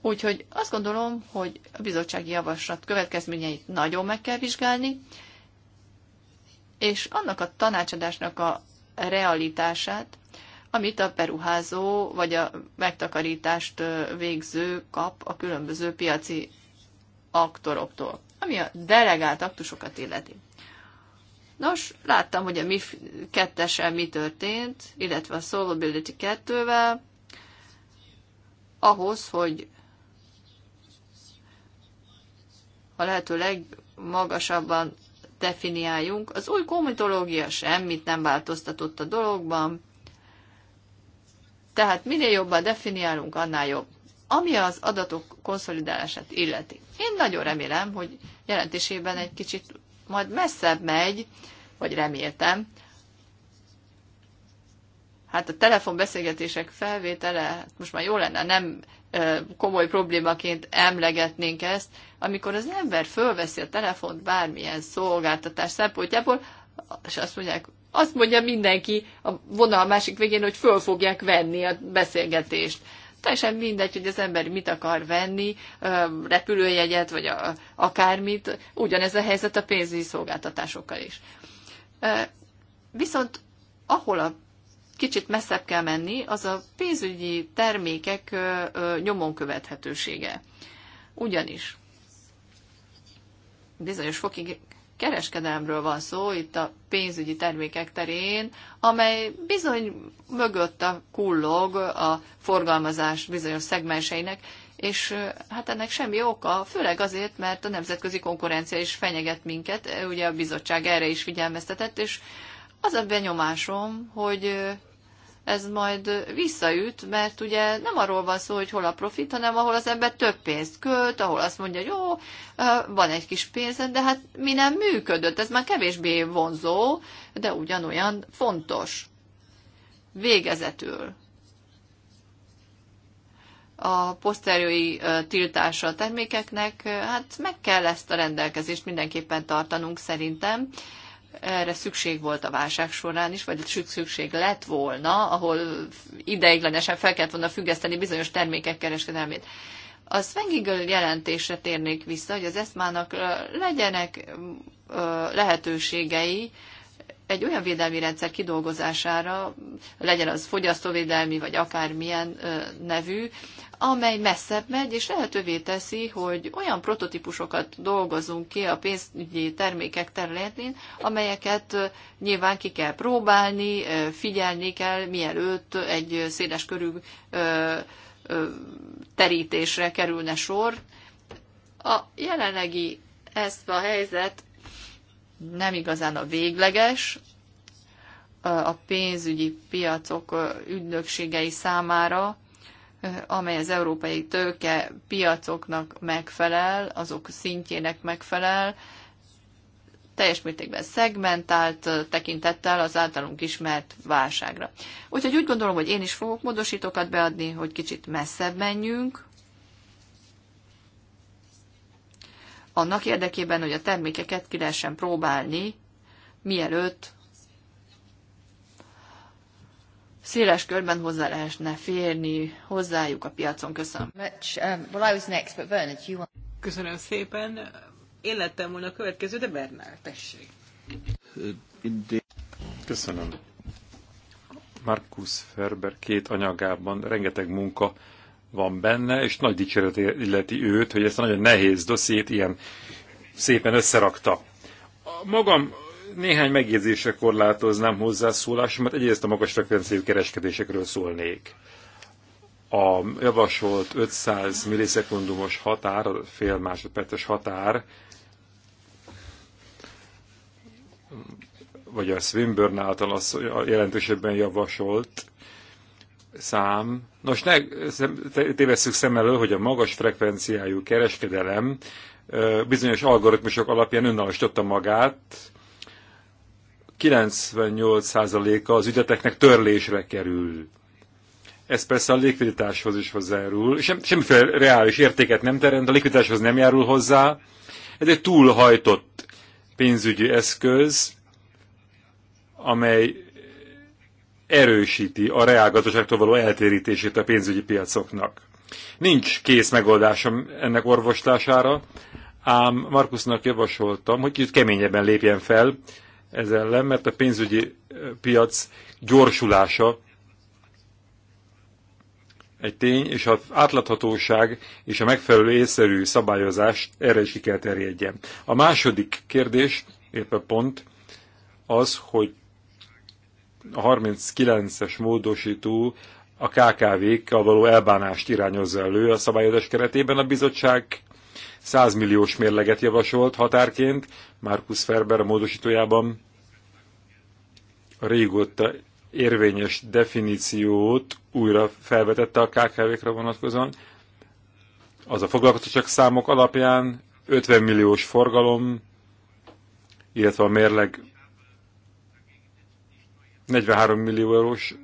Úgyhogy azt gondolom, hogy a bizottsági javaslat következményeit nagyon meg kell vizsgálni, és annak a tanácsadásnak a realitását, amit a peruházó vagy a megtakarítást végző kap a különböző piaci aktoroktól, ami a delegált aktusokat illeti. Nos, láttam, hogy a MIF 2 mi történt, illetve a Solvability 2-vel, ahhoz, hogy a lehető legmagasabban definiáljunk. Az új komitológia semmit nem változtatott a dologban, tehát minél jobban definiálunk, annál jobb. Ami az adatok konszolidálását illeti. Én nagyon remélem, hogy jelentésében egy kicsit majd messzebb megy, vagy reméltem, hát a telefonbeszélgetések felvétele, hát most már jó lenne, nem komoly problémaként emlegetnénk ezt, amikor az ember fölveszi a telefont bármilyen szolgáltatás szempontjából, és azt mondják, azt mondja mindenki a vonal másik végén, hogy föl fogják venni a beszélgetést. Teljesen mindegy, hogy az ember mit akar venni, repülőjegyet, vagy a, akármit, ugyanez a helyzet a pénzügyi szolgáltatásokkal is. Viszont ahol a kicsit messzebb kell menni, az a pénzügyi termékek nyomon követhetősége. Ugyanis bizonyos fokig kereskedelmről van szó itt a pénzügyi termékek terén, amely bizony mögött a kullog a forgalmazás bizonyos szegmenseinek, és hát ennek semmi oka, főleg azért, mert a nemzetközi konkurencia is fenyeget minket, ugye a bizottság erre is figyelmeztetett, és az a benyomásom, hogy ez majd visszaüt, mert ugye nem arról van szó, hogy hol a profit, hanem ahol az ember több pénzt költ, ahol azt mondja, hogy jó, van egy kis pénzed, de hát mi nem működött, ez már kevésbé vonzó, de ugyanolyan fontos. Végezetül a poszteriói tiltása a termékeknek, hát meg kell ezt a rendelkezést mindenképpen tartanunk szerintem, erre szükség volt a válság során is, vagy szükség lett volna, ahol ideiglenesen fel kellett volna függeszteni bizonyos termékek kereskedelmét. A Svengigöl jelentésre térnék vissza, hogy az eszmának legyenek lehetőségei egy olyan védelmi rendszer kidolgozására, legyen az fogyasztóvédelmi, vagy akármilyen nevű, amely messzebb megy, és lehetővé teszi, hogy olyan prototípusokat dolgozunk ki a pénzügyi termékek területén, amelyeket nyilván ki kell próbálni, figyelni kell, mielőtt egy széles körű terítésre kerülne sor. A jelenlegi ezt a helyzet nem igazán a végleges a pénzügyi piacok ügynökségei számára, amely az európai tőke piacoknak megfelel, azok szintjének megfelel, teljes mértékben szegmentált tekintettel az általunk ismert válságra. Úgyhogy úgy gondolom, hogy én is fogok módosítókat beadni, hogy kicsit messzebb menjünk, annak érdekében, hogy a termékeket ki lehessen próbálni, mielőtt széles körben hozzá lehessen férni hozzájuk a piacon. Köszönöm. Um, Köszönöm
szépen. Én lettem volna a következő, de Bernál, tessék.
Köszönöm. Markus Ferber két anyagában rengeteg munka van benne, és nagy dicséret illeti őt, hogy ezt a nagyon nehéz dossziét ilyen szépen összerakta. A magam néhány megjegyzésre korlátoznám hozzászólásomat, egyrészt a magas frekvenciájú kereskedésekről szólnék. A javasolt 500 millisekundumos határ, a fél másodperces határ, vagy a Swinburne által az jelentősebben javasolt szám, Nos, ne tévesszük szem elől, hogy a magas frekvenciájú kereskedelem bizonyos algoritmusok alapján önállósította magát, 98%-a az ügyeteknek törlésre kerül. Ez persze a likviditáshoz is hozzájárul. Sem, semmiféle reális értéket nem teremt, a likviditáshoz nem járul hozzá. Ez egy túlhajtott pénzügyi eszköz, amely erősíti a reálgazdaságtól való eltérítését a pénzügyi piacoknak. Nincs kész megoldásom ennek orvoslására, ám Markusnak javasoltam, hogy kicsit keményebben lépjen fel ez ellen, mert a pénzügyi eh, piac gyorsulása egy tény, és az átláthatóság és a megfelelő észszerű szabályozás erre is ki kell terjedjen. A második kérdés, éppen pont az, hogy a 39-es módosító a KKV-kkal való elbánást irányozza elő a szabályozás keretében. A bizottság 100 milliós mérleget javasolt határként, Markus Ferber a módosítójában a régóta érvényes definíciót újra felvetette a KKV-kre vonatkozóan. Az a foglalkoztatások számok alapján 50 milliós forgalom, illetve a mérleg 43 millió eurós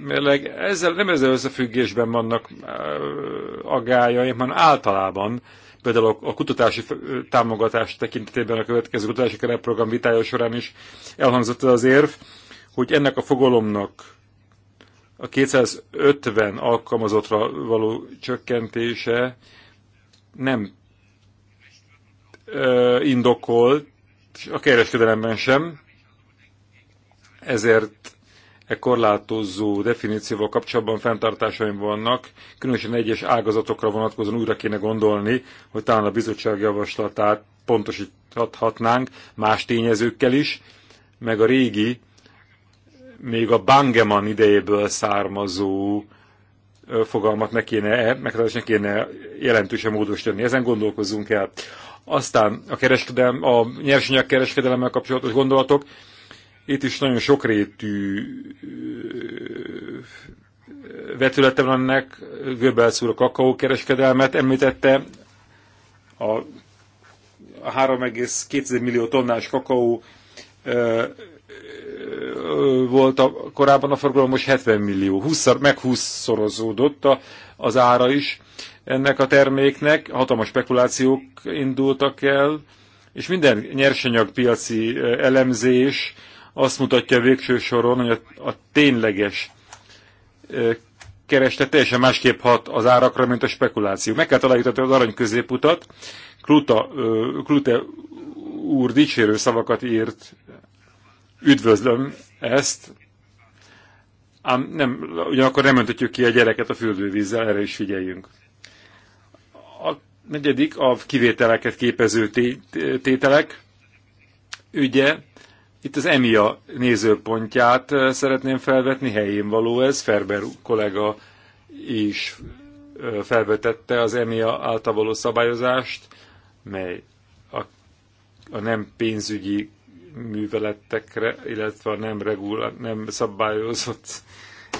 mérleg. Ezzel, nem ezzel összefüggésben vannak aggájaim, hanem általában például a kutatási támogatás tekintetében a következő kutatási keretprogram vitája során is elhangzott az érv, hogy ennek a fogalomnak a 250 alkalmazottra való csökkentése nem indokolt, a kereskedelemben sem, ezért e korlátozó definícióval kapcsolatban fenntartásaim vannak, különösen egyes ágazatokra vonatkozóan újra kéne gondolni, hogy talán a bizottság javaslatát pontosíthatnánk más tényezőkkel is, meg a régi, még a Bangeman idejéből származó fogalmat ne kéne, eh, megtalálni kéne jelentősen módosítani. Ezen gondolkozzunk el. Aztán a, kereskedelem, a nyersanyag kapcsolatos gondolatok, itt is nagyon sokrétű vetülete van ennek. Göbelsz úr a kakaókereskedelmet említette. A 3,2 millió tonnás kakaó volt a, korábban a forgalom, most 70 millió. 20, meg 20-szorozódott a, az ára is ennek a terméknek. Hatalmas spekulációk indultak el, és minden nyersanyagpiaci elemzés azt mutatja végső soron, hogy a, a tényleges kereslet teljesen másképp hat az árakra, mint a spekuláció. Meg kell találni az arany középutat. Kluta, Klute úr dicsérő szavakat írt, üdvözlöm ezt, ám nem, ugyanakkor nem öntetjük ki a gyereket a fürdővízzel, erre is figyeljünk. A negyedik a kivételeket képező tételek ügye, itt az EMIA nézőpontját szeretném felvetni, helyén való ez, Ferber kollega is felvetette az EMIA által való szabályozást, mely a, a nem pénzügyi műveletekre, illetve a nem, regula, nem szabályozott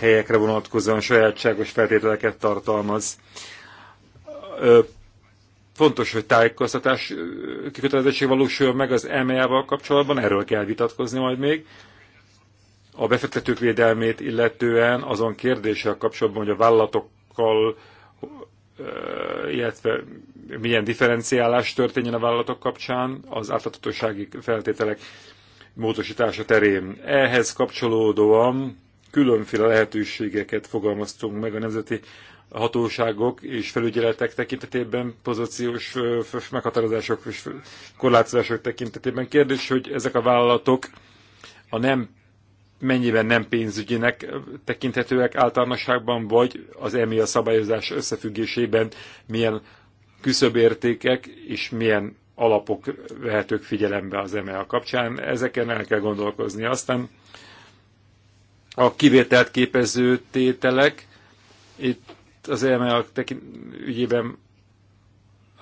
helyekre vonatkozóan sajátságos feltételeket tartalmaz. Fontos, hogy tájékoztatás kikötelezettség valósuljon meg az EMEA-val kapcsolatban, erről kell vitatkozni majd még. A befektetők védelmét illetően azon kérdéssel kapcsolatban, hogy a vállalatokkal, illetve milyen differenciálás történjen a vállalatok kapcsán, az átláthatósági feltételek módosítása terén. Ehhez kapcsolódóan különféle lehetőségeket fogalmaztunk meg a nemzeti hatóságok és felügyeletek tekintetében, pozíciós meghatározások és korlátozások tekintetében. Kérdés, hogy ezek a vállalatok a nem mennyiben nem pénzügyinek tekinthetőek általánosságban, vagy az EMI a szabályozás összefüggésében milyen küszöbértékek és milyen alapok vehetők figyelembe az e a kapcsán. Ezeken el kell gondolkozni. Aztán a kivételt képező tételek, itt az EML e ügyében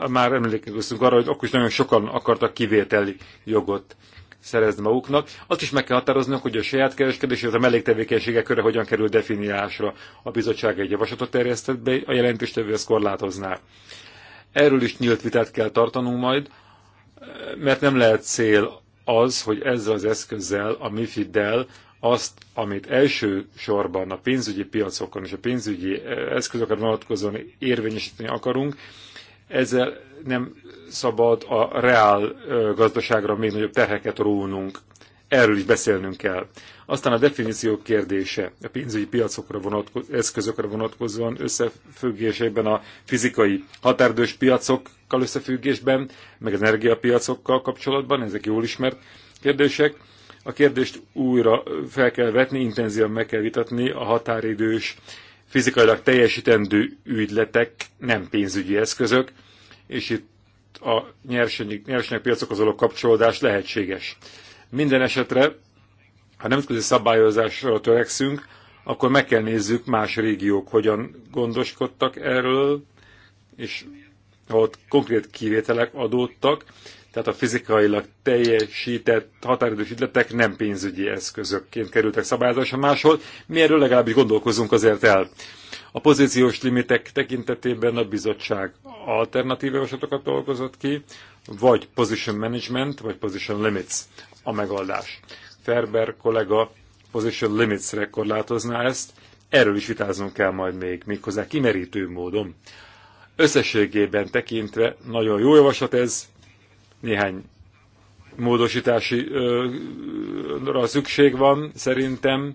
már emlékeztünk arra, hogy akkor is nagyon sokan akartak kivételi jogot szerezni maguknak. Azt is meg kell határozni, hogy a saját kereskedés és a melléktevékenységek köre hogyan kerül definiálásra. A bizottság egy javaslatot terjesztett be, a jelentéstevő ezt korlátozná. Erről is nyílt vitát kell tartanunk majd, mert nem lehet cél az, hogy ezzel az eszközzel, a MIFID-del azt, amit első sorban a pénzügyi piacokon és a pénzügyi eh, eszközökre vonatkozóan érvényesíteni akarunk, ezzel nem szabad a reál eh, gazdaságra még nagyobb terheket rónunk. Erről is beszélnünk kell. Aztán a definíció kérdése a pénzügyi piacokra vonatkozó, eszközökre vonatkozóan összefüggésében a fizikai határdős piacokkal összefüggésben, meg az energiapiacokkal kapcsolatban, ezek jól ismert kérdések a kérdést újra fel kell vetni, intenzíven meg kell vitatni a határidős, fizikailag teljesítendő ügyletek, nem pénzügyi eszközök, és itt a nyersanyagpiacokhoz való kapcsolódás lehetséges. Minden esetre, ha nemzetközi szabályozásra törekszünk, akkor meg kell nézzük más régiók hogyan gondoskodtak erről, és ha ott konkrét kivételek adódtak, tehát a fizikailag teljesített határidős ügyletek nem pénzügyi eszközökként kerültek szabályozásra máshol, mi erről legalábbis gondolkozunk azért el. A pozíciós limitek tekintetében a bizottság alternatív javaslatokat dolgozott ki, vagy position management, vagy position limits a megoldás. Ferber kollega position limits-re korlátozná ezt, erről is vitáznunk kell majd még, méghozzá kimerítő módon. Összességében tekintve nagyon jó javaslat ez, néhány módosításra szükség van, szerintem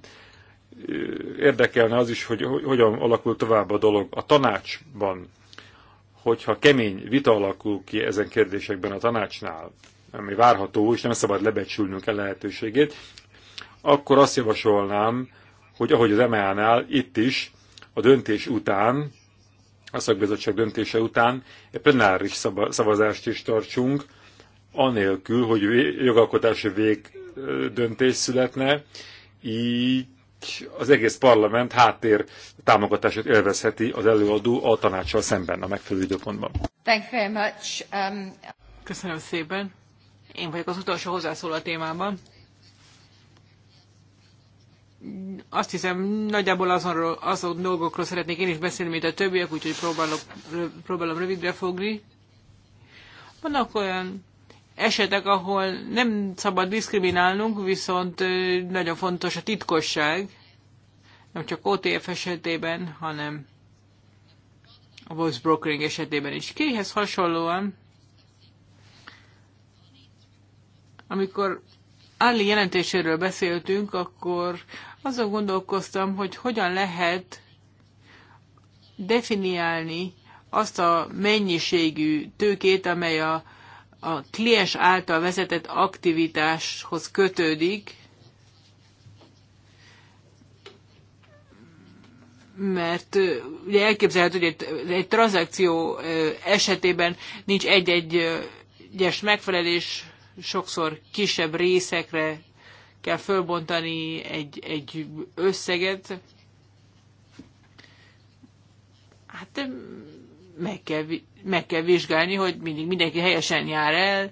érdekelne az is, hogy hogyan alakul tovább a dolog a tanácsban, hogyha kemény vita alakul ki ezen kérdésekben a tanácsnál, ami várható, és nem szabad lebecsülnünk el lehetőségét, akkor azt javasolnám, hogy ahogy az MEA-nál, itt is a döntés után, a szakbizottság döntése után egy plenáris szavazást is tartsunk, anélkül, hogy jogalkotási végdöntés születne, így az egész parlament háttér támogatását élvezheti az előadó a tanácssal szemben a megfelelő időpontban.
Thank you very much.
Um... Köszönöm szépen. Én vagyok az utolsó hozzászóló a témában. Azt hiszem, nagyjából azonról, azon dolgokról szeretnék én is beszélni, mint a többiek, úgyhogy próbálok, próbálom rövidre fogni. Vannak olyan esetek, ahol nem szabad diszkriminálnunk, viszont nagyon fontos a titkosság, nem csak OTF esetében, hanem a voice brokering esetében is. Kéhez hasonlóan, amikor Ali jelentéséről beszéltünk, akkor azon gondolkoztam, hogy hogyan lehet definiálni azt a mennyiségű tőkét, amely a a kliens által vezetett aktivitáshoz kötődik, mert ugye elképzelhető, hogy egy, egy tranzakció esetében nincs egy-egy egyes megfelelés, sokszor kisebb részekre kell fölbontani egy, egy összeget. Hát meg kell meg kell vizsgálni, hogy mindig mindenki helyesen jár el,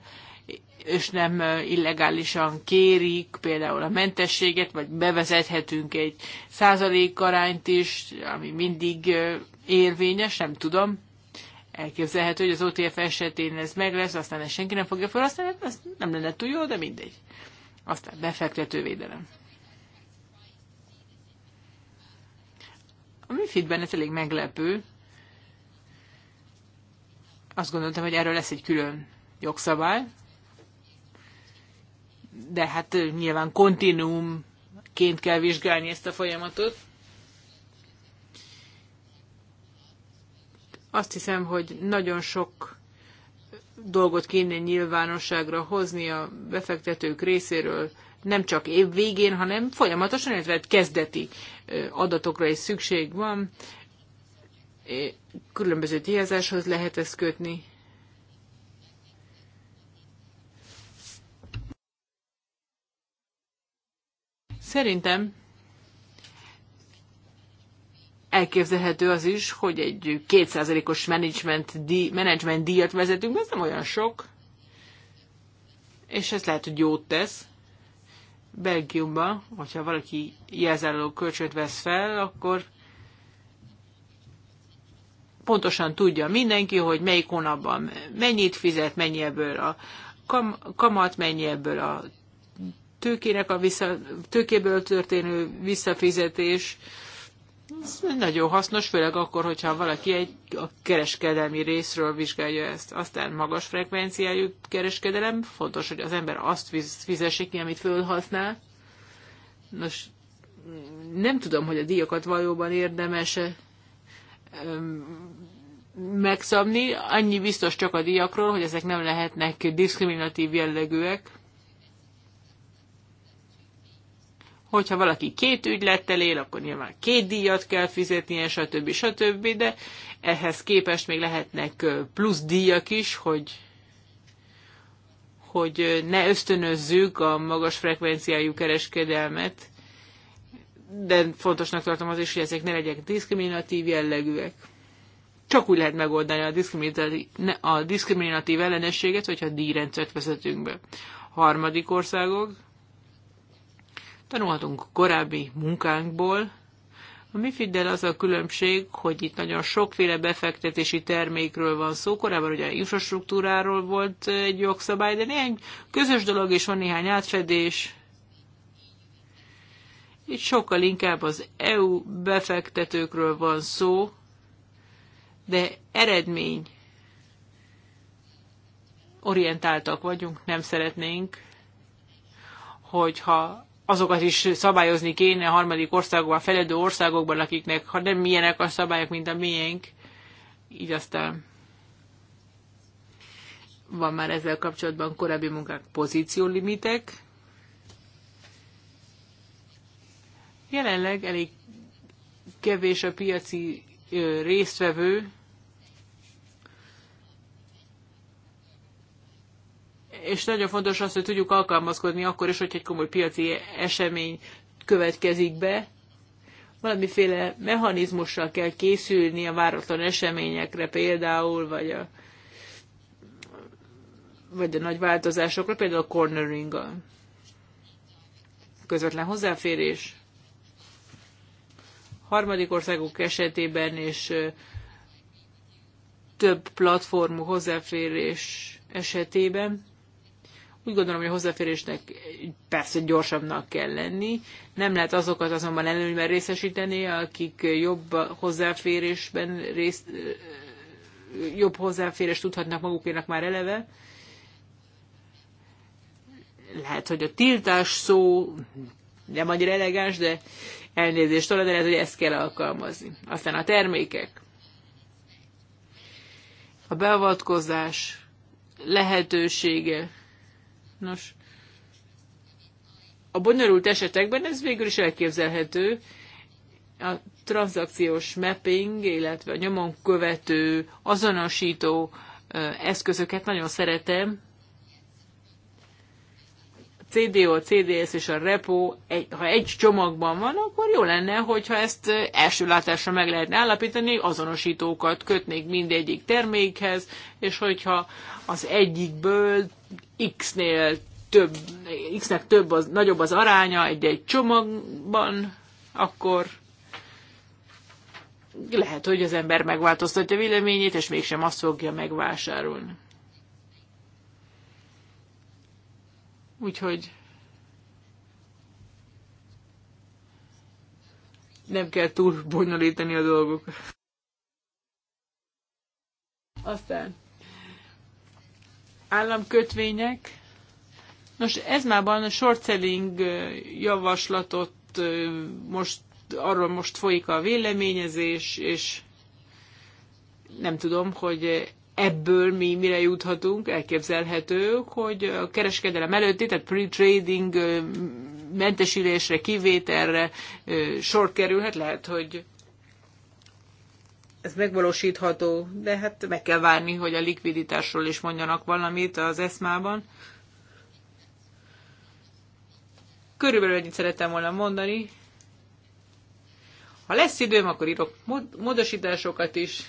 és nem illegálisan kérik például a mentességet, vagy bevezethetünk egy százalékarányt is, ami mindig érvényes, nem tudom. Elképzelhető, hogy az OTF esetén ez meg lesz, aztán ezt senki nem fogja felhasználni, ez nem lenne túl jó, de mindegy. Aztán befektetővédelem. A MIFID-ben ez elég meglepő, azt gondoltam, hogy erről lesz egy külön jogszabály, de hát nyilván kontinuumként kell vizsgálni ezt a folyamatot. Azt hiszem, hogy nagyon sok dolgot kéne nyilvánosságra hozni a befektetők részéről, nem csak év végén, hanem folyamatosan, illetve kezdeti adatokra is szükség van különböző díjazáshoz lehet ezt kötni. Szerintem elképzelhető az is, hogy egy kétszázalékos management, dí- management díjat vezetünk, ez nem olyan sok, és ez lehet, hogy jót tesz. Belgiumban, hogyha valaki jelzálló kölcsönt vesz fel, akkor pontosan tudja mindenki, hogy melyik hónapban mennyit fizet, mennyi ebből a kam kamat, mennyi ebből a tőkének a vissza, tőkéből történő visszafizetés. Ez nagyon hasznos, főleg akkor, hogyha valaki egy a kereskedelmi részről vizsgálja ezt. Aztán magas frekvenciájú kereskedelem, fontos, hogy az ember azt fizessék ki, amit fölhasznál. Nos, nem tudom, hogy a díjakat valóban érdemese megszabni. Annyi biztos csak a díjakról, hogy ezek nem lehetnek diszkriminatív jellegűek. Hogyha valaki két ügylettel él, akkor nyilván két díjat kell fizetnie, stb. stb. De ehhez képest még lehetnek plusz díjak is, hogy hogy ne ösztönözzük a magas frekvenciájú kereskedelmet de fontosnak tartom az is, hogy ezek ne legyenek diszkriminatív jellegűek. Csak úgy lehet megoldani a diszkriminatív, a diszkriminatív ellenességet, hogyha díjrendszert vezetünk be. Harmadik országok. Tanulhatunk korábbi munkánkból. A MIFID-del az a különbség, hogy itt nagyon sokféle befektetési termékről van szó. Korábban ugye infrastruktúráról volt egy jogszabály, de néhány közös dolog és van, néhány átfedés, itt sokkal inkább az EU befektetőkről van szó, de eredmény orientáltak vagyunk, nem szeretnénk, hogyha azokat is szabályozni kéne a harmadik országokban, feledő országokban, akiknek, ha nem milyenek a szabályok, mint a miénk, így aztán van már ezzel kapcsolatban korábbi munkák pozíciólimitek, Jelenleg elég kevés a piaci résztvevő, és nagyon fontos az, hogy tudjuk alkalmazkodni akkor is, hogy egy komoly piaci esemény következik be. Valamiféle mechanizmussal kell készülni a váratlan eseményekre például, vagy a, vagy a nagy változásokra, például a cornering -a. közvetlen hozzáférés harmadik országok esetében és több platformú hozzáférés esetében. Úgy gondolom, hogy a hozzáférésnek persze gyorsabbnak kell lenni. Nem lehet azokat azonban előnyben részesíteni, akik jobb hozzáférésben részt, jobb hozzáférést tudhatnak magukénak már eleve. Lehet, hogy a tiltás szó nem annyira elegáns, de elnézést tőle, de lehet, hogy ezt kell alkalmazni. Aztán a termékek. A beavatkozás lehetősége. Nos, a bonyolult esetekben ez végül is elképzelhető. A tranzakciós mapping, illetve a nyomon követő, azonosító eszközöket nagyon szeretem, CDO, a CDS és a repo, egy, ha egy csomagban van, akkor jó lenne, hogyha ezt első látásra meg lehetne állapítani, azonosítókat kötnék mindegyik termékhez, és hogyha az egyikből X-nél több, X-nek több az, nagyobb az aránya egy-egy csomagban, akkor lehet, hogy az ember megváltoztatja véleményét, és mégsem azt fogja megvásárolni. Úgyhogy nem kell túl bonyolítani a dolgok. Aztán államkötvények. Nos, ez mában a short selling javaslatot most, arról most folyik a véleményezés, és nem tudom, hogy ebből mi mire juthatunk, elképzelhető, hogy a kereskedelem előtti, tehát pre-trading mentesülésre, kivételre sor kerülhet, lehet, hogy ez megvalósítható, de hát meg kell várni, hogy a likviditásról is mondjanak valamit az eszmában. Körülbelül ennyit szerettem volna mondani. Ha lesz időm, akkor írok módosításokat is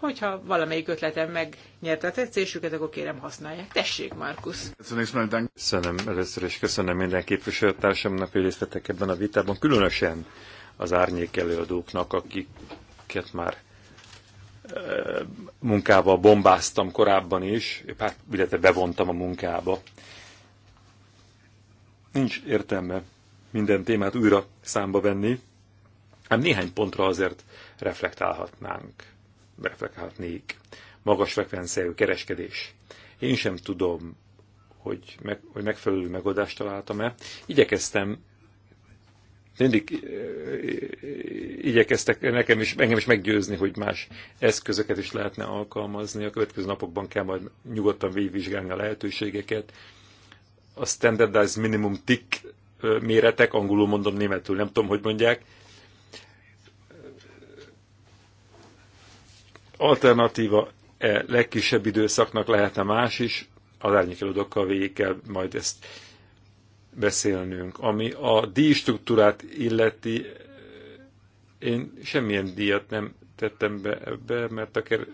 Hogyha valamelyik ötletem megnyerte a tetszésüket, akkor kérem használják. Tessék, Markus!
Köszönöm először is köszönöm minden képviselőtársamnak, hogy részt vettek ebben a vitában, különösen az árnyék előadóknak, akiket már munkával bombáztam korábban is, hát, illetve bevontam a munkába. Nincs értelme minden témát újra számba venni, ám néhány pontra azért reflektálhatnánk reflektálnék. Magas frekvenciájú kereskedés. Én sem tudom, hogy, meg, hogy megfelelő megoldást találtam-e. Igyekeztem, mindig igyekeztek nekem is, engem is meggyőzni, hogy más eszközöket is lehetne alkalmazni. A következő napokban kell majd nyugodtan végigvizsgálni a lehetőségeket. A standardized minimum tick méretek, angolul mondom, németül nem tudom, hogy mondják, alternatíva e legkisebb időszaknak lehetne más is, az árnyékelődokkal végig kell majd ezt beszélnünk. Ami a díjstruktúrát illeti, én semmilyen díjat nem tettem be ebbe, mert ker-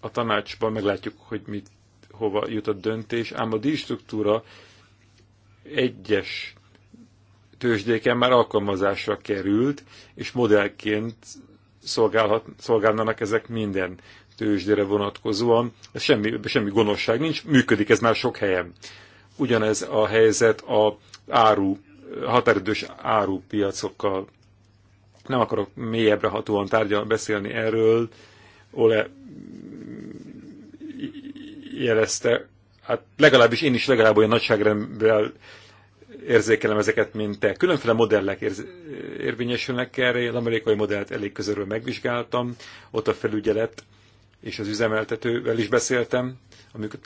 a tanácsban meglátjuk, hogy mit, hova jut a döntés, ám a díjstruktúra egyes tőzsdéken már alkalmazásra került, és modellként szolgálhat, szolgálnának ezek minden tőzsdére vonatkozóan. Ez semmi, semmi gonoszság nincs, működik ez már sok helyen. Ugyanez a helyzet a áru, határidős árupiacokkal. Nem akarok mélyebbre hatóan tárgyal beszélni erről. Ole jelezte, hát legalábbis én is legalább olyan nagyságrendben érzékelem ezeket, mint te. Különféle modellek érvényesülnek erre, én amerikai modellt elég közelről megvizsgáltam, ott a felügyelet és az üzemeltetővel is beszéltem, amikor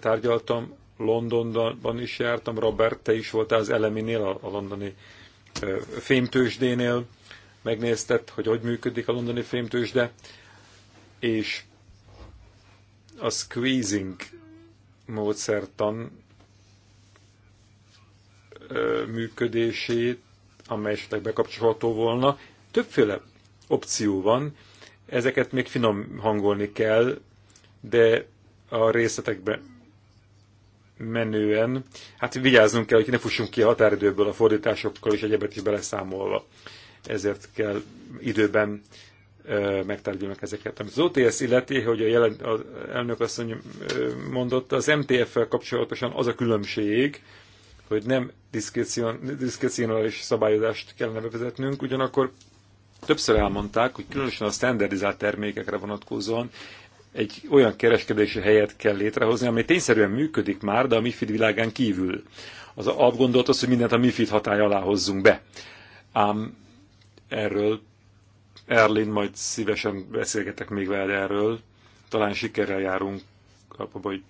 tárgyaltam, Londonban is jártam, Robert, te is voltál az Eleminél, a, a londoni fémtősdénél, megnézted, hogy hogy működik a londoni fémtősde, és a squeezing módszertan működését, amely esetleg bekapcsolható volna. Többféle opció van, ezeket még finom hangolni kell, de a részletekbe menően, hát vigyáznunk kell, hogy ne fussunk ki a határidőből a fordításokkal és egyebet is beleszámolva. Ezért kell időben megtárgyalni ezeket. az OTS illeti, hogy a, jelen, a elnök asszony mondotta, az MTF-fel kapcsolatosan az a különbség, hogy nem diszkrecionális szabályozást kellene bevezetnünk, ugyanakkor többször elmondták, hogy különösen a standardizált termékekre vonatkozóan egy olyan kereskedési helyet kell létrehozni, amely tényszerűen működik már, de a MIFID világán kívül. Az alapgondolt az, hogy mindent a MIFID hatály alá hozzunk be. Ám erről Erlin, majd szívesen beszélgetek még veled erről. Talán sikerrel járunk abba, hogy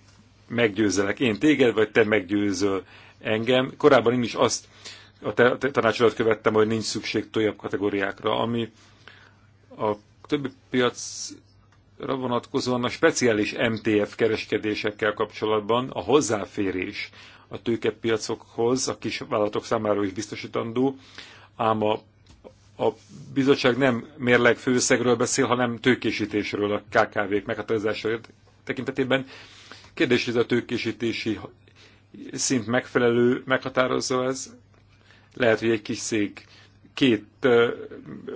meggyőzelek én téged, vagy te meggyőzöl engem. Korábban én is azt a tanácsodat követtem, hogy nincs szükség tojabb kategóriákra, ami a többi piacra vonatkozóan a speciális MTF kereskedésekkel kapcsolatban a hozzáférés a tőkepiacokhoz a kis vállalatok számára is biztosítandó, ám a, a bizottság nem mérleg főszegről beszél, hanem tőkésítésről a KKV-k meghatározásáért tekintetében. Kérdés, hogy ez a tőkésítési szint megfelelő, meghatározó ez. Lehet, hogy egy kis szék két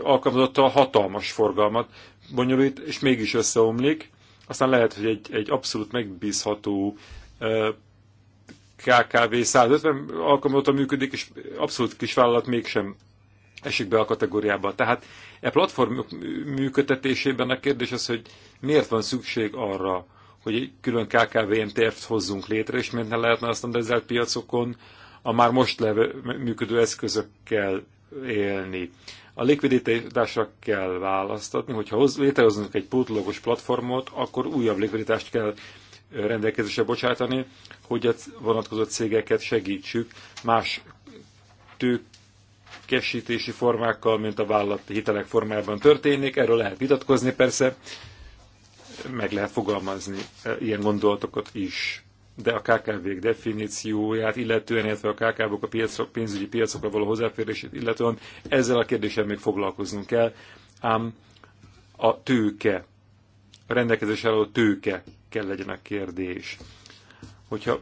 alkalmazottal hatalmas forgalmat bonyolít, és mégis összeomlik. Aztán lehet, hogy egy, egy abszolút megbízható KKV 150 alkalmazottal működik, és abszolút kisvállalat mégsem esik be a kategóriába. Tehát e platform működtetésében a kérdés az, hogy miért van szükség arra, hogy egy külön KKV MTF-t hozzunk létre, és miért ne lehetne a standardizált piacokon a már most levő, működő eszközökkel élni. A likviditásra kell választatni, hogyha létrehozunk egy pótlogos platformot, akkor újabb likviditást kell rendelkezésre bocsátani, hogy a vonatkozó cégeket segítsük más tőkesítési formákkal, mint a vállalati hitelek formájában történik. Erről lehet vitatkozni persze, meg lehet fogalmazni e, ilyen gondolatokat is. De a KKV-k definícióját, illetően, illetve a KKV-k a piacok, pénzügyi piacokra való hozzáférését, illetően ezzel a kérdéssel még foglalkoznunk kell, ám a tőke, a rendelkezés álló tőke kell legyen a kérdés. Hogyha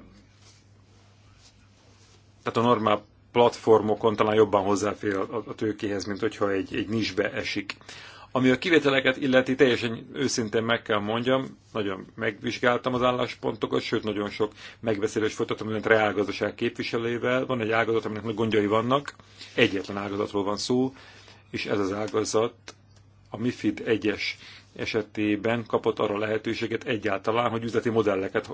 tehát a normál platformokon talán jobban hozzáfér a tőkéhez, mint hogyha egy, egy nisbe esik. Ami a kivételeket illeti, teljesen őszintén meg kell mondjam, nagyon megvizsgáltam az álláspontokat, sőt, nagyon sok megbeszélést folytattam olyan reálgazdaság képviselőivel. Van egy ágazat, aminek nagy gondjai vannak, egyetlen ágazatról van szó, és ez az ágazat a MIFID egyes esetében kapott arra lehetőséget egyáltalán, hogy üzleti modelleket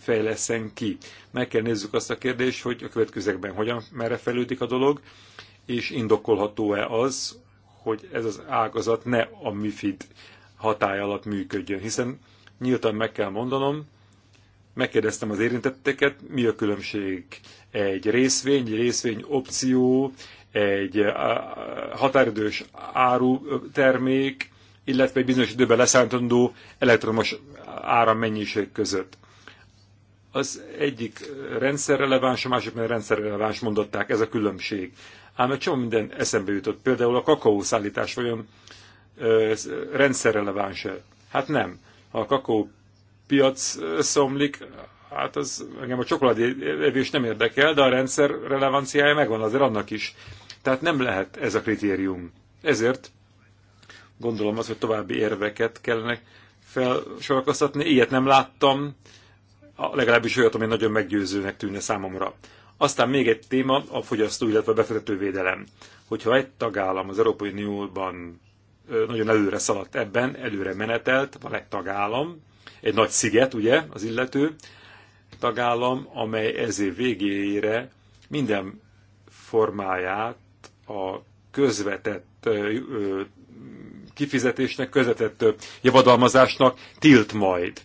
fejleszen ki. Meg kell nézzük azt a kérdést, hogy a következőkben hogyan, merre fejlődik a dolog, és indokolható-e az, hogy ez az ágazat ne a MIFID hatály alatt működjön, hiszen nyíltan meg kell mondanom, megkérdeztem az érintetteket, mi a különbség egy részvény, egy részvény opció, egy határidős termék, illetve egy bizonyos időben leszállítandó elektromos árammennyiség között. Az egyik rendszerreleváns, a másik rendszerreleváns mondották, ez a különbség ám egy csomó minden eszembe jutott. Például a kakaószállítás vajon rendszerreleváns-e? Hát nem. Ha a kakaó piac szomlik, hát az engem a csokoládé evés nem érdekel, de a rendszer relevanciája megvan azért annak is. Tehát nem lehet ez a kritérium. Ezért gondolom az, hogy további érveket kellene felsorakoztatni. Ilyet nem láttam, legalábbis olyat, ami nagyon meggyőzőnek tűnne számomra. Aztán még egy téma, a fogyasztó, illetve a befektetővédelem. Hogyha egy tagállam az Európai Unióban nagyon előre szaladt ebben, előre menetelt, van egy tagállam, egy nagy sziget, ugye, az illető tagállam, amely ez év végére minden formáját a közvetett kifizetésnek, közvetett javadalmazásnak tilt majd.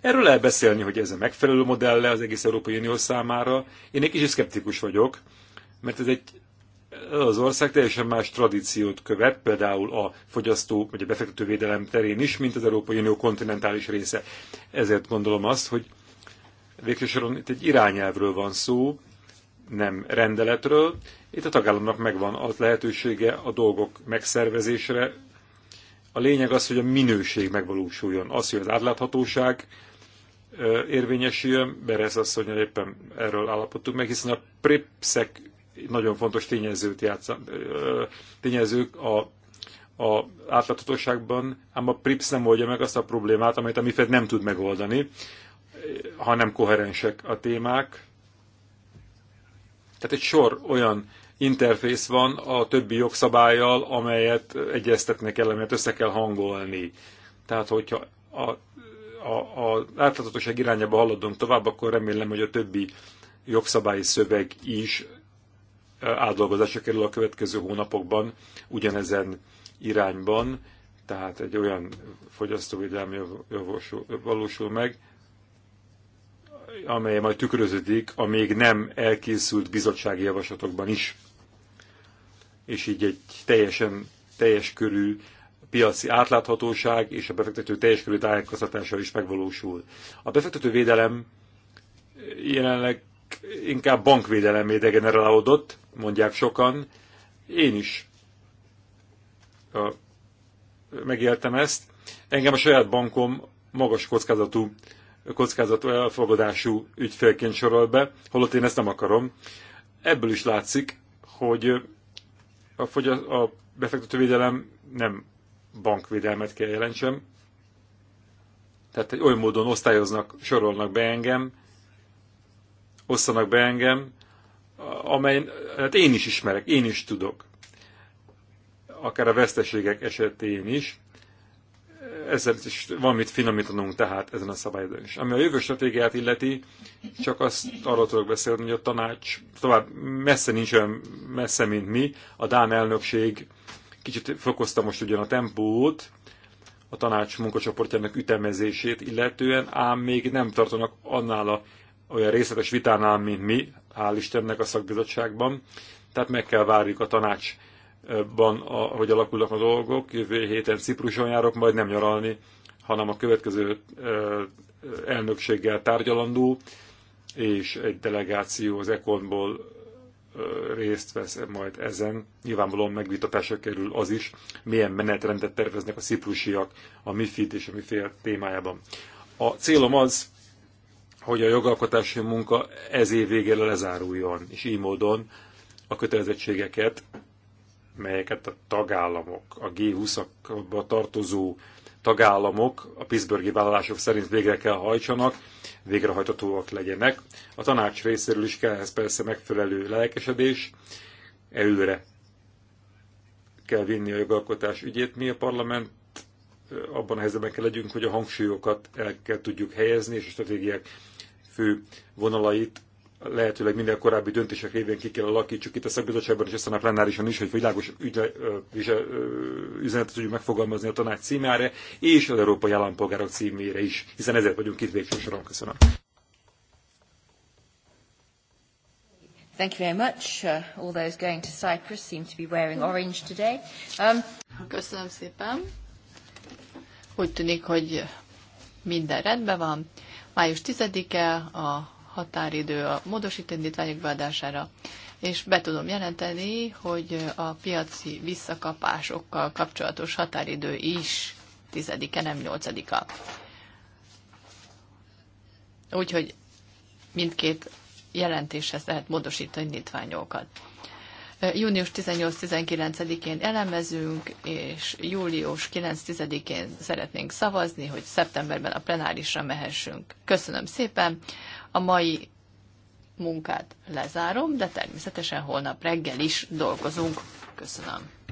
Erről lehet beszélni, hogy ez a megfelelő modelle az egész Európai Unió számára. Én egy kicsit szkeptikus vagyok, mert ez egy az ország teljesen más tradíciót követ, például a fogyasztó vagy a befektetővédelem terén is, mint az Európai Unió kontinentális része. Ezért gondolom azt, hogy végső soron itt egy irányelvről van szó, nem rendeletről. Itt a tagállamnak megvan az lehetősége a dolgok megszervezésre, a lényeg az, hogy a minőség megvalósuljon. Az, hogy az átláthatóság érvényesüljön, Berez hogy éppen erről állapodtunk meg, hiszen a prepszek nagyon fontos tényezőt játsz, tényezők a a átláthatóságban, ám a PRIPS nem oldja meg azt a problémát, amelyet a MIFED nem tud megoldani, ha nem koherensek a témák. Tehát egy sor olyan interfész van a többi jogszabályjal, amelyet egyeztetnek kell, amelyet össze kell hangolni. Tehát, hogyha a, a, a átláthatóság irányába haladunk tovább, akkor remélem, hogy a többi jogszabályi szöveg is e, átdolgozásra kerül a következő hónapokban ugyanezen irányban, tehát egy olyan fogyasztóvédelmi valósul meg, amely majd tükröződik a még nem elkészült bizottsági javaslatokban is és így egy teljesen teljes körű piaci átláthatóság és a befektető teljes körű tájékoztatása is megvalósul. A befektető védelem jelenleg inkább bankvédelemé degenerálódott, mondják sokan. Én is a, megéltem ezt. Engem a saját bankom magas kockázatú, kockázatú elfogadású ügyfélként sorol be, holott én ezt nem akarom. Ebből is látszik, hogy a, fogy- a befektetővédelem nem bankvédelmet kell jelentsem. Tehát egy olyan módon osztályoznak, sorolnak be engem, osztanak be engem, amely, hát én is ismerek, én is tudok. Akár a veszteségek esetén is ezzel is van mit finomítanunk tehát ezen a szabályon is. Ami a jövő stratégiát illeti, csak azt arról tudok beszélni, hogy a tanács tovább messze nincs olyan messze, mint mi. A Dán elnökség kicsit fokozta most ugyan a tempót, a tanács munkacsoportjának ütemezését illetően, ám még nem tartanak annál a olyan részletes vitánál, mint mi, hál' Istennek a szakbizottságban. Tehát meg kell várjuk a tanács ban, ahogy alakulnak a dolgok. Jövő héten Cipruson járok, majd nem nyaralni, hanem a következő elnökséggel tárgyalandó, és egy delegáció az Econból részt vesz majd ezen. Nyilvánvalóan megvitatásra kerül az is, milyen menetrendet terveznek a ciprusiak a MIFID és a MIFID témájában. A célom az, hogy a jogalkotási munka ez év végére lezáruljon, és így módon a kötelezettségeket melyeket a tagállamok, a G20-akba tartozó tagállamok a Pittsburghi vállalások szerint végre kell hajtsanak, végrehajtatóak legyenek. A tanács részéről is kell ehhez persze megfelelő lelkesedés, előre kell vinni a jogalkotás ügyét. Mi a parlament abban a helyzetben kell legyünk, hogy a hangsúlyokat el kell tudjuk helyezni, és a stratégiák fő vonalait lehetőleg minden korábbi döntések révén ki kell alakítsuk itt a szakbizottságban, és aztán a plenárisan is, hogy világos ügyle, ügyle, üzenetet tudjuk megfogalmazni a tanács címére, és az európai állampolgárok címére is, hiszen ezért vagyunk itt végső soron. Köszönöm.
Thank you very much. Uh, all those going to Cyprus seem to be wearing orange today. Um, Köszönöm szépen. Úgy tűnik, hogy minden rendben van. Május 10-e a határidő a módosító indítványok beadására, és be tudom jelenteni, hogy a piaci visszakapásokkal kapcsolatos határidő is 10-e, nem 8-a. Úgyhogy mindkét jelentéshez lehet módosítani indítványokat. Eh, június 18-19-én elemezünk, és július 9-10-én szeretnénk szavazni, hogy szeptemberben a plenárisra mehessünk. Köszönöm szépen. A mai munkát lezárom, de természetesen holnap reggel is dolgozunk. Köszönöm.